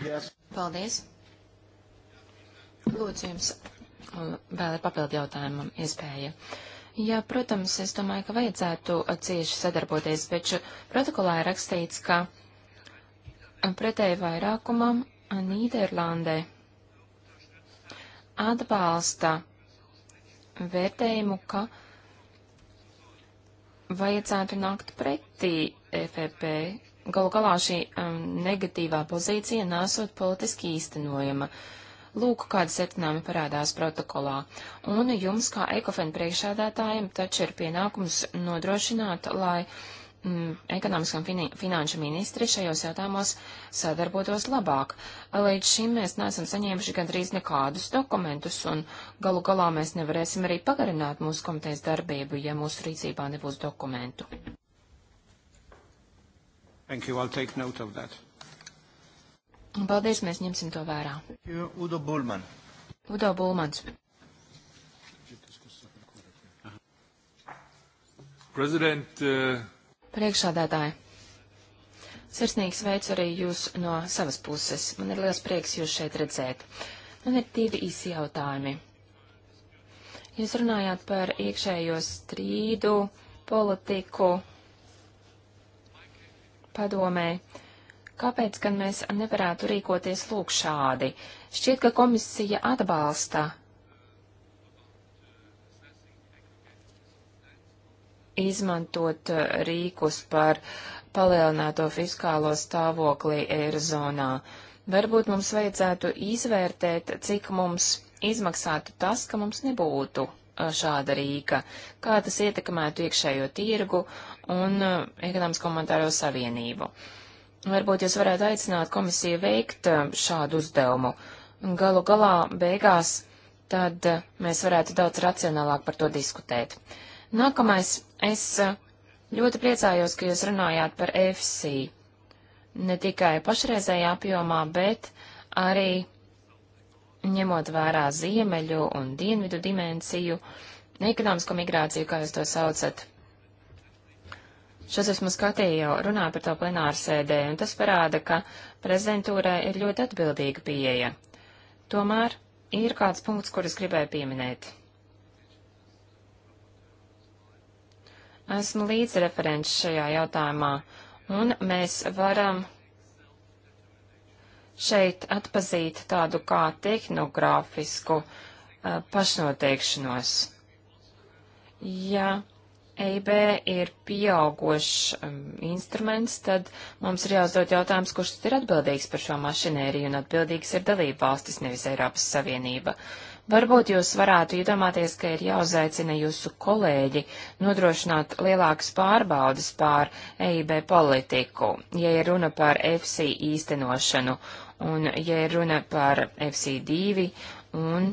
Yes. Paldies. Lūdzu, jums uh, vēl ir papildu jautājumu iespēja. Jā, protams, es domāju, ka vajadzētu uh, cieši sadarboties, bet uh, protokolā ir rakstīts, ka pretēji vairākumam Nīderlandē atbalsta vērtējumu, ka vajadzētu nākt pretī FFP galu galā šī um, negatīvā pozīcija nesot politiski īstenojama. Lūk, kāda secinājuma parādās protokolā. Un jums, kā ekofenu priekšādātājiem, taču ir pienākums nodrošināt, lai mm, ekonomiskam fin finanšu ministri šajos jautājumos sadarbotos labāk. Līdz šim mēs neesam saņēmuši gandrīz nekādus dokumentus, un galu galā mēs nevarēsim arī pagarināt mūsu komitejas darbību, ja mūsu rīcībā nebūs dokumentu. Thank you. I'll take note of that. Un paldies, mēs ņemsim to vērā. Udo Bulman. Udo Bulmans. Prezident. Uh... Priekšādātāji. Sirsnīgi sveicu arī jūs no savas puses. Man ir liels prieks jūs šeit redzēt. Man ir divi īsi jautājumi. Jūs runājāt par iekšējo strīdu, politiku padomē, kāpēc gan mēs nevarētu rīkoties lūk šādi? Šķiet, ka komisija atbalsta izmantot uh, rīkus par palielināto fiskālo stāvokli Eirozonā. Varbūt mums vajadzētu izvērtēt, cik mums izmaksātu tas, ka mums nebūtu šāda rīka, kā tas ietekmētu iekšējo tirgu un ekonomisko monetāro savienību. Varbūt jūs varētu aicināt komisiju veikt šādu uzdevumu. Galu galā, beigās, tad mēs varētu daudz racionālāk par to diskutēt. Nākamais, es ļoti priecājos, ka jūs runājāt par EFSI. Ne tikai pašreizējā apjomā, bet arī ņemot vērā ziemeļu un dienvidu dimensiju, ekonomisko migrāciju, kā jūs to saucat. Šos esmu skatījis jau runā par to plenārsēdē, un tas parāda, ka prezidentūrai ir ļoti atbildīga pieeja. Tomēr ir kāds punkts, kurus gribēju pieminēt. Esmu līdzreferents šajā jautājumā, un mēs varam šeit atpazīt tādu kā tehnogrāfisku uh, pašnoteikšanos. Ja EIB ir pieaugošs um, instruments, tad mums ir jāuzdod jautājums, kurš tad ir atbildīgs par šo mašinēriju, un atbildīgs ir dalība valstis, nevis Eiropas Savienība. Varbūt jūs varētu iedomāties, ka ir jāuzaicina jūsu kolēģi nodrošināt lielākas pārbaudas pār EIB politiku, ja ir runa par FC īstenošanu, Un, ja ir runa par FC2, un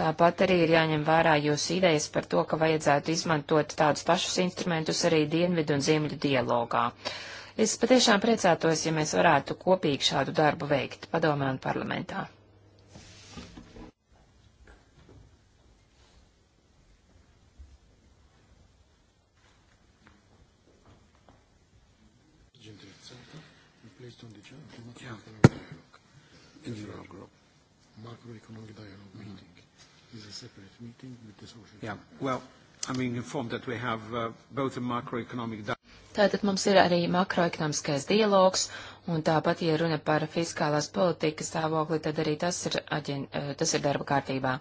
tāpat arī ir jāņem vērā jūsu idejas par to, ka vajadzētu izmantot tādus pašus instrumentus arī dienvidu un ziemeļu dialogā. Es patiešām priecātos, ja mēs varētu kopīgi šādu darbu veikt padomē un parlamentā. separate meeting with the social. Yeah. Well, I mean, informed that we have uh, both a macroeconomic. Tātad mums ir arī makroekonomiskais dialogs, un tāpat, ja runa par fiskālās politikas stāvokli, tad arī tas ir, aģen, eh, tas ir darba kārtībā.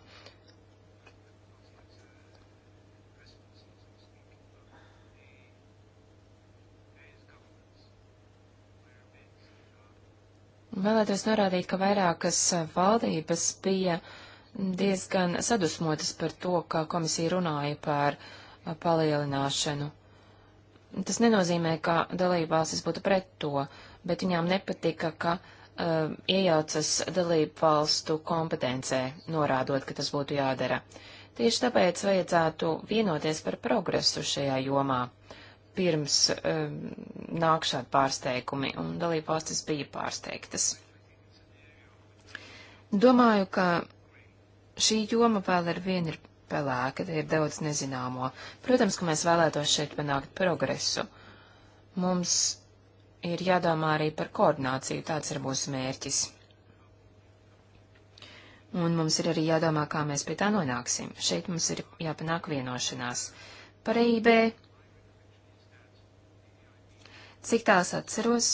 Vēlētos norādīt, ka vairākas eh, valdības bija uh, diezgan sadusmotas par to, kā komisija runāja par uh, palielināšanu. Tas nenozīmē, ka dalībvalstis būtu pret to, bet viņām nepatika, ka uh, iejaucas dalībvalstu kompetencē, norādot, ka tas būtu jādara. Tieši tāpēc vajadzētu vienoties par progresu šajā jomā pirms um, nāk šādi pārsteigumi, un dalībvalstis bija pārsteigtas. Domāju, ka šī joma vēl ar vienu ir pelēka, te ir daudz nezināmo. Protams, ka mēs vēlētos šeit panākt progresu. Mums ir jādomā arī par koordināciju, tāds ir mūsu mērķis. Un mums ir arī jādomā, kā mēs pie tā nonāksim. Šeit mums ir jāpanāk vienošanās. Par EIB. Cik tās atceros?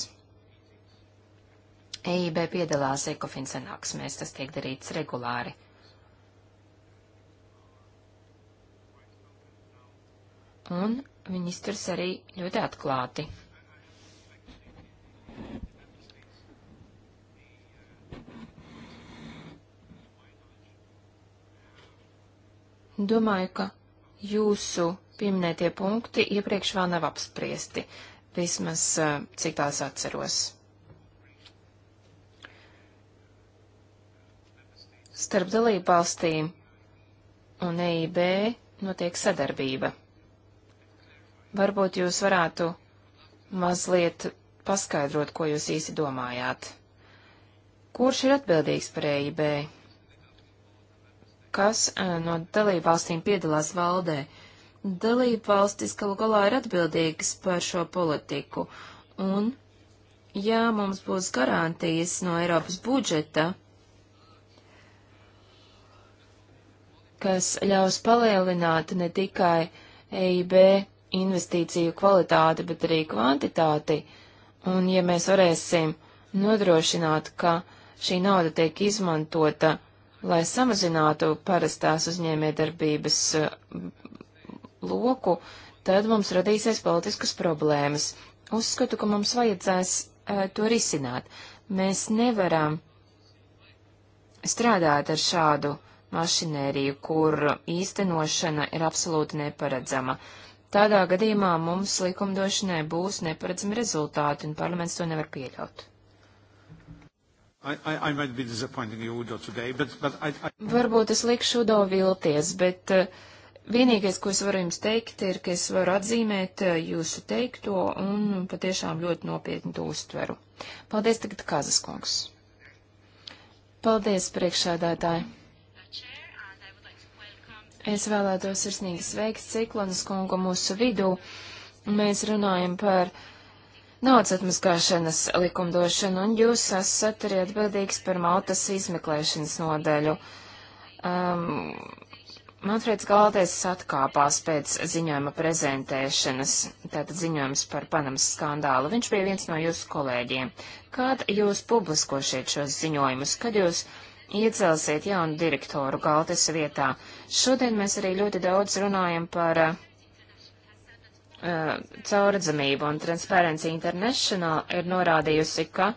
EIB piedalās ekofin sanāksmēs, tas tiek darīts regulāri. un viņi izturs arī ļoti atklāti. Domāju, ka jūsu pieminētie punkti iepriekš vēl nav apspriesti, vismaz eh, cik tās atceros. Starp dalībvalstīm un EIB notiek sadarbība. Varbūt jūs varētu mazliet paskaidrot, ko jūs īsi domājāt. Kurš ir atbildīgs par EIB? Kas no dalībvalstīm piedalās valdē? Dalībvalstis galu galā ir atbildīgas par šo politiku, un, ja mums būs garantijas no Eiropas budžeta, kas ļaus palielināt ne tikai EIB investīciju kvalitāti, bet arī kvantitāti. Un ja mēs varēsim nodrošināt, ka šī nauda tiek izmantota, lai samazinātu parastās uzņēmējdarbības eh, loku, tad mums radīsies politiskas problēmas. Uzskatu, ka mums vajadzēs e, to risināt. Mēs nevaram strādāt ar šādu mašinēriju, kur īstenošana ir absolūti neparedzama. Uh, Tādā gadījumā mums likumdošanai būs neparedzami rezultāti, un parlaments to nevar pieļaut. I, I, I Udo, today, but, but I, I... Varbūt es likšu Udo vilties, bet eh, vienīgais, ko es varu jums teikt, ir, ka es varu atzīmēt eh, jūsu teikto un patiešām ļoti nopietni to uztveru. Paldies tagad Kazaskungs. Paldies, priekšsēdētāji. Es vēlētos sirsnīgi sveikt ciklonas kungu mūsu vidū. Mēs runājam par naudas atmaskāšanas likumdošanu, un jūs esat arī atbildīgs par maltas izmeklēšanas nodaļu. Um, Manfreds Galdēs atkāpās pēc ziņojuma prezentēšanas, tātad ziņojums par Panamas skandālu. Viņš bija viens no jūsu kolēģiem. Kad jūs publiskošiet šos ziņojumus, kad jūs iecelsiet jaunu direktoru Galtes vietā. Šodien mēs arī ļoti daudz runājam par uh, eh, eh, caurredzamību, un Transparency International ir norādījusi, ka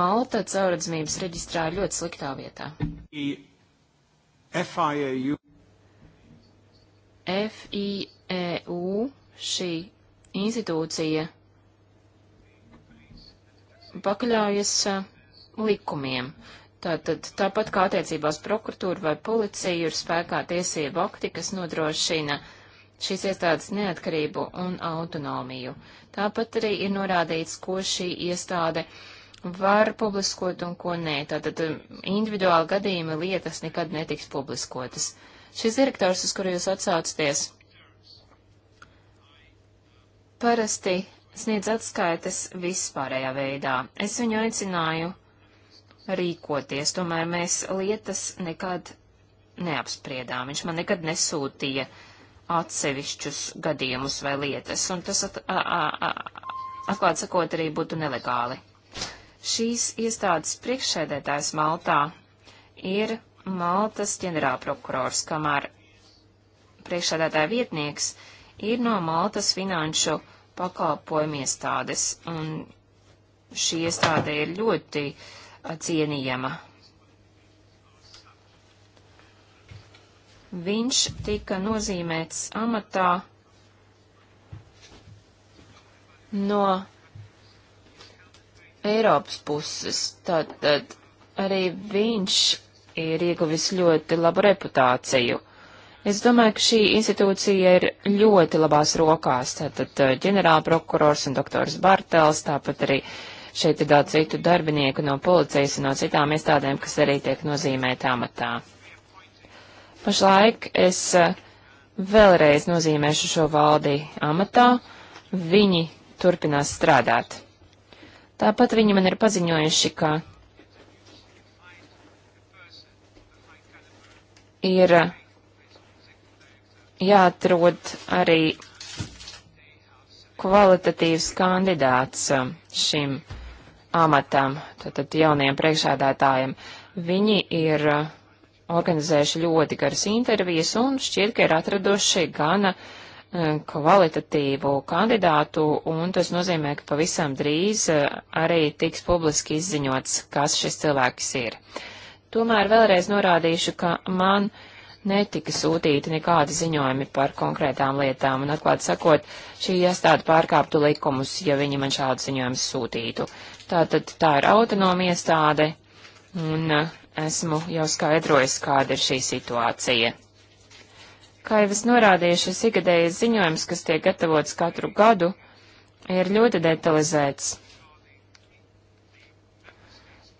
Malta caurredzamības reģistrā ir ļoti sliktā vietā. FIAU, FIEU šī institūcija pakļaujas eh, likumiem, Tātad, tāpat kā attiecībās prokuratūra vai policija ir spēkā tiesība akti, kas nodrošina šīs iestādes neatkarību un autonomiju. Tāpat arī ir norādīts, ko šī iestāde var publiskot un ko nē. Tātad individuāli gadījumi lietas nekad netiks publiskotas. Šis direktors, uz kuru jūs atsaucaties, parasti sniedz atskaites vispārējā veidā. Es viņu aicināju rīkoties. Tomēr mēs lietas nekad neapspriedām. Viņš man nekad nesūtīja atsevišķus gadījumus vai lietas, un tas at, a, a, a, atklāt sakot arī būtu nelegāli. Šīs iestādes priekšsēdētājs Maltā ir Maltas ģenerālprokurors, kamēr priekšsēdētāja vietnieks ir no Maltas finanšu pakalpojumu iestādes, un šī iestāde ir ļoti uh, cienījama. Viņš tika nozīmēts amatā no Eiropas puses, tātad arī viņš ir ieguvis ļoti labu reputāciju. Es domāju, ka šī institūcija ir ļoti labās rokās. Tātad ģenerāla prokurors un doktors Bartels, tāpat arī Šeit ir daudz citu darbinieku no policijas un no citām iestādēm, kas arī tiek nozīmēta amatā. Pašlaik es eh, vēlreiz nozīmēšu šo valdi amatā. Viņi turpinās strādāt. Tāpat viņi man ir paziņojuši, ka ir eh, jāatrod arī kvalitatīvs kandidāts eh, šim amatam, tātad jaunajam priekšādātājam. Viņi ir uh, organizējuši ļoti garas intervijas un šķiet, ka ir atraduši gana uh, kvalitatīvu kandidātu, un tas nozīmē, ka pavisam drīz uh, arī tiks publiski izziņots, kas šis cilvēks ir. Tomēr vēlreiz norādīšu, ka man uh, netika sūtīti nekādi ziņojumi par konkrētām lietām, un atklāt sakot, šī iestāde pārkāptu likumus, ja viņi man šādu ziņojumu sūtītu. Tātad tā ir autonoma iestāde, un uh, esmu jau skaidrojis, kāda ir šī situācija. Kā jau es norādīju, šis ikgadējais ziņojums, kas tiek gatavots katru gadu, ir ļoti detalizēts.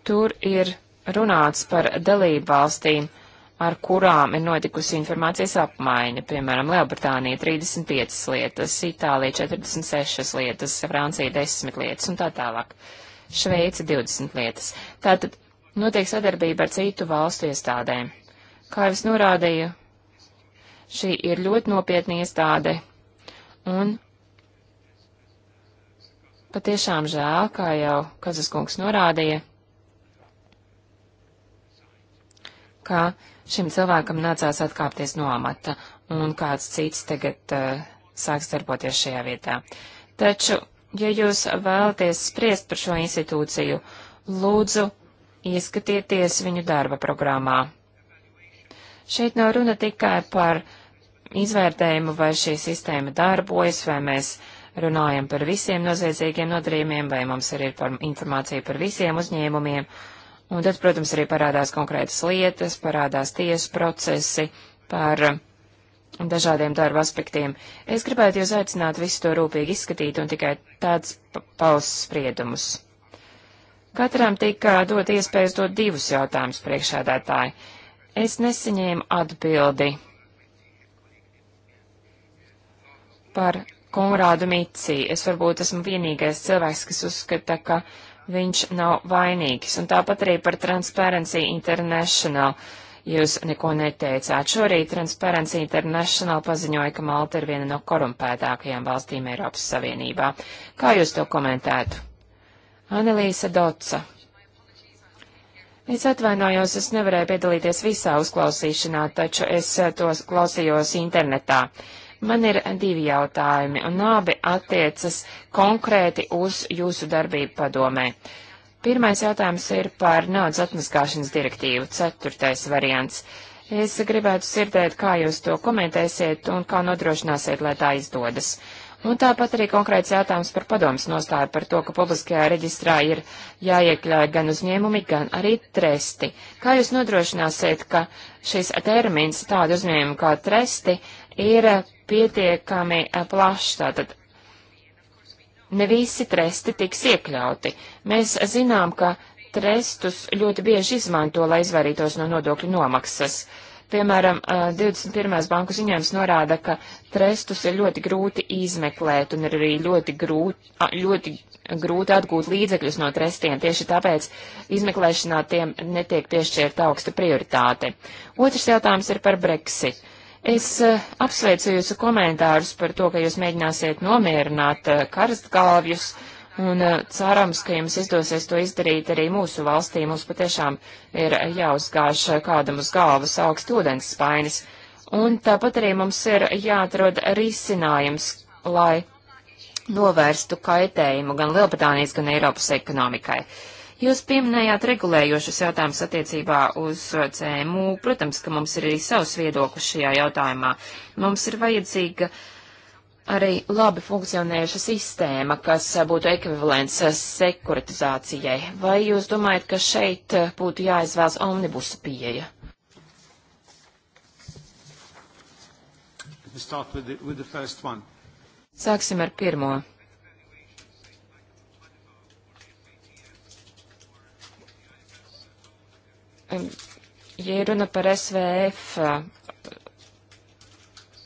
Tur ir runāts par dalību valstīm ar kurām ir notikusi informācijas apmaiņa, piemēram, Lielbritānija 35 lietas, Itālija 46 lietas, Francija 10 lietas un tā tālāk, Šveica 20 lietas. Tātad notiek sadarbība ar citu valstu iestādēm. Kā jau es norādīju, šī ir ļoti nopietna iestāde un patiešām žēl, kā jau Kazaskungs norādīja, ka šim cilvēkam nācās atkāpties no amata, un kāds cits tagad uh, sāks darboties šajā vietā. Taču, ja jūs vēlaties spriest par šo institūciju, lūdzu, ieskatieties viņu darba programmā. Šeit nav runa tikai par izvērtējumu, vai šī sistēma darbojas, vai mēs runājam par visiem noziedzīgiem nodarījumiem, vai mums arī ir par informācija par visiem uzņēmumiem Un tad, protams, arī parādās konkrētas lietas, parādās tiesu procesi par dažādiem darba aspektiem. Es gribētu jūs aicināt visu to rūpīgi izskatīt un tikai tāds paus spriedumus. Katram tika dot iespējas dot divus jautājumus priekšādātāji. Es nesaņēmu atbildi par Konrādu Mici. Es varbūt esmu vienīgais cilvēks, kas uzskata, ka uh, viņš nav vainīgs. Un tāpat arī par Transparency International jūs neko neteicāt. Šorīt Transparency International paziņoja, ka Malta ir viena no korumpētākajām valstīm Eiropas Savienībā. Kā jūs to komentētu? Anelīsa Doca. Es atvainojos, es nevarēju piedalīties visā uzklausīšanā, taču es eh, tos klausījos internetā. Uh, Man ir divi jautājumi, un abi attiecas konkrēti uz jūsu darbību padomē. Pirmais jautājums ir par naudas atmaskāšanas direktīvu, ceturtais variants. Es gribētu sirdēt, kā jūs to komentēsiet un kā nodrošināsiet, lai tā izdodas. Un tāpat arī konkrēts jautājums par padomas nostāju par to, ka publiskajā reģistrā ir jāiekļauj gan uzņēmumi, gan arī tresti. Kā jūs nodrošināsiet, ka šis termins tādu uzņēmumu kā tresti ir pietiekami eh, plašs, tātad ne visi tresti tiks iekļauti. Mēs zinām, ka trestus ļoti bieži izmanto, lai izvairītos no nodokļu nomaksas. Piemēram, 21. Eh, banku ziņojums norāda, ka trestus ir ļoti grūti izmeklēt un ir arī ļoti grūti, ļoti grūti atgūt līdzekļus no trestiem. Tieši tāpēc izmeklēšanā tiem netiek piešķirta augsta prioritāte. Otrs jautājums ir par Brexit. Es eh, apsveicu jūsu komentārus par to, ka jūs mēģināsiet nomierināt eh, karstgalvjus, un eh, cerams, ka jums izdosies to izdarīt arī mūsu valstī. Mums patiešām ir jāuzgāž kādam uz galvas augsts ūdens spainis. Un tāpat arī mums ir jāatrod risinājums, lai novērstu kaitējumu gan Lielbritānijas, gan Eiropas ekonomikai. Uh, Jūs pieminējāt regulējošas jautājumas attiecībā uz uh, CMU. Protams, ka mums ir arī savs viedoklis šajā jautājumā. Mums ir vajadzīga arī labi funkcionējuša sistēma, kas uh, būtu ekvivalents uh, sekuritizācijai. Vai jūs domājat, ka šeit būtu jāizvēlas omnibusa pieeja? With the, with the Sāksim ar pirmo. ja runa par SVF eh,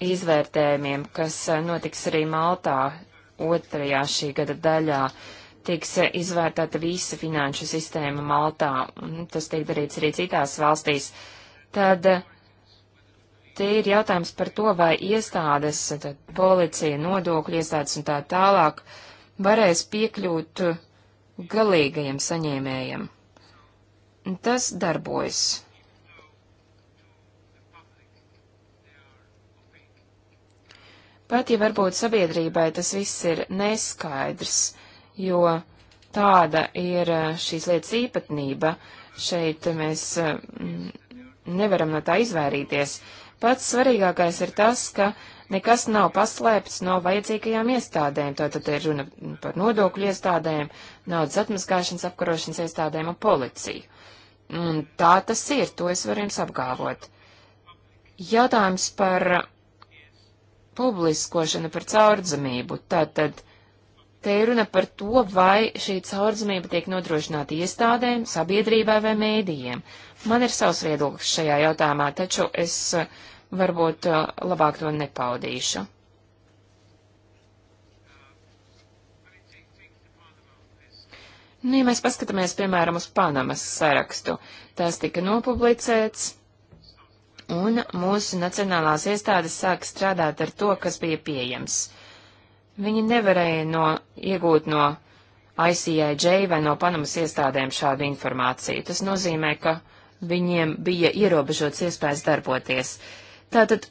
izvērtējumiem, kas eh, notiks arī Maltā otrajā šī gada daļā, tiks eh, izvērtēta visa finanšu sistēma Maltā, un tas tiek darīts arī citās valstīs, tad te ir jautājums par to, vai iestādes, tad policija, nodokļu iestādes un tā tālāk, varēs piekļūt galīgajam saņēmējam. Tas darbojas. Pat ja varbūt sabiedrībai tas viss ir neskaidrs, jo tāda ir eh, šīs lietas īpatnība, šeit mēs eh, mm, nevaram no tā izvairīties. Pats svarīgākais ir tas, ka nekas nav paslēpts no vajadzīgajām iestādēm, tātad ir runa par nodokļu iestādēm, naudas atmaskāšanas apkarošanas iestādēm un policiju. Un tā tas ir, to es varu jums apgāvot. Jautājums par publiskošanu, par caurdzamību. Tātad, te ir runa par to, vai šī caurdzamība tiek nodrošināta iestādēm, sabiedrībai vai mēdījiem. Man ir savs viedoklis šajā jautājumā, taču es eh, varbūt eh, labāk to nepaudīšu. Nu, ja mēs paskatāmies, piemēram, uz Panamas sarakstu, tās tika nopublicēts, un mūsu nacionālās iestādes sāka strādāt ar to, kas bija pieejams. Viņi nevarēja no, iegūt no ICIJ vai no Panamas iestādēm šādu informāciju. Tas nozīmē, ka viņiem bija ierobežots iespējas darboties. Tātad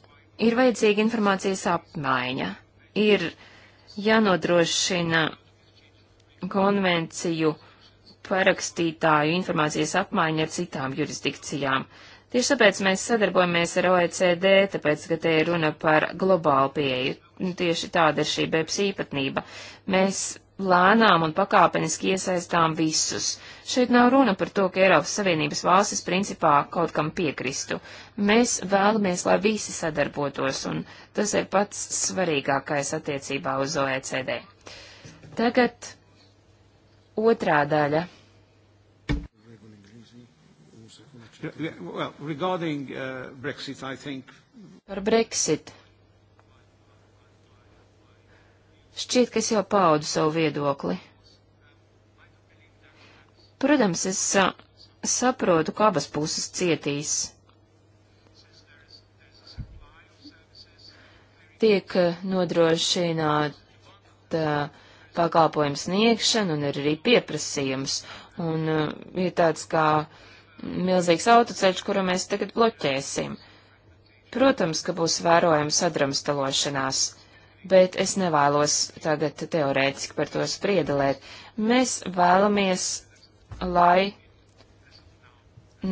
ir vajadzīga informācijas apmaiņa. Ir jānodrošina konvenciju parakstītāju informācijas apmaiņa ar citām jurisdikcijām. Tieši tāpēc mēs sadarbojamies ar OECD, tāpēc, ka te ir runa par globālu pieeju. Tieši tāda ir šī BEPS īpatnība. Mēs lēnām un pakāpeniski iesaistām visus. Šeit nav runa par to, ka Eiropas Savienības valstis principā kaut kam piekristu. Mēs vēlamies, lai visi sadarbotos, un tas ir pats svarīgākais attiecībā uz OECD. Tagad Otrā daļa. Well, regarding uh, Brexit, I think. Par Brexit. Šķiet, ka es jau paudu savu viedokli. Protams, es sa uh, saprotu, ka abas puses cietīs. Tiek uh, nodrošināta uh, pakalpojumu sniegšanu un ir arī pieprasījums. Un uh, ir tāds kā milzīgs autoceļš, kuru mēs tagad bloķēsim. Protams, ka būs vērojama sadramstalošanās, bet es nevēlos tagad teorētiski par to spriedelēt. Mēs vēlamies, lai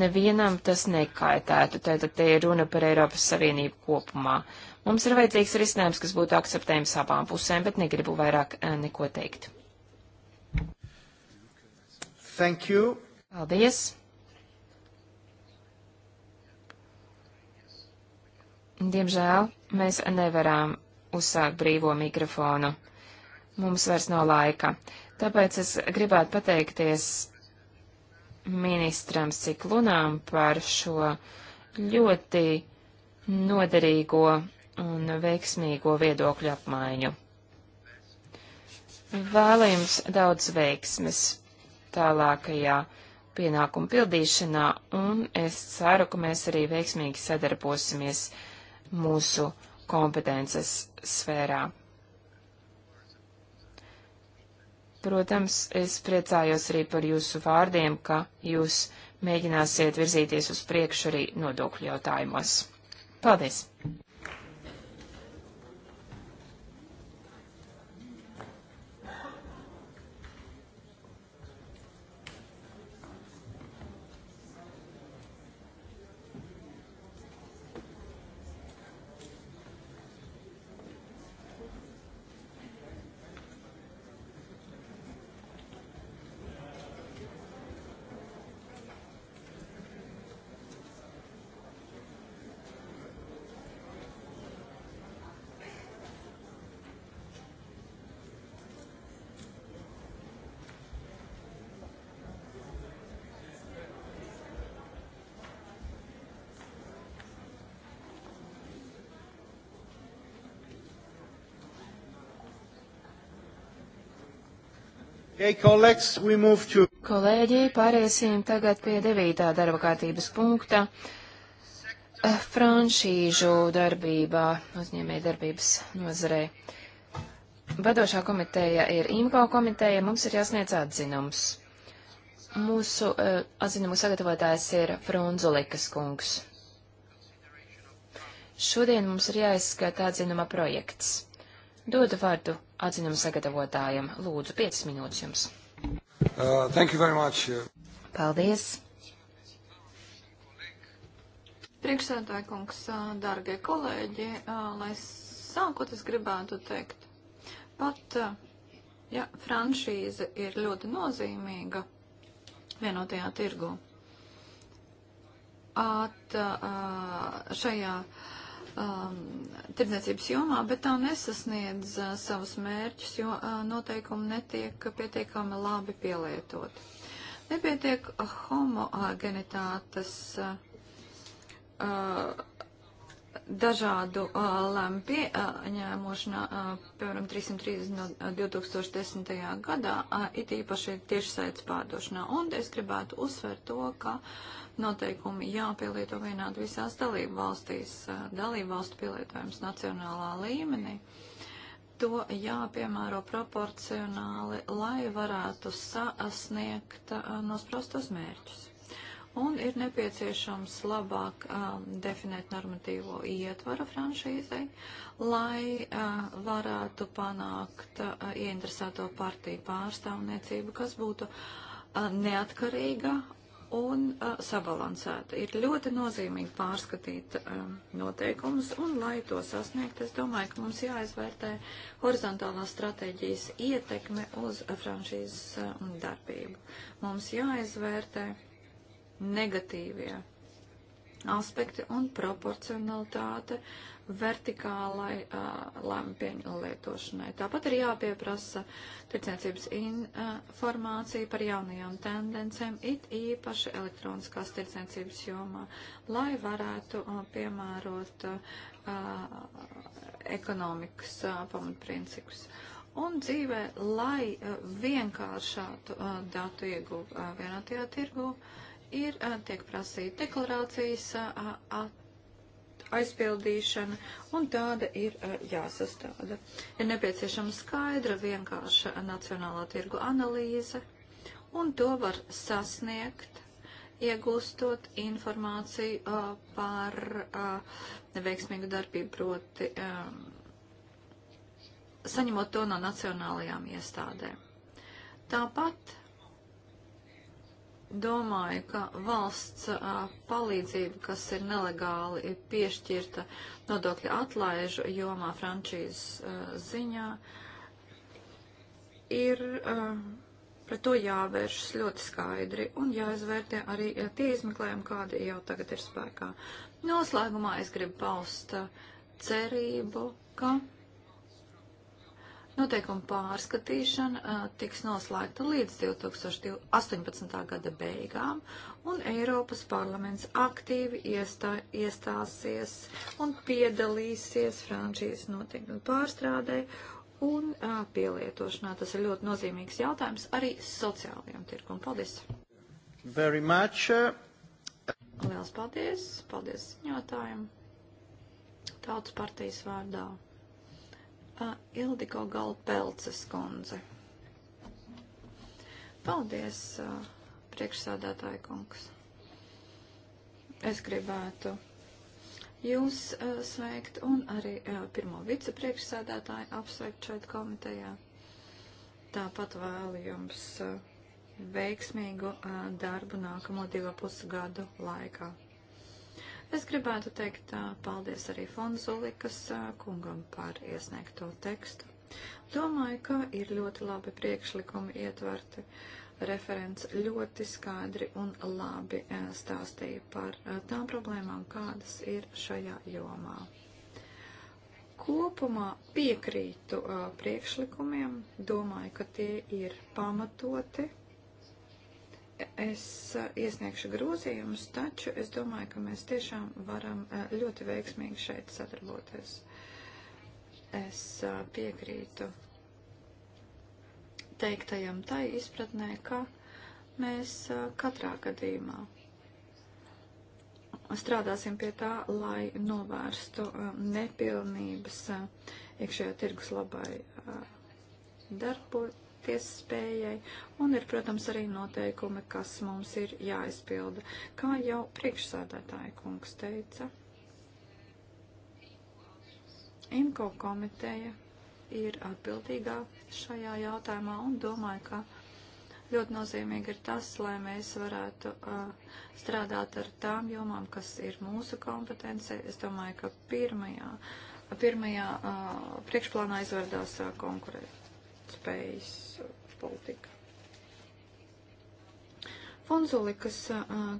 nevienam tas nekaitētu. Tātad te ir runa par Eiropas Savienību kopumā. Uh, Mums ir vajadzīgs risinājums, kas būtu akceptējams abām pusēm, bet negribu vairāk eh, neko teikt. Thank you. Paldies. Diemžēl mēs nevaram uzsākt brīvo mikrofonu. Mums vairs nav laika. Tāpēc es gribētu pateikties ministram Ciklunām par šo ļoti noderīgo un veiksmīgo viedokļu apmaiņu. Vēlējums daudz veiksmes tālākajā pienākumu pildīšanā, un es ceru, ka mēs arī veiksmīgi sadarbosimies mūsu kompetences sfērā. Protams, es priecājos arī par jūsu vārdiem, ka jūs mēģināsiet virzīties uz priekšu arī nodokļu jautājumos. Paldies! Hey, colleagues, we move to... Kolēģi, pāriesim tagad pie devītā darba kārtības punkta. Eh, franšīžu darbībā, uzņēmē darbības nozarē. Vadošā komiteja ir IMCO komiteja, mums ir jāsniedz atzinums. Mūsu uh, atzinumu sagatavotājs ir Frunzulikas kungs. Šodien mums ir jāizskata atzinuma projekts. Dodu vārdu atzinumu sagatavotājam. Lūdzu, 5 minūtes jums. Uh, thank you very much. Paldies. Priekšsēdētāji kungs, uh, dārgie kolēģi, uh, lai sākot es gribētu teikt, pat, uh, ja franšīze ir ļoti nozīmīga vienotajā tirgu, at šajā uh, um, tirdzniecības jomā, bet tā nesasniedz uh, savus mērķus, jo uh, noteikumi netiek pietiekami labi pielietoti. Nepietiek homogenitātes uh, uh, dažādu uh, lēmu pieņēmošanā, uh, piemēram, 330 no 2010. Uh, gadā, uh, it īpaši tiešsaites pārdošanā. Un es gribētu uzsvērt to, ka uh, noteikumi jāpielieto vienādi visās dalību valstīs, dalību valstu pielietojums nacionālā līmenī. To jāpiemēro proporcionāli, lai varētu sasniegt nosprostos mērķus. Un ir nepieciešams labāk um, definēt normatīvo ietvaru franšīzei, lai uh, varētu panākt uh, ieinteresēto partiju pārstāvniecību, kas būtu uh, neatkarīga un uh, sabalansēta. Ir ļoti nozīmīgi pārskatīt um, noteikumus, un, lai to sasniegt, es domāju, ka mums jāizvērtē horizontālās stratēģijas ietekme uz franšīzes uh, darbību. Mums jāizvērtē negatīvie aspekti un proporcionalitāte vertikālai uh, lēmu pieņu lietošanai. Tāpat ir jāpieprasa tirdzniecības informācija par jaunajām tendencēm, it īpaši elektroniskās tirdzniecības jomā, lai varētu uh, piemērot uh, ekonomikas uh, pamatprincipus. Un dzīvē, lai uh, vienkāršātu uh, datu ieguvu uh, vienotajā tirgu. Uh, ir, tiek prasīta deklarācijas aizpildīšana, un tāda ir jāsastāda. Ir nepieciešama skaidra, vienkārša nacionālā tirgu analīze, un to var sasniegt, iegūstot informāciju par neveiksmīgu darbību, proti saņemot to no nacionālajām iestādēm. Tāpat domāju, ka valsts a, palīdzība, kas ir nelegāli ir piešķirta nodokļa atlaižu jomā frančīzes ziņā, ir a, pret to jāvēršas ļoti skaidri un jāizvērtē arī a, tie izmeklējumi, kādi jau tagad ir spēkā. Noslēgumā es gribu paust cerību, ka Noteikuma pārskatīšana tiks noslēgta līdz 2018. gada beigām, un Eiropas parlaments aktīvi iestā, iestāsies un piedalīsies Francijas noteikumu pārstrādē un a, pielietošanā. Tas ir ļoti nozīmīgs jautājums arī sociālajiem tirkum. Paldies! Very much. Liels paldies! Paldies ziņotājiem! Tautas partijas vārdā. Ildiko Galpelces kundze. Paldies, priekšsādātāja kungs. Es gribētu jūs sveikt un arī pirmo vicepriekšsēdētāju apsveikt šeit komitejā. Tāpat vēlu jums veiksmīgu darbu nākamo divu pusgadu laikā. Es gribētu teikt paldies arī Fonzulikas kungam par iesniegto tekstu. Domāju, ka ir ļoti labi priekšlikumi ietverti. Referents ļoti skaidri un labi stāstīja par tām problēmām, kādas ir šajā jomā. Kopumā piekrītu priekšlikumiem, domāju, ka tie ir pamatoti es eh, iesniegšu grozījumus, taču es domāju, ka mēs tiešām varam eh, ļoti veiksmīgi šeit sadarboties. Es eh, piekrītu teiktajam tai izpratnē, ka mēs katrā gadījumā strādāsim pie tā, lai novērstu nepilnības iekšējā tirgus labai darbojas tiesspējai, un ir, protams, arī noteikumi, kas mums ir jāizpilda. Kā jau priekšsādātāja kungs teica, IMCO komiteja ir atbildīgā šajā jautājumā un domāju, ka ļoti nozīmīgi ir tas, lai mēs varētu uh, strādāt ar tām jomām, kas ir mūsu kompetencija. Es domāju, ka pirmajā, pirmajā uh, priekšplānā izvērdās uh, konkurēt konkurētspējas politika. Fonzulikas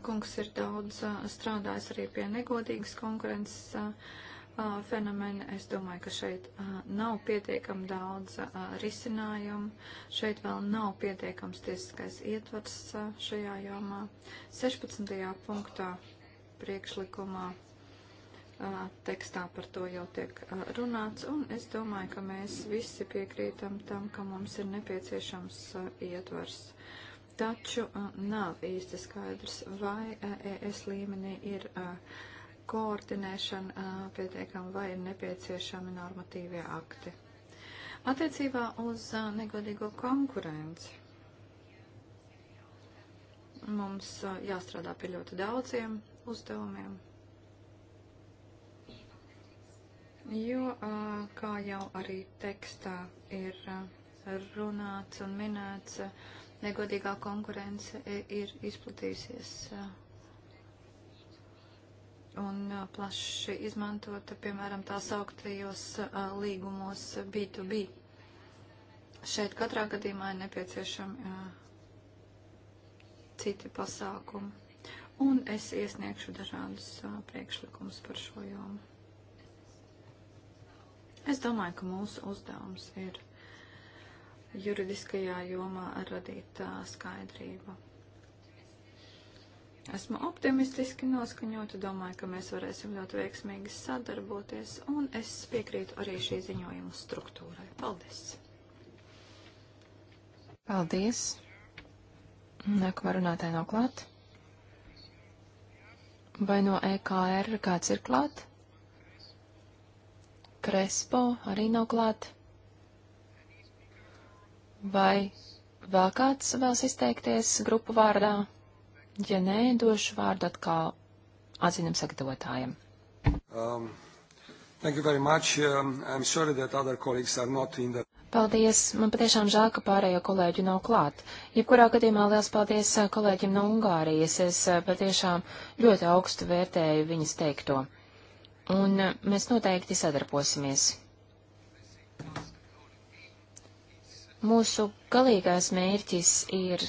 kungs ir daudz strādājis arī pie negodīgas konkurences fenomena. Es domāju, ka šeit nav pietiekam daudz risinājumu. Šeit vēl nav pietiekams tiesiskais ietvars šajā jomā. 16. punktā priekšlikumā tekstā par to jau tiek runāts, un es domāju, ka mēs visi piekrītam tam, ka mums ir nepieciešams ietvars. Taču nav īsti skaidrs, vai ES līmenī ir koordinēšana pietiekama vai ir nepieciešami normatīvie akti. Attiecībā uz negodīgo konkurenci mums jāstrādā pie ļoti daudziem uzdevumiem jo, kā jau arī tekstā ir runāts un minēts, negodīgā konkurence ir izplatījusies un plaši izmantota, piemēram, tās augtajos līgumos B2B. Šeit katrā gadījumā ir nepieciešami citi pasākumi, un es iesniegšu dažādus priekšlikumus par šo jomu. Es domāju, ka mūsu uzdevums ir juridiskajā jomā radīt uh, skaidrību. Esmu optimistiski noskaņota, domāju, ka mēs varēsim ļoti veiksmīgi sadarboties, un es piekrītu arī šī ziņojuma struktūrai. Paldies! Paldies! Nākamā runātāja nav klāt. Vai no EKR kāds ir klāt? Krespo arī nav klāt. Vai vēl kāds vēlas izteikties grupu vārdā? Ja nē, došu vārdu atkal atzinam sagatavotājiem. Um, thank you very much. Um, I'm sorry that other colleagues are not in the Paldies! Man patiešām žēl, ka pārējo kolēģu nav klāt. Jebkurā gadījumā liels paldies uh, kolēģim no Ungārijas. Es uh, patiešām ļoti augstu vērtēju viņas teikto un eh, mēs noteikti sadarbosimies. Mūsu galīgais mērķis ir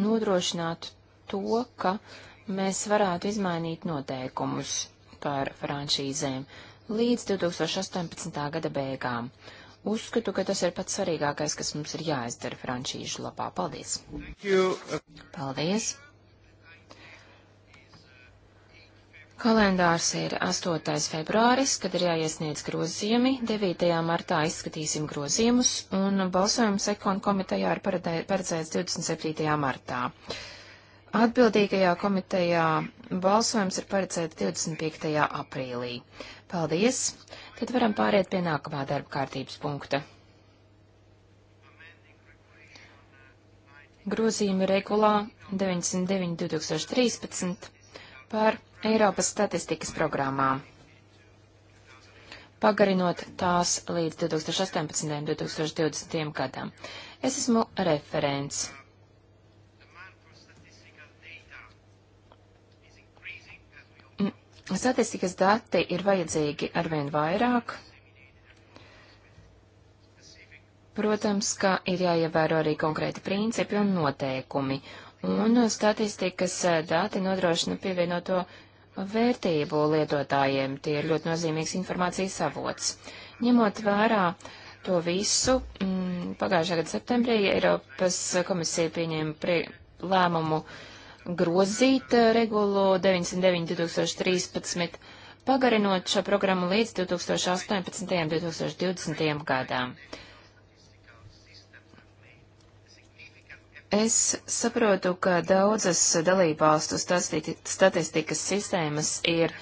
nodrošināt to, ka mēs varētu izmainīt noteikumus par franšīzēm līdz 2018. gada beigām. Uzskatu, ka tas ir pats svarīgākais, kas mums ir jāizdara franšīžu labā. Paldies! Paldies! Kalendārs ir 8. februāris, kad ir jāiesniedz grozījumi, 9. martā izskatīsim grozījumus, un balsojums ekonu komitejā ir paredzēts 27. martā. Atbildīgajā komitejā balsojums ir paredzēts 25. aprīlī. Paldies! Tad varam pāriet pie nākamā darba kārtības punkta. Grozījumi regulā 99.2013 par Eiropas statistikas programmā, pagarinot tās līdz 2018. un 2020. gadam. Es esmu referents. Mm, statistikas dati ir vajadzīgi arvien vairāk. Protams, ka ir jāievēro arī konkrēti principi un noteikumi, un statistikas eh, dati nodrošina pievienoto vērtību lietotājiem. Tie ir ļoti nozīmīgs informācijas avots. Ņemot vērā to visu, m, mm, pagājušā gada septembrī Eiropas komisija pieņēma lēmumu grozīt eh, regulu 909-2013, pagarinot šo programmu līdz 2018-2020 gadām. Es saprotu, ka daudzas dalībvalstu statistikas sistēmas ir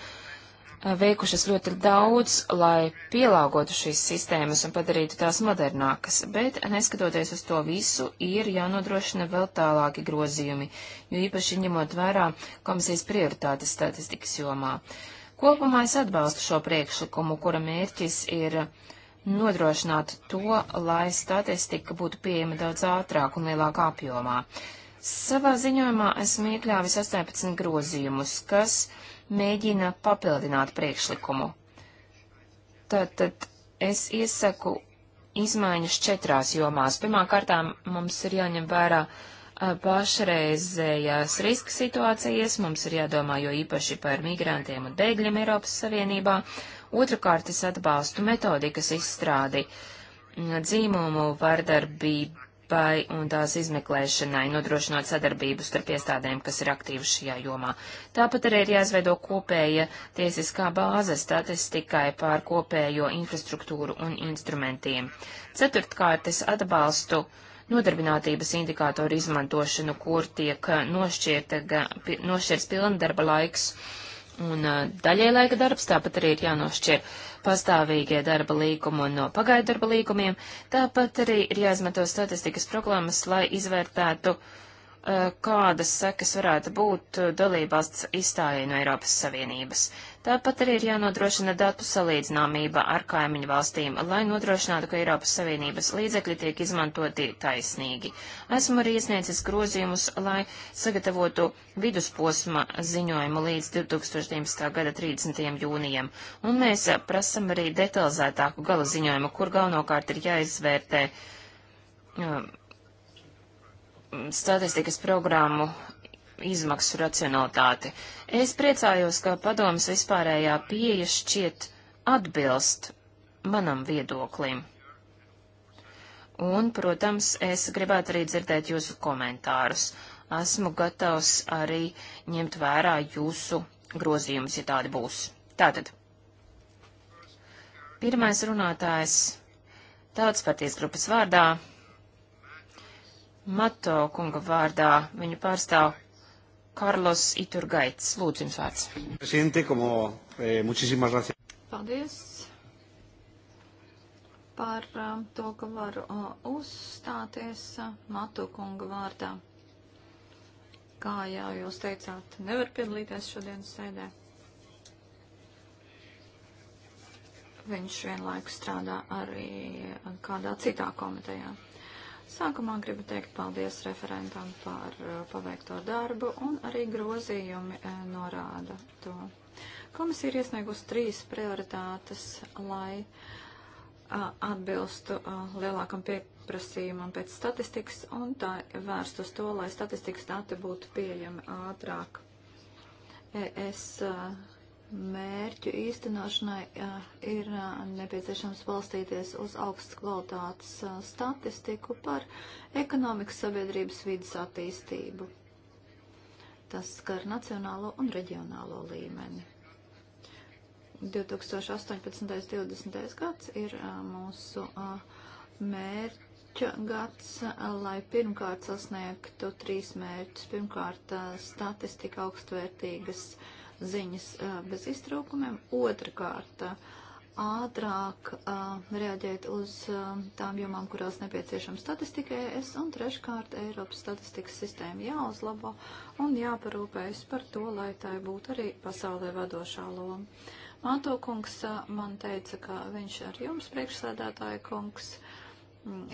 veikušas ļoti daudz, lai pielāgotu šīs sistēmas un padarītu tās modernākas, bet neskatoties uz to visu, ir jānodrošina vēl tālāki grozījumi, jo īpaši ņemot vērā komisijas prioritātes statistikas jomā. Kopumā es atbalstu šo priekšlikumu, kura mērķis ir uh, nodrošināt to, lai statistika būtu pieejama daudz ātrāk un lielākā apjomā. Savā ziņojumā esmu iekļāvis 18 grozījumus, kas mēģina papildināt priekšlikumu. Tātad es iesaku izmaiņas četrās jomās. Pirmkārt, mums ir jāņem vērā pašreizējās riska situācijas, mums ir jādomā jo īpaši par migrantiem un bēgļiem Eiropas Savienībā. Uh, Otrakārt, es atbalstu metodikas izstrādi mm, dzīmumu vardarbībai un tās izmeklēšanai, nodrošinot sadarbību starp iestādēm, kas ir aktīvas šajā jomā. Tāpat arī ir jāizveido kopēja tiesiskā bāze statistikai pār kopējo infrastruktūru un instrumentiem. Ceturtkārt, es atbalstu nodarbinātības indikātoru izmantošanu, kur tiek nošķirts pilna darba laiks un daļai laika darbs, tāpat arī ir jānošķir pastāvīgie darba līgumi no pagaidu darba līgumiem, tāpat arī ir jāizmanto statistikas programmas, lai izvērtētu, kādas sekas varētu būt dalībvalsts izstājai no Eiropas Savienības. Tāpat arī ir jānodrošina datu salīdzināmība ar kaimiņu valstīm, lai nodrošinātu, ka Eiropas Savienības līdzekļi tiek izmantoti taisnīgi. Esmu arī iesniedzis grozījumus, lai sagatavotu vidusposma ziņojumu līdz 2019. gada 30. jūnijam, un mēs prasam arī detalizētāku gala ziņojumu, kur galvenokārt ir jāizvērtē um, statistikas programmu izmaksu racionalitāti. Es priecājos, ka padomas vispārējā pieeja šķiet atbilst manam viedoklim. Un, protams, es gribētu arī dzirdēt jūsu komentārus. Esmu gatavs arī ņemt vērā jūsu grozījumus, ja tādi būs. Tātad. Pirmais runātājs tautas partijas grupas vārdā, Mato kunga vārdā, viņu pārstāv Karlos Iturgaits. Lūdzu, jums vārds. Presidente, como, eh, muchísimas gracias. Paldies par um, to, ka varu uh, uzstāties uh, Matu kunga vārdā. Kā jau jūs teicāt, nevar piedalīties šodienas sēdē. Viņš vienlaikus strādā arī kādā citā komitejā. Sākumā gribu teikt paldies referentam par uh, paveikto darbu un arī grozījumi uh, norāda to. Komisija ir iesniegusi trīs prioritātes, lai uh, atbilstu lielākam pieprasījumam pēc statistikas un tā vērst uz to, lai statistikas dati būtu pieejami ātrāk. E es mērķu īstenošanai ir nepieciešams valstīties uz augstas kvalitātes statistiku par ekonomikas sabiedrības vidas attīstību. Tas skar nacionālo un reģionālo līmeni. 2018. 20. gads ir mūsu mērķa gads, lai pirmkārt sasniegtu trīs mērķus. Pirmkārt, statistika augstvērtīgas uh, ziņas bez iztraukumiem. Otrakārt, ātrāk reaģēt uz tām jomām, kurās nepieciešama statistika ES, un treškārt Eiropas statistikas sistēma jāuzlabo un jāparūpējas par to, lai tai būtu arī pasaulē vadošā loma. Māto kungs man teica, ka viņš ar jums priekšsēdētāja kungs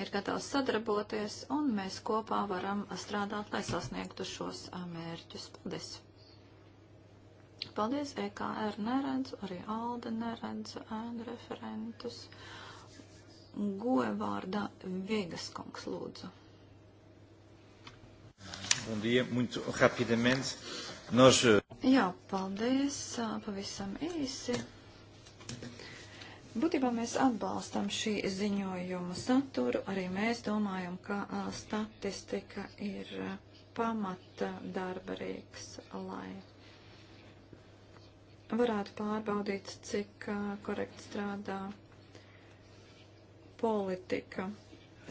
ir gatavs sadarboties, un mēs kopā varam strādāt, lai sasniegtu šos mērķus. Paldies! Paldies, EKR neredz, arī Alde neredz ēnu referentus. Goe vārdā Viegas kungs lūdzu. Bom dia, muito rapidamente. Nós... Eh, Jā, paldies, pavisam īsi. Būtībā mēs atbalstam šī ziņojuma saturu. Arī mēs domājam, ka statistika ir pamata darba rīks, lai varētu pārbaudīt, cik uh, korekti strādā politika.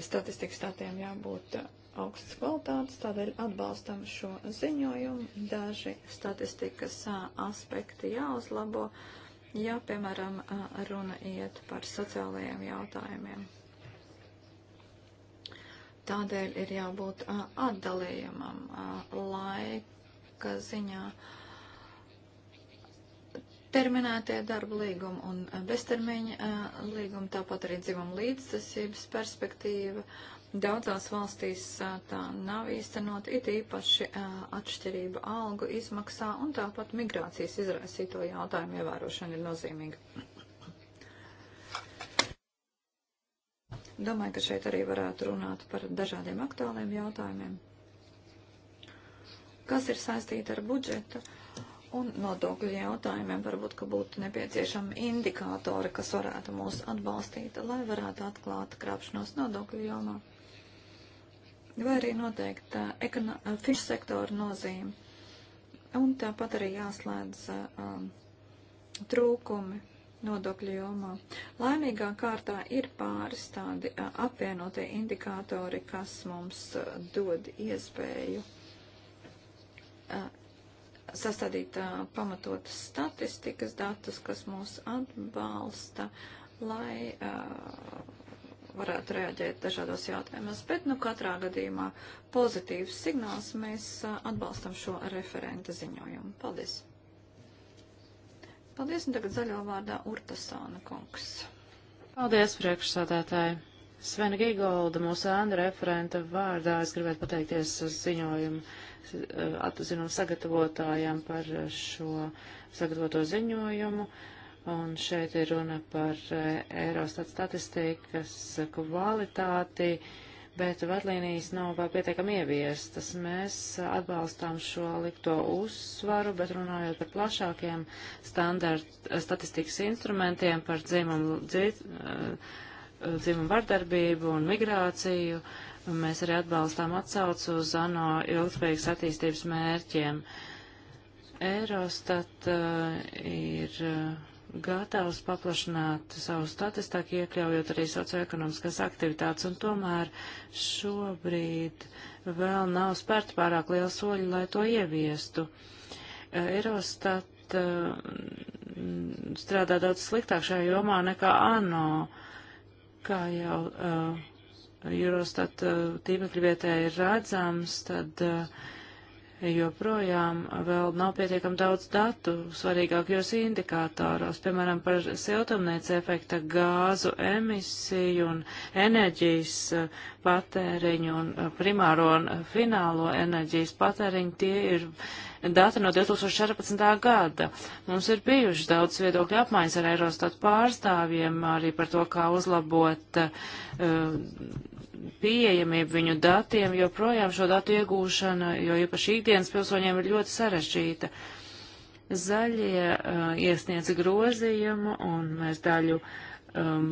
Statistikas statiem jābūt augstas kvalitātes, tādēļ atbalstam šo ziņojumu. Daži statistikas uh, aspekti jāuzlabo, ja, piemēram, uh, runa iet par sociālajiem jautājumiem. Tādēļ ir jābūt atdalījumam laika ziņā. Uh, terminētie darba līgumi un eh, beztermiņa eh, līgumi, tāpat arī dzimuma līdztasības perspektīva. Daudzās valstīs eh, tā nav īstenot, it īpaši atšķirība algu izmaksā un tāpat migrācijas izraisīto jautājumu ievērošana ir nozīmīga. Domāju, ka šeit arī varētu runāt par dažādiem aktuāliem jautājumiem. Kas ir saistīti ar budžetu? Uh, un nodokļu jautājumiem varbūt, ka būtu nepieciešami indikātori, kas varētu mūs atbalstīt, lai varētu atklāt krāpšanos nodokļu jomā. Vai arī noteikti eh, eh, finanšu sektoru nozīme. Un tāpat arī jāslēdz eh, um, trūkumi nodokļu jomā. Laimīgā kārtā ir pāris tādi apvienotie indikātori, kas mums dod iespēju sastādīt uh, pamatotas statistikas datus, kas mūs atbalsta, lai uh, varētu reaģēt dažādos jautājumos. Bet, nu, katrā gadījumā pozitīvs signāls mēs uh, atbalstam šo referenta ziņojumu. Paldies! Paldies, un tagad zaļo vārdā Urtasāna kungs. Paldies, priekšsādātāji! Svena Gigolda, mūsu ēna referenta vārdā, es gribētu pateikties ziņojumu eh, atzinumu sagatavotājiem par šo sagatavoto ziņojumu. Un šeit ir runa par eh, Eurostat statistikas kvalitāti, bet vadlīnijas nav vēl pietiekami ieviestas. Mēs atbalstām šo likto uzsvaru, bet runājot par plašākiem standart statistikas instrumentiem, par dzimumu dzīvību eh, dzimumu vardarbību un migrāciju. Mēs arī atbalstām atsaucu uz ANO ilgspējīgas attīstības mērķiem. Eurostat eh, ir eh, gatavs paplašināt savu statistiku, iekļaujot arī socioekonomiskās aktivitātes, un tomēr šobrīd vēl nav spērta pārāk liela soļa, lai to ieviestu. Eh, Eurostat strādā daudz sliktāk šajā jomā nekā ANO. Kā jau uh, Eurostat uh, tīmekļa vietē ir redzams, tad uh, joprojām vēl nav pietiekam daudz datu svarīgākajos indikātoros, piemēram, par siltumnīca efekta gāzu emisiju un enerģijas eh, patēriņu un eh, primāro un eh, finālo enerģijas patēriņu. Tie ir dati no 2014. gada. Mums ir bijuši daudz viedokļu apmaiņas ar Eurostat pārstāvjiem arī par to, kā uzlabot uh, pieejamība viņu datiem, joprojām šo datu iegūšana, jo īpaši ikdienas pilsoņiem ir ļoti sarežģīta. Zaļie uh, iesniedz grozījumu un mēs daļu um,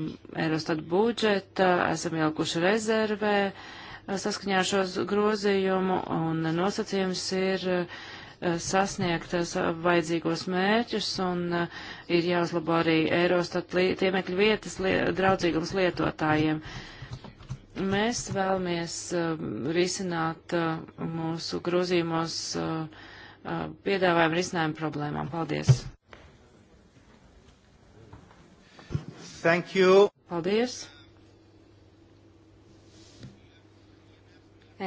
Eurostat budžeta esam ielikuši rezervē uh, saskaņā ar šos grozījumu un nosacījums ir uh, sasniegt uh, vajadzīgos mērķus un uh, ir jāuzlabo arī Eurostat li tiemekļu vietas li draudzīgums lietotājiem. Uh, Mēs vēlamies uh, risināt uh, mūsu grozījumos uh, uh, piedāvājumu risinājumu problēmām. Paldies! Thank you! Paldies!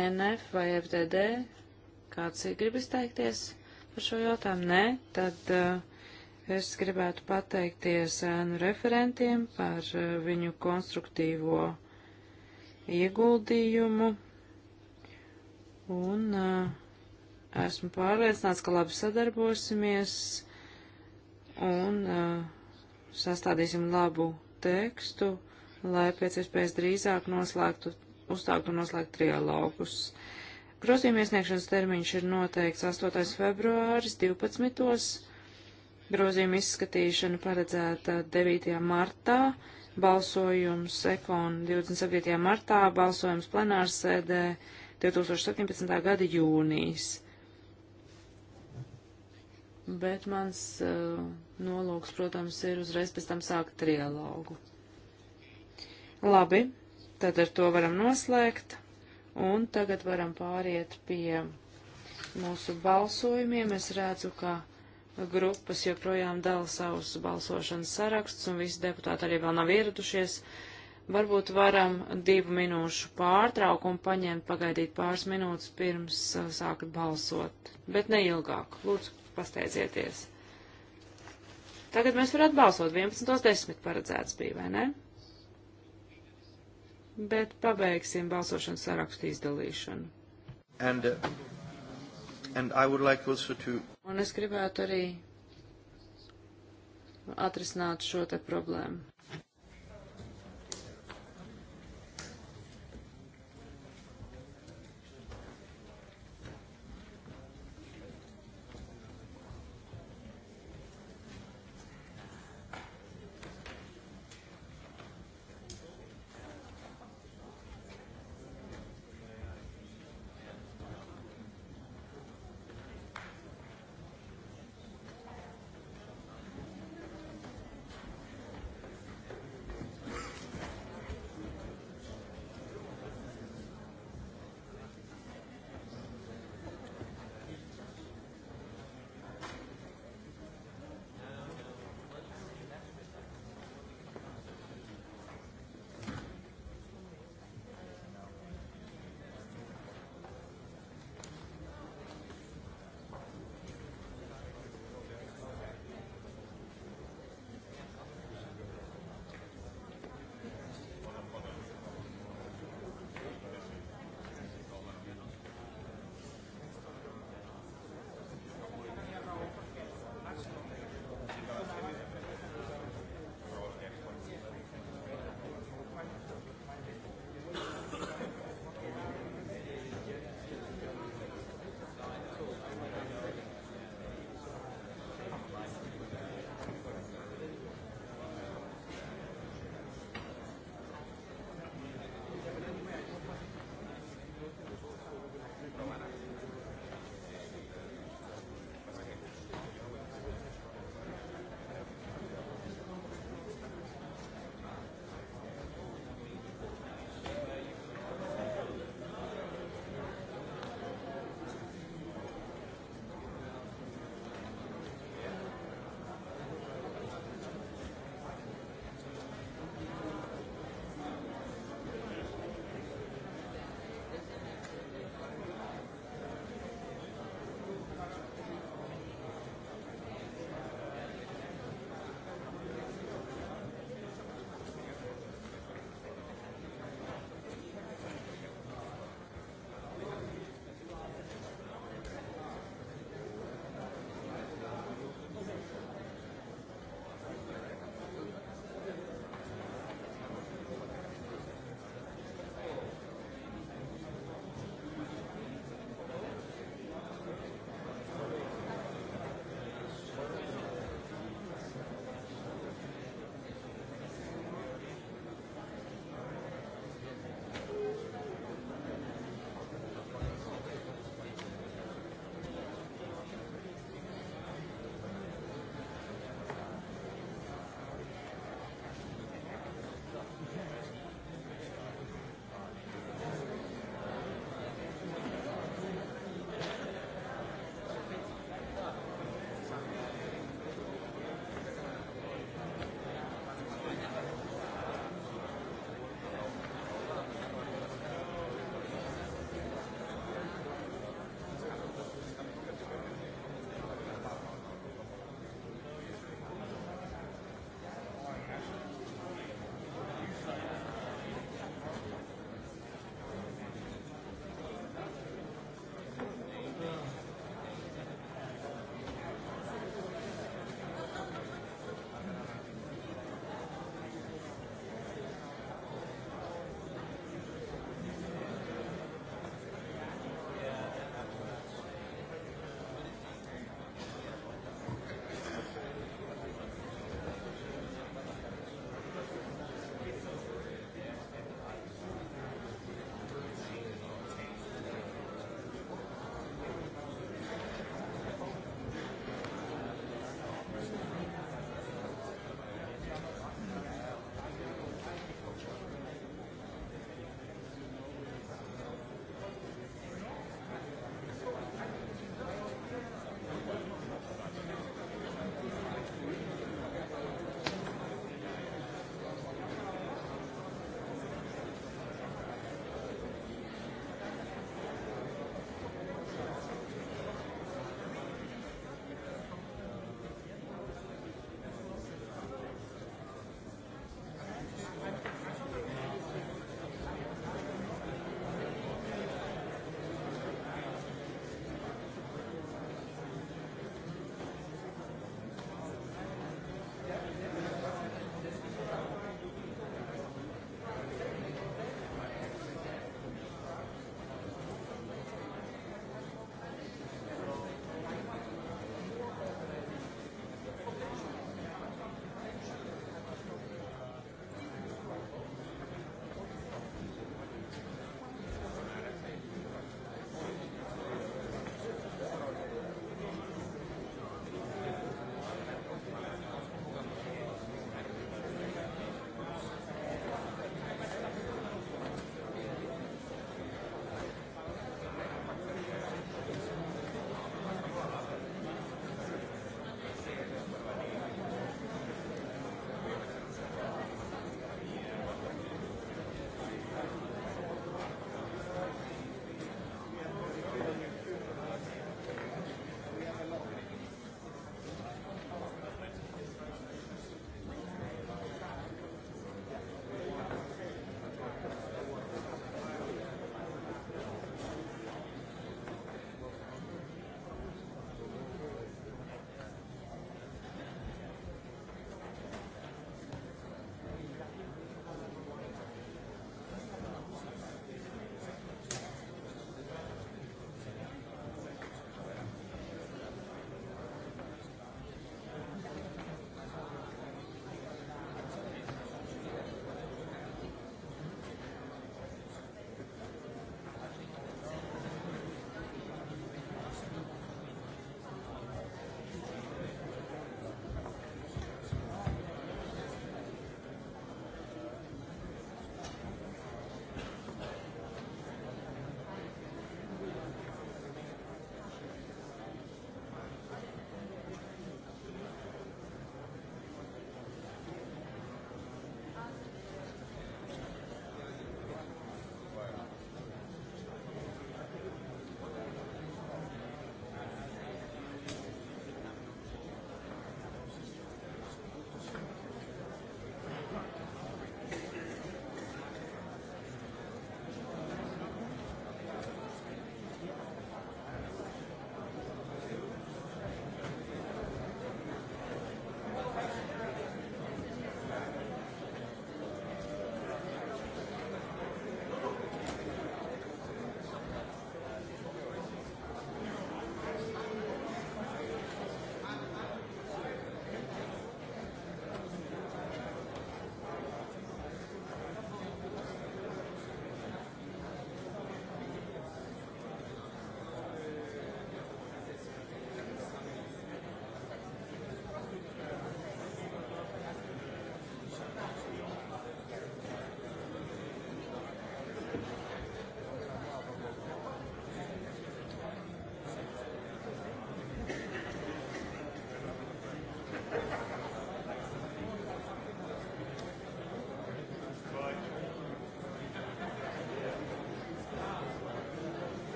NF vai FDD? Kāds grib izteikties par šo jautājumu? Nē, tad uh, es gribētu pateikties ēnu referentiem par uh, viņu konstruktīvo ieguldījumu un uh, esmu pārliecināts, ka labi sadarbosimies un uh, sastādīsim labu tekstu, lai pēc iespējas drīzāk noslēgtu, uzstāktu un noslēgtu trialogus. Grozījuma iesniegšanas termiņš ir noteikts 8. februāris 12. Grozījuma izskatīšana paredzēta 9. martā balsojums ekon 27. martā, balsojums plenārs sēdē 2017. gada jūnijas. Bet mans uh, nolūks, protams, ir uzreiz pēc tam sākt trialogu. Labi, tad ar to varam noslēgt, un tagad varam pāriet pie mūsu balsojumiem. Es redzu, ka grupas joprojām dala savus balsošanas sarakstus, un visi deputāti arī vēl nav ieradušies. Varbūt varam divu minūšu pārtraukumu paņemt, pagaidīt pāris minūtes pirms uh, sākat balsot, bet neilgāk. Lūdzu, pasteidzieties. Tagad mēs varat balsot, 11.10 paredzēts bija, vai ne? Bet pabeigsim balsošanas sarakstu izdalīšanu. And, uh and I would like also to... Un es gribētu arī atrisināt šo te problēmu.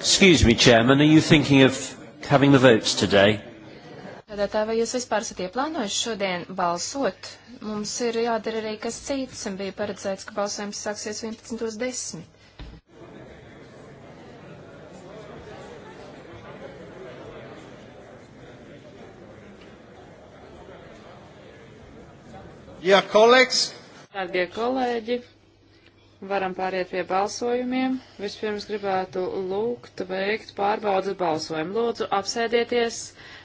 Excuse me, Chairman, are you thinking of having the votes today? Tātad, vai jūs vispār esat ieplānojuši šodien balsot? Mums ir jādara arī kas cits, un bija paredzēts, ka balsojums sāksies 11.10. Ja, kolēģis. Darbie kolēģi, Varam pāriet pie balsojumiem. Vispirms gribētu lūgt veikt pārbaudas balsojumu. Lūdzu, apsēdieties,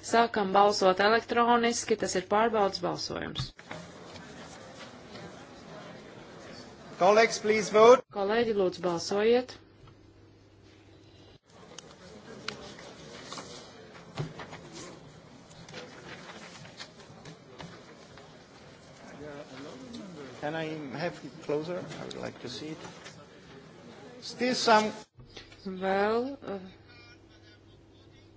sākam balsot elektroniski, tas ir pārbaudas balsojums. Kolēģis, Kolēģi, lūdzu, balsojiet. Can I have it closer? I would like to see it. Still some... Vēl uh,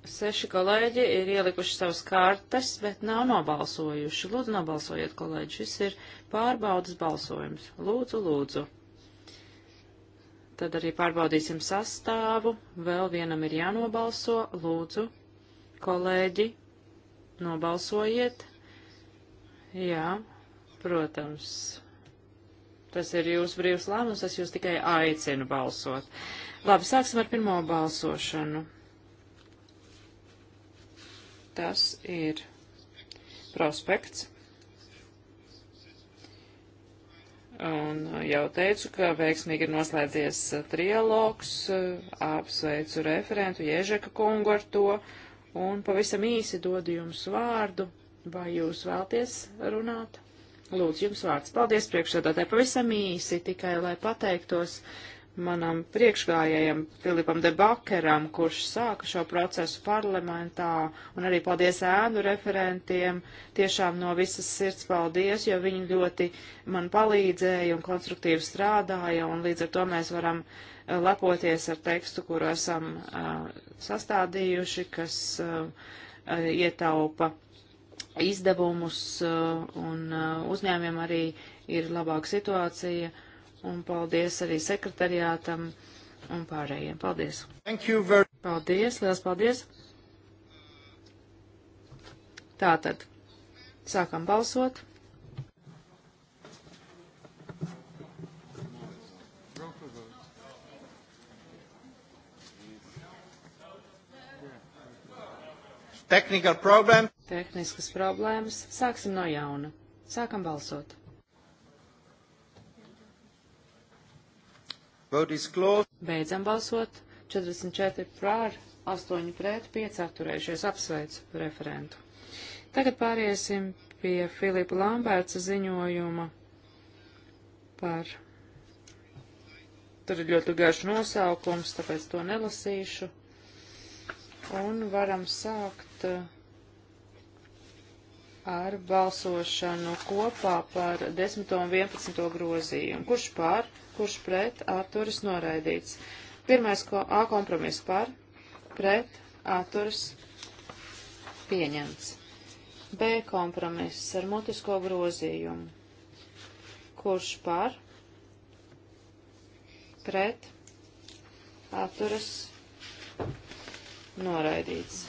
seši kolēģi ir ielikuši savas kartes, bet nav nobalsojuši. Lūdzu, nobalsojiet, kolēģi. Šis ir pārbaudas balsojums. Lūdzu, lūdzu. Tad arī pārbaudīsim sastāvu. Vēl vienam ir jānobalso. Lūdzu, kolēģi, nobalsojiet. Jā, protams. Tas ir jūsu brīvs lēmums, es jūs tikai aicinu balsot. Labi, sāksim ar pirmo balsošanu. Tas ir prospekts. Un jau teicu, ka veiksmīgi ir noslēdzies trialogs, apsveicu referentu Ježeka kungu ar to, un pavisam īsi dodu jums vārdu, vai jūs vēlties runāt? Lūdzu, jums vārds. Paldies priekšsēdētāji. Pavisam īsi tikai, lai pateiktos manam priekšgājējam Filipam de Bakeram, kurš sāka šo procesu parlamentā, un arī paldies ēnu referentiem. Tiešām no visas sirds paldies, jo viņi ļoti man palīdzēja un konstruktīvi strādāja, un līdz ar to mēs varam eh, lepoties ar tekstu, kuru esam uh, sastādījuši, kas uh, ietaupa izdevumus, uh, un uh, uzņēmiem arī ir labāka situācija, un paldies arī sekretariātam un pārējiem. Paldies! Very... Paldies, liels paldies! Tātad, sākam balsot. Technical problem tehniskas problēmas. Sāksim no jauna. Sākam balsot. Beidzam balsot. 44 prār, 8 pret, 5 atturējušies. Apsveicu referentu. Tagad pāriesim pie Filipa Lamberta ziņojuma par. Tur ir ļoti garš nosaukums, tāpēc to nelasīšu. Un varam sākt. Uh, ar balsošanu kopā par 10. un 11. grozījumu. Kurš pār, kurš pret, atturas noraidīts. Pirmais ko, A kompromiss pār, pret, atturas pieņemts. B kompromiss ar mutisko grozījumu. Kurš pār, pret, atturas noraidīts.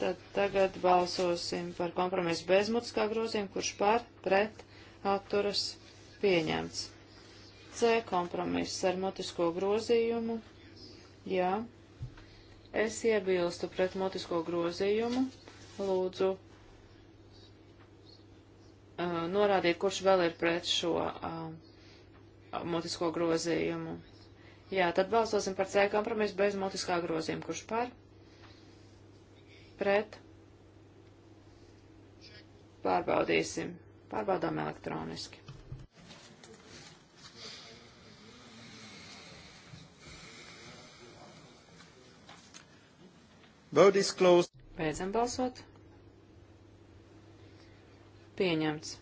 Tad tagad balsosim par kompromisu bezmutiskā grozījuma, kurš par, pret, atturas, pieņemts. C kompromiss ar mutisko grozījumu. Jā. Es iebilstu pret mutisko grozījumu. Lūdzu, uh, norādiet, kurš vēl ir pret šo uh, mutisko grozījumu. Jā, tad balsosim par C kompromisu bez mutiskā grozījuma. Kurš par? pret. Pārbaudīsim. Pārbaudām elektroniski. Vote is closed. Beidzam balsot. Pieņemts.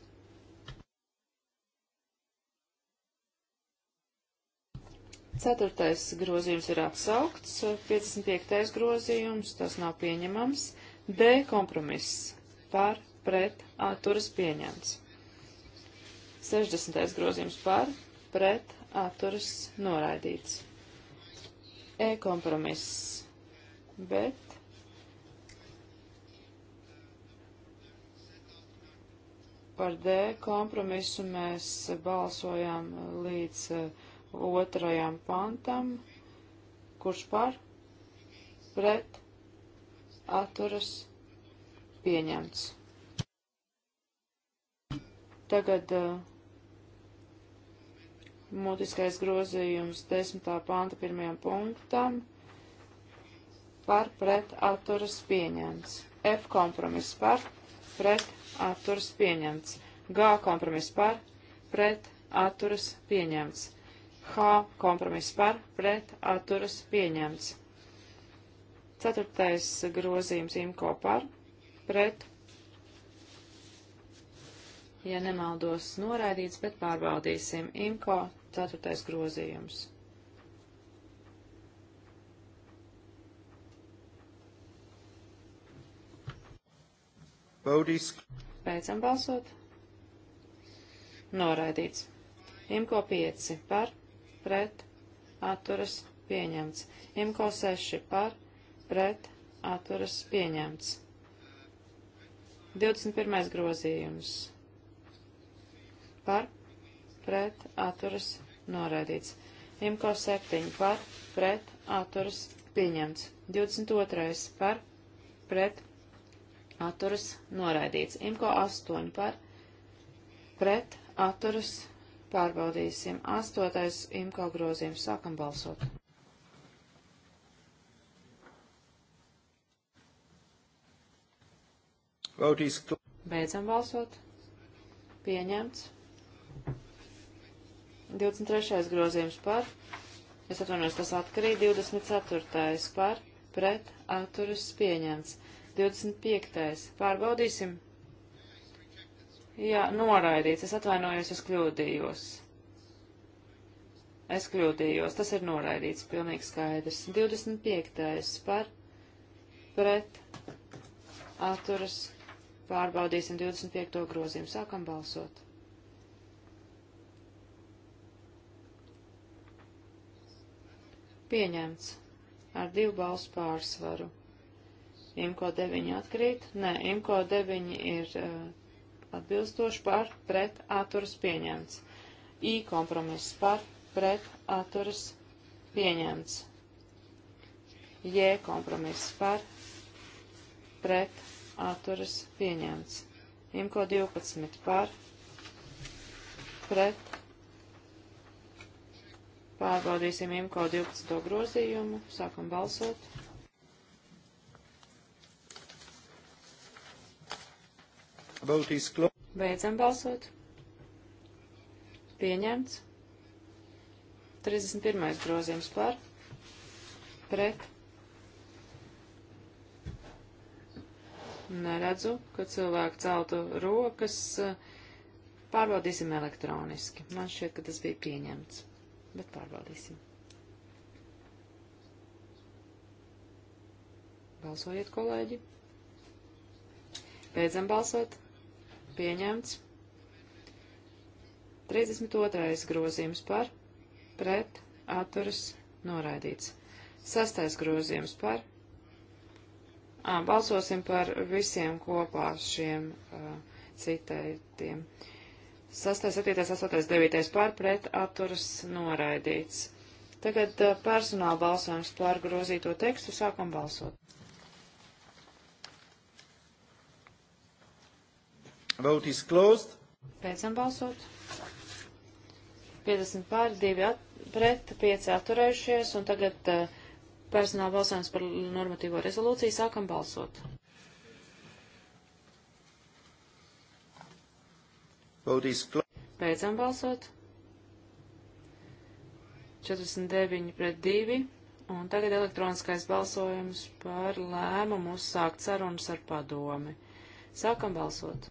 Ceturtais grozījums ir atsaukts, 55. grozījums, tas nav pieņemams, D kompromiss par, pret, atturas pieņemts. 60. grozījums par, pret, atturas noraidīts. E kompromiss, bet par D kompromisu mēs balsojām līdz uh, otrajam pantam, kurš par pret atturas pieņemts. Tagad uh, mutiskais grozījums 10. panta 1. punktam par pret atturas pieņemts. F kompromiss par pret atturas pieņemts. G kompromiss par pret atturas pieņemts. H kompromiss par, pret, atturas pieņemts. Ceturtais grozījums imko par, pret, ja nemaldos noraidīts, bet pārbaudīsim imko ceturtais grozījums. Baudīs. Beidzam balsot. Noraidīts. Imko 5 par pret, atturas pieņemts. Imko 6 par, pret, atturas pieņemts. 21. grozījums par, pret, atturas noraidīts. Imko 7 par, pret, atturas pieņemts. 22. par, pret, atturas noraidīts. Imko 8 par, pret, atturas noraidīts Pārbaudīsim. Astotais imko grozījums. Sākam balsot. Beidzam balsot. Pieņemts. 23. grozījums par. Es atvainojos, tas atkarīja 24. par pret atturas pieņemts. 25. Pārbaudīsim. Jā, noraidīts. Es atvainojos, es kļūdījos. Es kļūdījos. Tas ir noraidīts, pilnīgi skaidrs. 25. par pret atturas pārbaudīsim 25. grozījumu. Sākam balsot. Pieņemts ar divu balsu pārsvaru. Imko 9 atkrīt? Nē, Imko 9 ir uh, atbilstoši par pret atturas pieņemts. I kompromiss par pret atturas pieņemts. J kompromiss par pret atturas pieņemts. Imko 12 par pret pārbaudīsim Imko 12 grozījumu, sākam balsot. Beidzam balsot. Pieņemts. 31. grozījums par. Pret. Neredzu, ka cilvēki celtu rokas. Pārbaudīsim elektroniski. Man šķiet, ka tas bija pieņemts, bet pārbaudīsim. Balsojiet, kolēģi. Beidzam balsot pieņemts. 32. grozījums par, pret, atturas, noraidīts. 6. grozījums par. À, balsosim par visiem kopā šiem uh, citētiem. 6., 7., 8., 9. par, pret, atturas, noraidīts. Tagad uh, personāla balsojums par grozīto tekstu sākam balsot. Vote is closed. Beidzam balsot. 50 pār, 2 at, pret, 5 atturējušies, un tagad uh, personāla balsojums par normatīvo rezolūciju. Sākam balsot. Vote is closed. Beidzam balsot. 49 pret 2. Un tagad elektroniskais balsojums par lēmumu uzsākt sarunas ar padomi. Sākam balsot.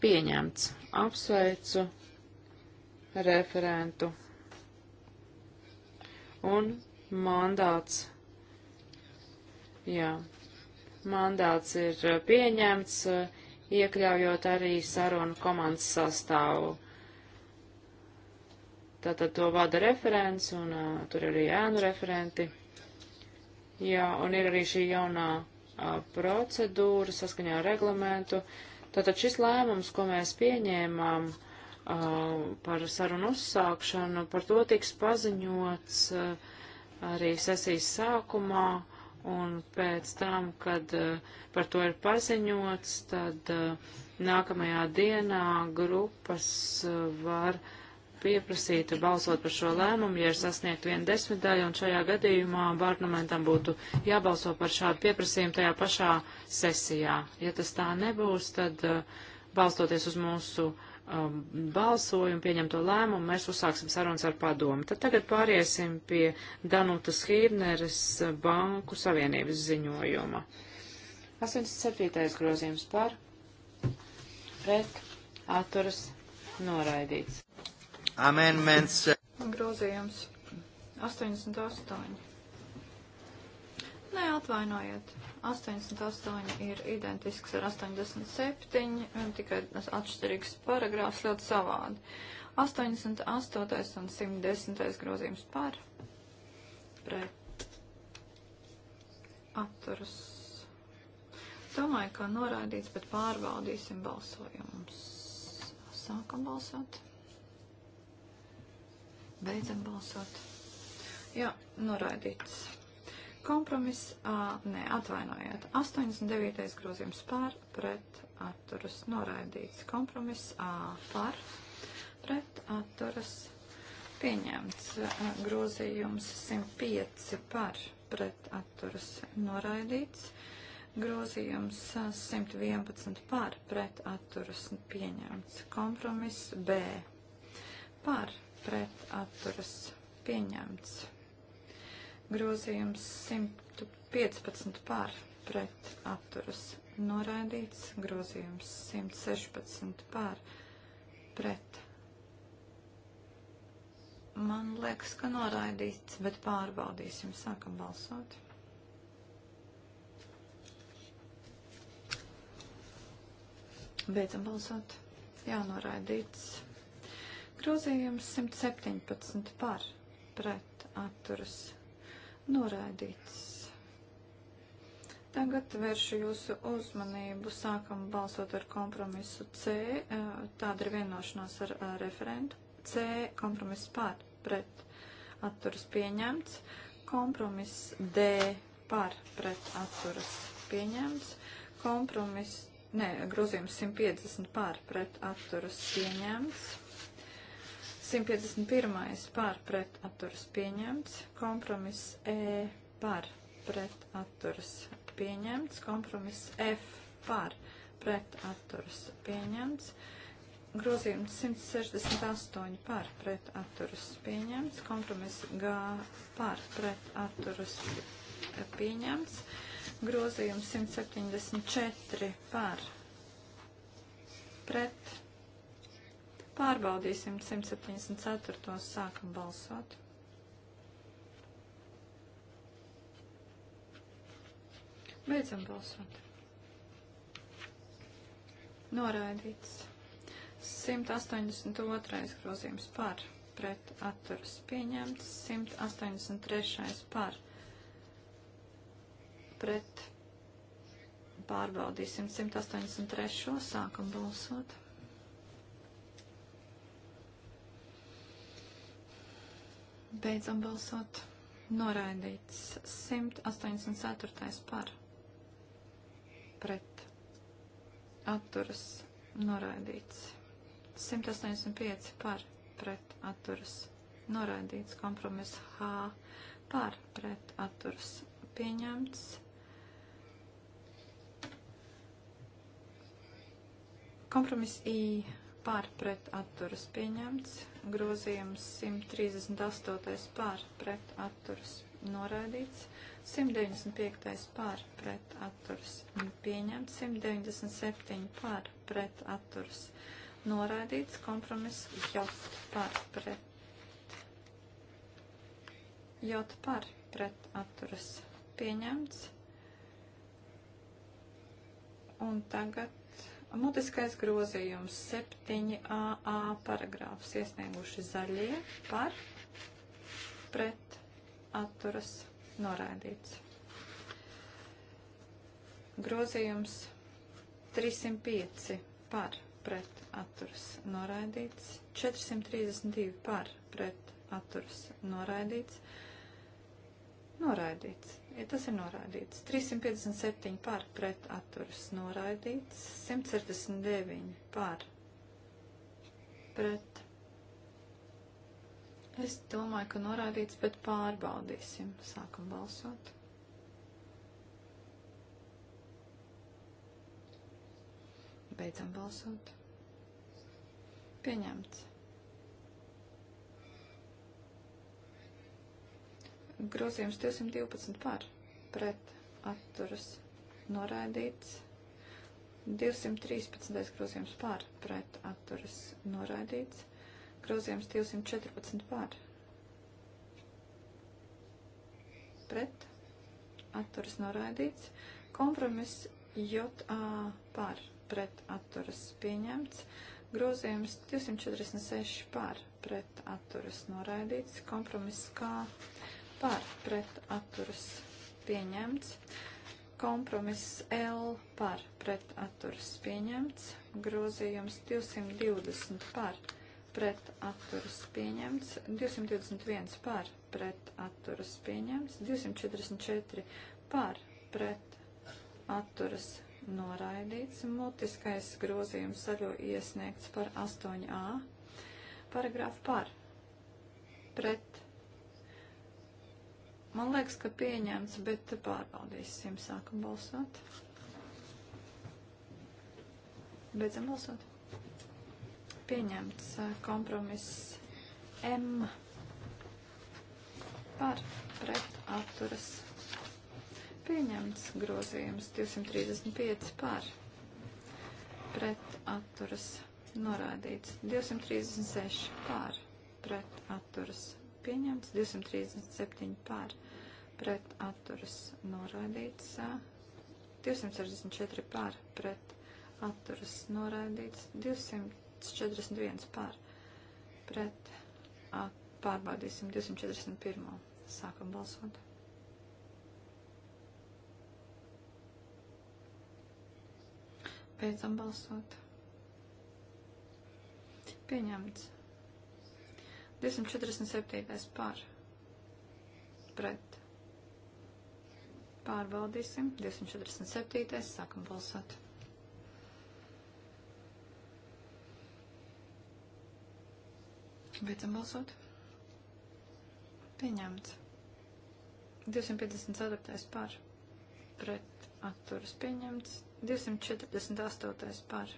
Pieņemts. Apsveicu referentu. Un mandāts. Jā. Mandāts ir pieņemts, iekļaujot arī sarunu komandas sastāvu. Tātad to vada referents un uh, tur arī ēnu referenti. Jā, un ir arī šī jaunā uh, procedūra saskaņā ar reglamentu. Uh, Tātad šis lēmums, ko mēs pieņēmām uh, par sarunu uzsākšanu, par to tiks paziņots uh, arī sesijas sākumā, un pēc tam, kad uh, par to ir paziņots, tad uh, nākamajā dienā grupas uh, var pieprasītu balsot par šo lēmumu, ja ir sasniegt viena desmitdaļa, un šajā gadījumā parlamentam būtu jābalso par šādu pieprasījumu tajā pašā sesijā. Ja tas tā nebūs, tad eh, balstoties uz mūsu um, balsojumu, pieņemto lēmumu, mēs uzsāksim sarunas ar padomu. Tad tagad pāriesim pie Danutas Hīrneres eh, Banku Savienības ziņojuma. 87. grozījums par pret atturas noraidīts. Amendments. Uh, grozījums 88. Nē, atvainojiet. 88 ir identisks ar 87, tikai atšķirīgs paragrāfs ļoti savādi. 88 un 110 grozījums par, pret, atturas. Domāju, ka noraidīts, bet pārbaudīsim balsojumus. Sākam balsot. Beidzam balsot. Jā, noraidīts. Kompromiss, ā, nē, atvainojiet. 89. grozījums pār, pret, atturas, noraidīts. Kompromiss, ā, par, pret, atturas, pieņemts. Grozījums 105 par, pret, atturas, noraidīts grozījums 111 par pret atturas pieņemts. Kompromiss B par pret atturas pieņemts. Grozījums 115 par pret atturas noraidīts. Grozījums 116 par pret. Man liekas, ka noraidīts, bet pārbaudīsim. Sākam balsot. Beidzam balsot. Jā, noraidīts. Grozījums 117 par pret atturas noraidīts. Tagad vēršu jūsu uzmanību. Sākam balsot ar kompromisu C. Tāda ir vienošanās ar referentu. C kompromiss par pret atturas pieņemts. Kompromiss D par pret atturas pieņemts. Kompromiss, nē, grozījums 150 par pret atturas pieņemts. 151. par pret atturas pieņemts, kompromiss E par pret atturas pieņemts, kompromiss F par pret atturas pieņemts, grozījums 168 par pret atturas pieņemts, kompromiss G par pret atturas pieņemts, grozījums 174 par pret atturas pieņemts Pārbaudīsim 174. sākam balsot. Beidzam balsot. Noraidīts. 182. grozījums par, pret atturas pieņemts. 183. par, pret pārbaudīsim 183. sākam balsot. Beidzam balsot. Noraidīts 184. par. Pret. Atturas. Noraidīts. 185 par. Pret. Atturas. Noraidīts kompromiss H par. Pret. Atturas. Pieņemts. 185. kompromiss I par pret atturas pieņemts, grozījums 138. par pret atturas noraidīts, 195. par pret atturas pieņemts, 197. par pret atturas noraidīts, kompromiss J par pret. J par pret atturas pieņemts. Un tagad Mutiskais grozījums 7a paragrāfs iesnieguši zaļie par pret atturas noraidīts. Grozījums 305 par pret atturas noraidīts, 432 par pret atturas noraidīts, noraidīts. Ja tas ir noraidīts. 357 par pret atturas noraidīts. 169 par pret. Es domāju, ka noraidīts, bet pārbaudīsim. Sākam balsot. Beidzam balsot. Pieņemts. Grozījums 212 par pret atturas noraidīts. 213. grozījums par pret atturas noraidīts. Grozījums 214 par pret atturas noraidīts. Kompromiss JA par pret atturas pieņemts. Grozījums 246 par pret atturas noraidīts. Kompromiss K par par pret atturas pieņemts. Kompromiss L par pret atturas pieņemts. Grozījums 220 par pret atturas pieņemts. 221 par pret atturas pieņemts. 244 par pret atturas noraidīts. Mutiskais grozījums zaļo iesniegts par 8a paragrāfu par pret atturas Man liekas, ka pieņemts, bet pārbaudīsim. Sākam balsot. Beidzam balsot. Pieņemts eh, kompromiss M par pret atturas. Pieņemts grozījums 235 par pret atturas. Norādīts 236 par pret atturas pieņemts, 237 pār pret atturas noraidīts, 264 pār pret atturas noraidīts, 241 pār pret at, pārbaudīsim 241. Sākam balsot. Beidzam balsot. Pieņemts. 247. par pret. Pārbaudīsim. 247. sākam balsot. Beidzam balsot. Pieņemts. 254. par pret atturas pieņemts. 248. par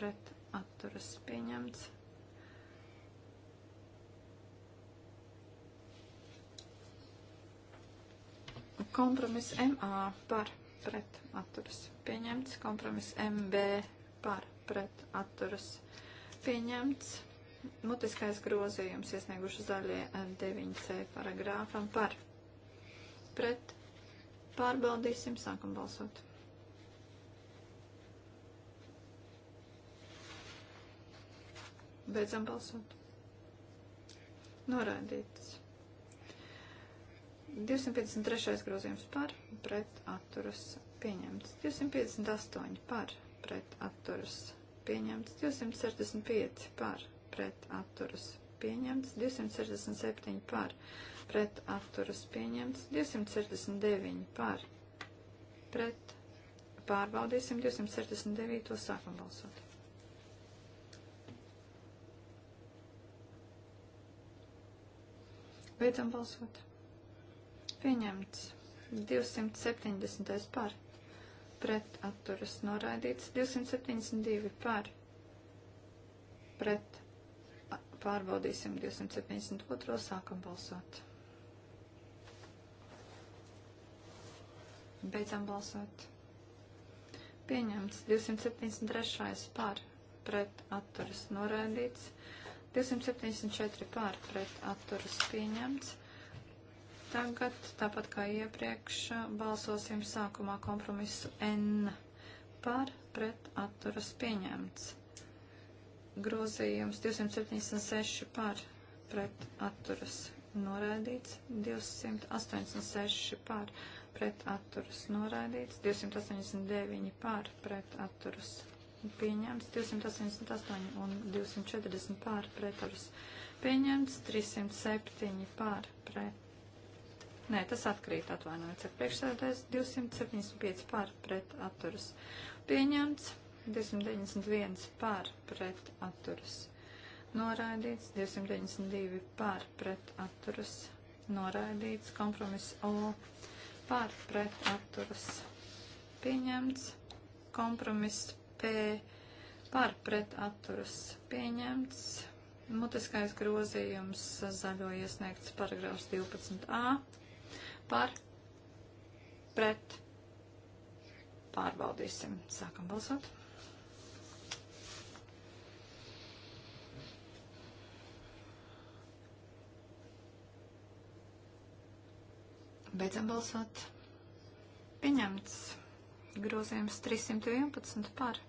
pret atturas pieņemts. Kompromis MA par pret atturas pieņemts. Kompromis MB par pret atturas pieņemts. Mutiskais grozījums iesnieguši zaļie 9C eh, paragrāfam par pret. Pārbaudīsim, sākam balsot. Beidzam balsot. Noraidīts. 253. grozījums par pret atturas pieņemts. 258 par pret atturas pieņemts. 265 par pret atturas pieņemts. 267 par pret atturas pieņemts. 269 par pret pārbaudīsim 269. sākam balsot. Beidzam balsot pieņemts. 270 par pret atturas noraidīts. 272 par pret pārbaudīsim 272. sākam balsot. Beidzam balsot. Pieņemts 273. par pret atturas noraidīts. 274 pār pret atturas pieņemts tagad, tāpat kā iepriekš, balsosim sākumā kompromisu N par pret atturas pieņemts. Grozījums 276 par pret atturas noraidīts, 286 par pret atturas noraidīts, 289 par pret atturas pieņemts, 288 un 240 par pret atturas pieņemts, 307 par pret Nē, tas atkrīt, atvainojiet, ir priekšsēdētājs 275 pār pret atturas. Pieņemts 291 pār pret atturas. Noraidīts 292 pār pret atturas. Noraidīts kompromiss O pār pret atturas. Pieņemts kompromiss P pār pret atturas. Pieņemts mutiskais grozījums zaļo iesniegts paragrāfs 12a par pret. Pārbaudīsim. Sākam balsot. Beidzam balsot. Pieņemts grozījums 311 par.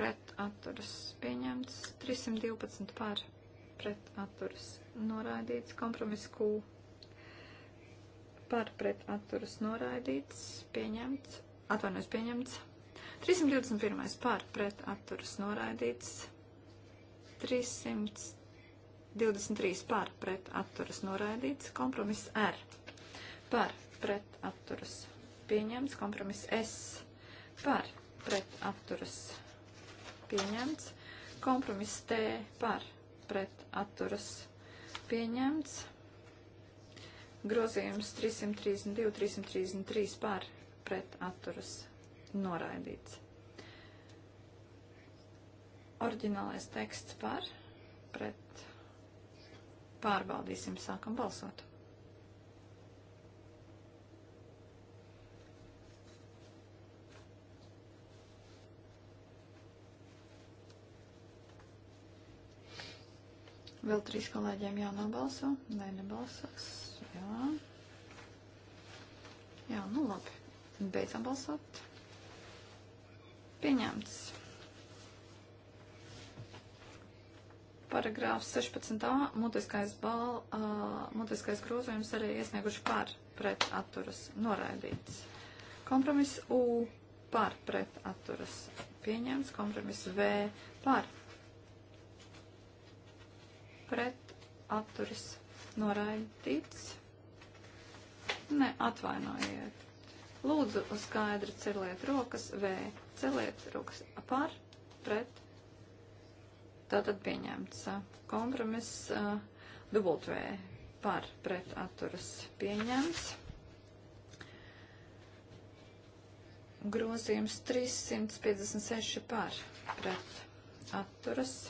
Pret atturas pieņemts 312 par pret atturas noraidīts. Kompromiss Q par pret atturas noraidīts. Pieņemts. Atvainojos pieņemts. 321. par pret atturas noraidīts. 323 par pret atturas noraidīts. Kompromiss R par pret atturas pieņemts. Kompromiss S par pret atturas pieņemts. Kompromiss T par pret atturas pieņemts. Grozījums 332, 333 par pret atturas noraidīts. Orģinālais teksts par pret pārbaudīsim, sākam balsot. Vēl trīs kolēģiem jānobalso, vai nebalsos? Jā. Jā, nu labi. Beidzam balsot. Pieņemts. Paragrāfs 16a, mutiskais, bal, uh, mutiskais grozījums arī iesnieguši par pret atturas noraidīts. Kompromiss U par pret atturas pieņemts, kompromiss V par pret atturis noraidīts. Ne, atvainojiet. Lūdzu, skaidri celiet rokas, V, celiet rokas par, pret, tātad pieņemts. Kompromiss uh, dubult V, par, pret, atturas pieņemts. Grozījums 356 par, pret, atturas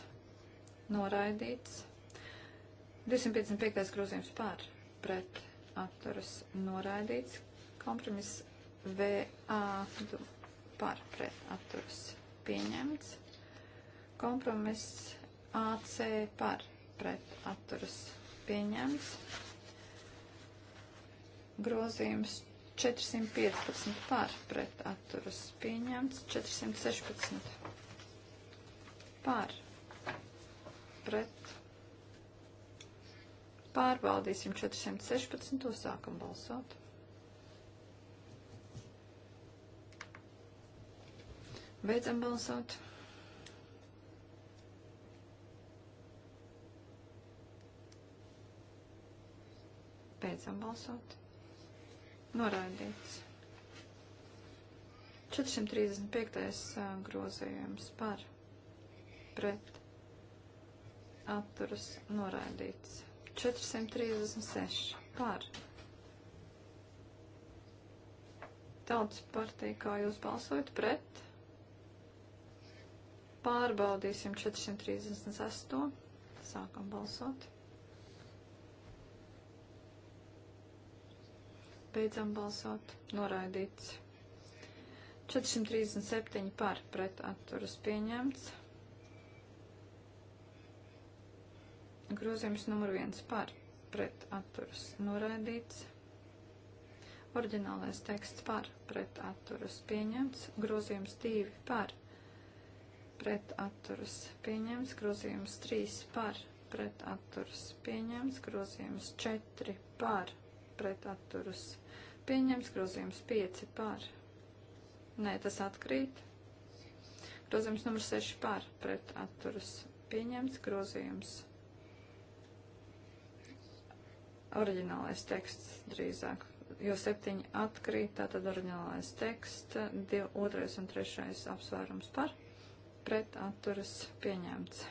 noraidīts. 255. grozījums par pret atturas noraidīts. Kompromiss VA par pret atturas pieņemts. Kompromiss AC par pret atturas pieņemts. Grozījums 415 par pret atturas pieņemts. 416 par pret Pārbaudīsim 416. Sākam balsot. Beidzam balsot. Beidzam balsot. Noraidīts. 435. grozījums par pret atturas noraidīts. 436 par. Tautas partija, kā jūs balsojat pret? Pārbaudīsim 438. Sākam balsot. Beidzam balsot. Noraidīts. 437 par pret atturas pieņemts. Grozījums numur viens par pret atturas noraidīts. Orģinālais teksts par pret atturas pieņemts. Grozījums divi par pret atturas pieņemts. Grozījums trīs par pret atturas pieņemts. Grozījums četri par pret atturas pieņemts. Grozījums pieci par. Nē, tas atkrīt. Grozījums numur 6 pār pret atturas pieņemts grozījums oriģinālais teksts drīzāk, jo septiņi atkrīt, tātad oriģinālais teksts, div, otrais un trešais apsvērums par, pret atturas pieņemts.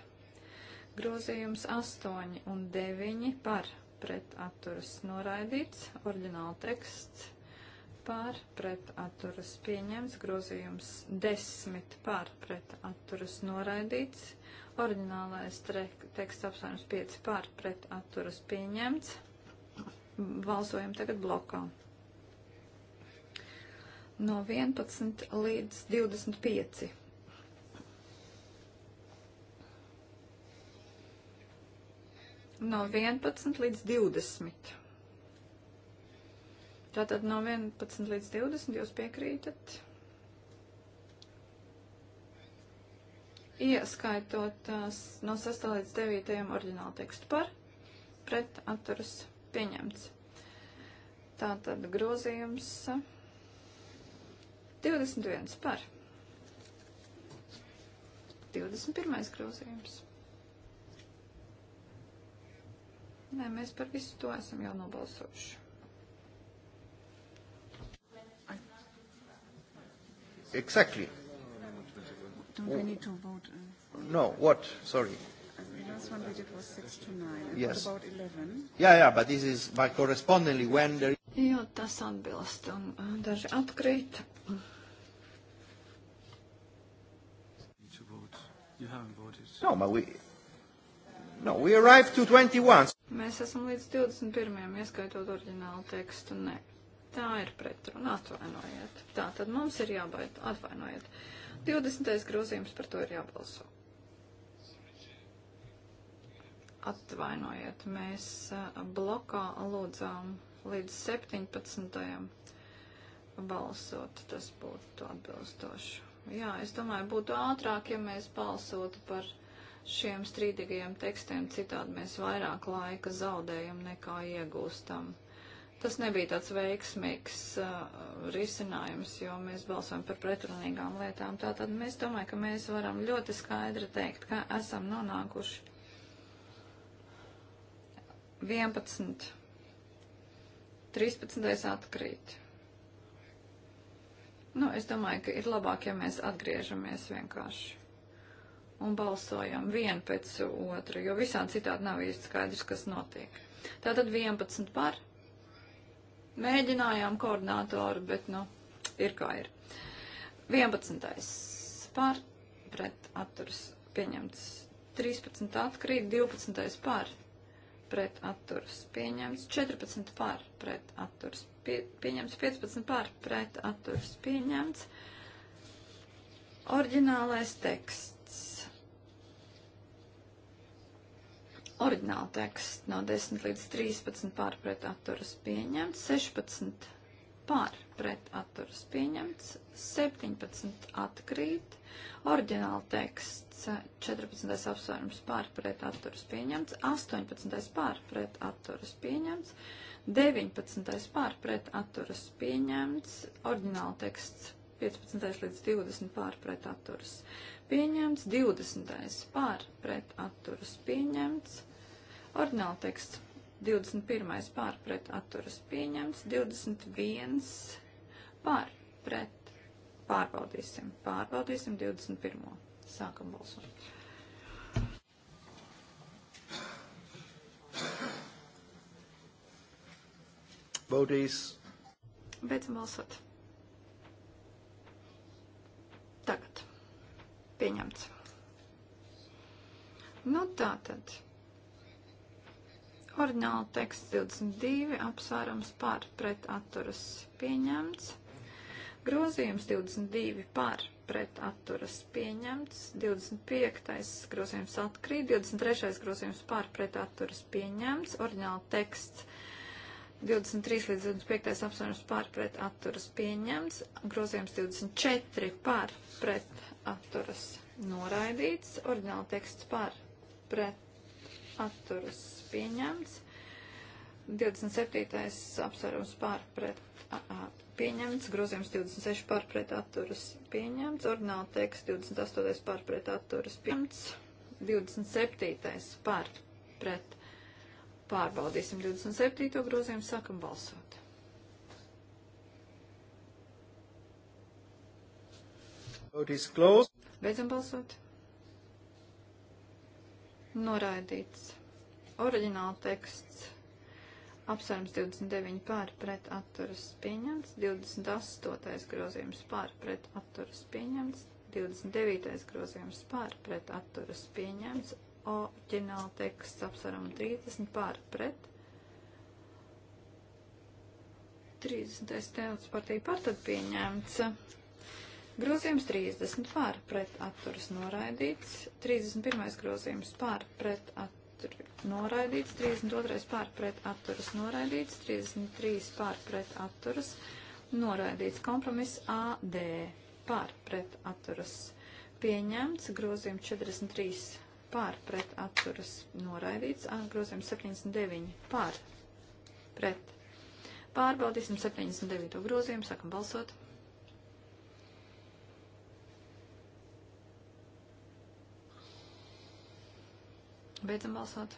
Grozījums 8 un 9 par pret atturas noraidīts, oriģināla teksts par pret atturas pieņemts, grozījums 10 par pret atturas noraidīts, oriģinālais teksts apsvērums 5 par pret atturas pieņemts balsojam tagad blokā. No 11 līdz 25. No 11 līdz 20. Tātad no 11 līdz 20 jūs piekrītat. Ieskaitot uh, no 6 līdz 9 oriģināla tekstu par pret atturas pieņemts. Tātad grozījums 21 par. 21. grozījums. Nē, mēs par visu to esam jau nobalsojuši. Exactly. Don't we need to vote? Uh, no, what? Sorry. The last one we did was 6 to 9. And yes. What about 11? Jā, jā, but this is by correspondingly when there... Jo tas atbilst un uh, daži atkrīt. You haven't voted. No, but we... No, we arrived to 21. Mēs esam līdz 21. ieskaitot oriģinālu tekstu. Nē, tā ir pretruna. Atvainojiet. Tā tad mums ir jābaid. Atvainojiet. 20. grozījums par to ir jābalso. Atvainojiet, mēs blokā lūdzām līdz 17. balsot, tas būtu atbilstoši. Jā, es domāju, būtu ātrāk, ja mēs balsotu par šiem strīdīgajiem tekstiem, citādi mēs vairāk laika zaudējam nekā iegūstam. Tas nebija tāds veiksmīgs uh, risinājums, jo mēs balsojam par pretrunīgām lietām. Tātad mēs domāju, ka mēs varam ļoti skaidri teikt, ka esam nonākuši 11. 13. atkrīt. Nu, es domāju, ka ir labāk, ja mēs atgriežamies vienkārši un balsojam vienu pēc otru, jo visādi citādi nav īsti skaidrs, kas notiek. Tātad 11 par. Mēģinājām koordinātoru, bet, nu, ir kā ir. 11. par pret atturas pieņemts. 13 atkrīt, 12. par pret atturas pieņemts, 14 par pret atturas pie, pieņemts, 15 par pret atturas pieņemts. Orģinālais teksts. Orģināla teksts no 10 līdz 13 par pret atturas pieņemts, 16 par pret atturas pieņemts, 17 atkrīt. Oriģināla teksts 14. apsvērums pār pret atturas pieņemts, 18. pār pret atturas pieņemts, 19. pār pret atturas pieņemts, oriģināla teksts 15. līdz 20. pār pret atturas pieņemts, 20. pār pret atturas pieņemts, oriģināla teksts 21. pār pret atturas pieņemts, 21. pār pret Pārbaudīsim. Pārbaudīsim 21. Sākam balsot. Baudīs. Beidzam balsot. Tagad. Pieņemts. Nu tā tad. Ordināla teksts 22 apsvērums par pret atturas pieņemts. Grozījums 22 par pret atturas pieņemts, 25. grozījums atkrīt, 23. grozījums par pret atturas pieņemts, oriģināla teksts 23 līdz 25. apsvērums par pret atturas pieņemts, grozījums 24 par pret atturas noraidīts, oriģināla teksts par pret atturas pieņemts, 27. apsvērums par pret pieņemts, grozījums 26 pārpret atturas pieņemts, ordināla teksts 28 pārpret atturas pieņemts, 27 pārpret pārbaudīsim 27. grozījumu, sākam balsot. Beidzam balsot. Noraidīts. Oriģināla teksts apsvērums 29 pār pret atturas pieņemts, 28. grozījums pār pret atturas pieņemts, 29. grozījums pār pret atturas pieņemts, oriģināla teksts apsvērums 30 pār pret 30. tēlts partija par tad pieņemts. Grozījums 30 pār pret atturas noraidīts, 31. grozījums pār pret atturas atturi noraidīts, 32 pār pret atturas noraidīts, 33 pār pret atturas noraidīts, kompromiss AD pār pret atturas pieņemts, grozījums 43 pār pret atturas noraidīts, grozījums 79 pār pret. Pārbaudīsim 79. grozījumu, sākam balsot. Beidzam balsot.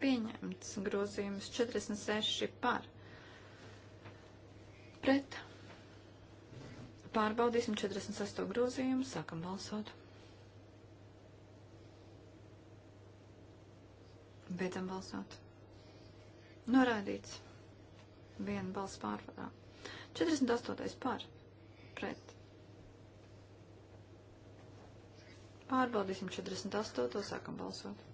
Pieņemts grozījums 46 par. Pret. Pārbaudīsim 46. grozījumu. Sākam balsot. Beidzam balsot. Norādīts. Viena balss pārvarā. 48. par. Pret. Pārbaudīsim 48. Sākam balsot.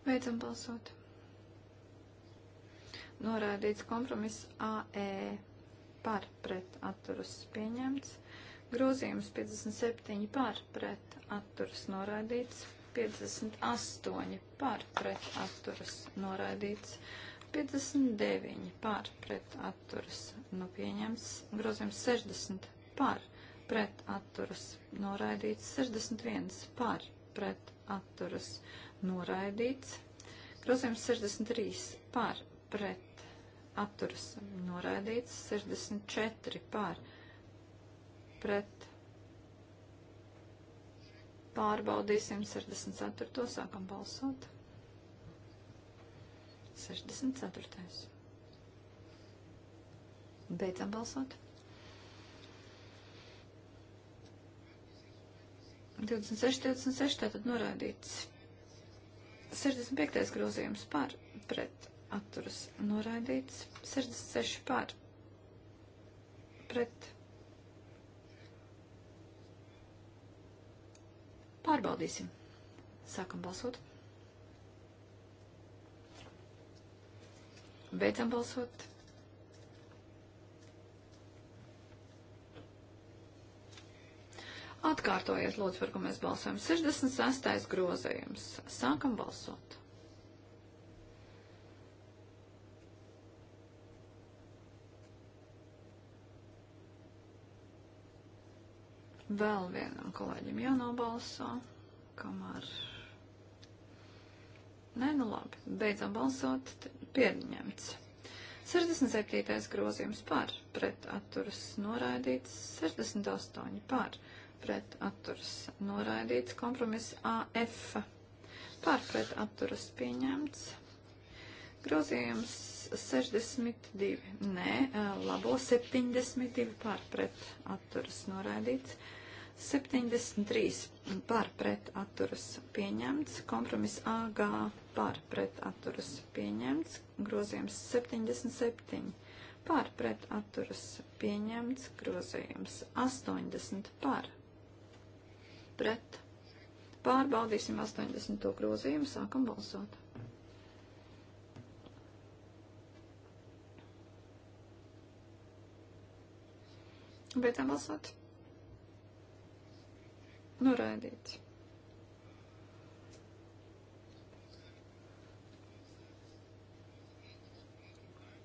Beidzam balsot. Norādīts kompromiss AE par pret atturas pieņemts. Grozījums 57 par pret atturas noraidīts. 58 par pret atturas noraidīts. 59 par pret atturas nu pieņemts. Grozījums 60 par pret atturas noraidīts. 61 par pret atturas noraidīts noraidīts. Grozījums 63 par pret atturas noraidīts. 64 par pret pārbaudīsim 64. sākam balsot. 64. Beidzam balsot. 26, 26, tātad noraidīts. 65. grozījums par pret atturas noraidīts, 66 par pret. Pārbaudīsim. Sākam balsot. Beidzam balsot. Atkārtojiet, lūdzu, par ko mēs balsojam. 66. grozējums. Sākam balsot. Vēl vienam kolēģim jānobalso, kamēr. Nē, nu labi, beidzam balsot, pieņemts. 67. grozījums par, pret atturas noraidīts, 68 par pārpret atturas noraidīts, kompromiss AF pārpret atturas pieņemts, grozījums 62, nē, labo 72 pārpret atturas noraidīts, 73 pārpret atturas pieņemts, kompromiss AG pārpret atturas pieņemts, grozījums 77 pārpret atturas pieņemts, grozījums 80 pārpret pret. Pārbaudīsim 80. grozījumu, sākam balsot. Beidzam balsot. Noraidīts.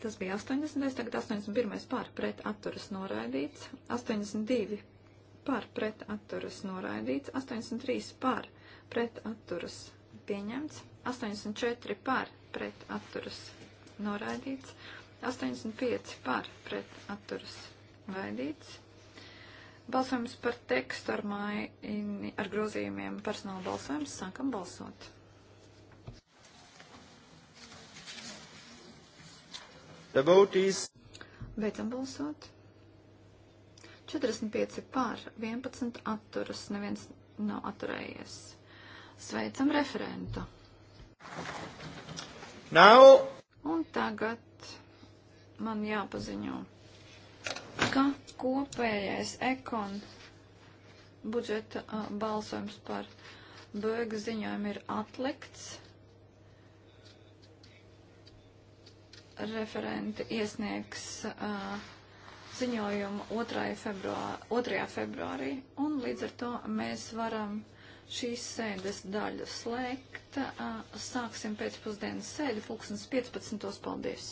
Tas bija 80. Tagad 81. pār pret atturas noraidīts. 82 par pret atturas noraidīts, 83 par pret atturas pieņemts, 84 par pret atturas noraidīts, 85 par pret atturas noraidīts. Balsojums par tekstu ar, maini, ar grozījumiem personāla balsojums. Sākam balsot. The vote is... Beidzam balsot. 45 pār, 11 atturas, neviens nav atturējies. Sveicam referentu. Nav. Un tagad man jāpaziņo, ka kopējais ekon budžeta uh, balsojums par bēgu ziņojumu ir atlikts. Referenti iesniegs uh, ziņojumu 2. Februār, 2. februārī, un līdz ar to mēs varam šīs sēdes daļu slēgt. Sāksim pēcpusdienas sēdi, pulkstens 15. Paldies!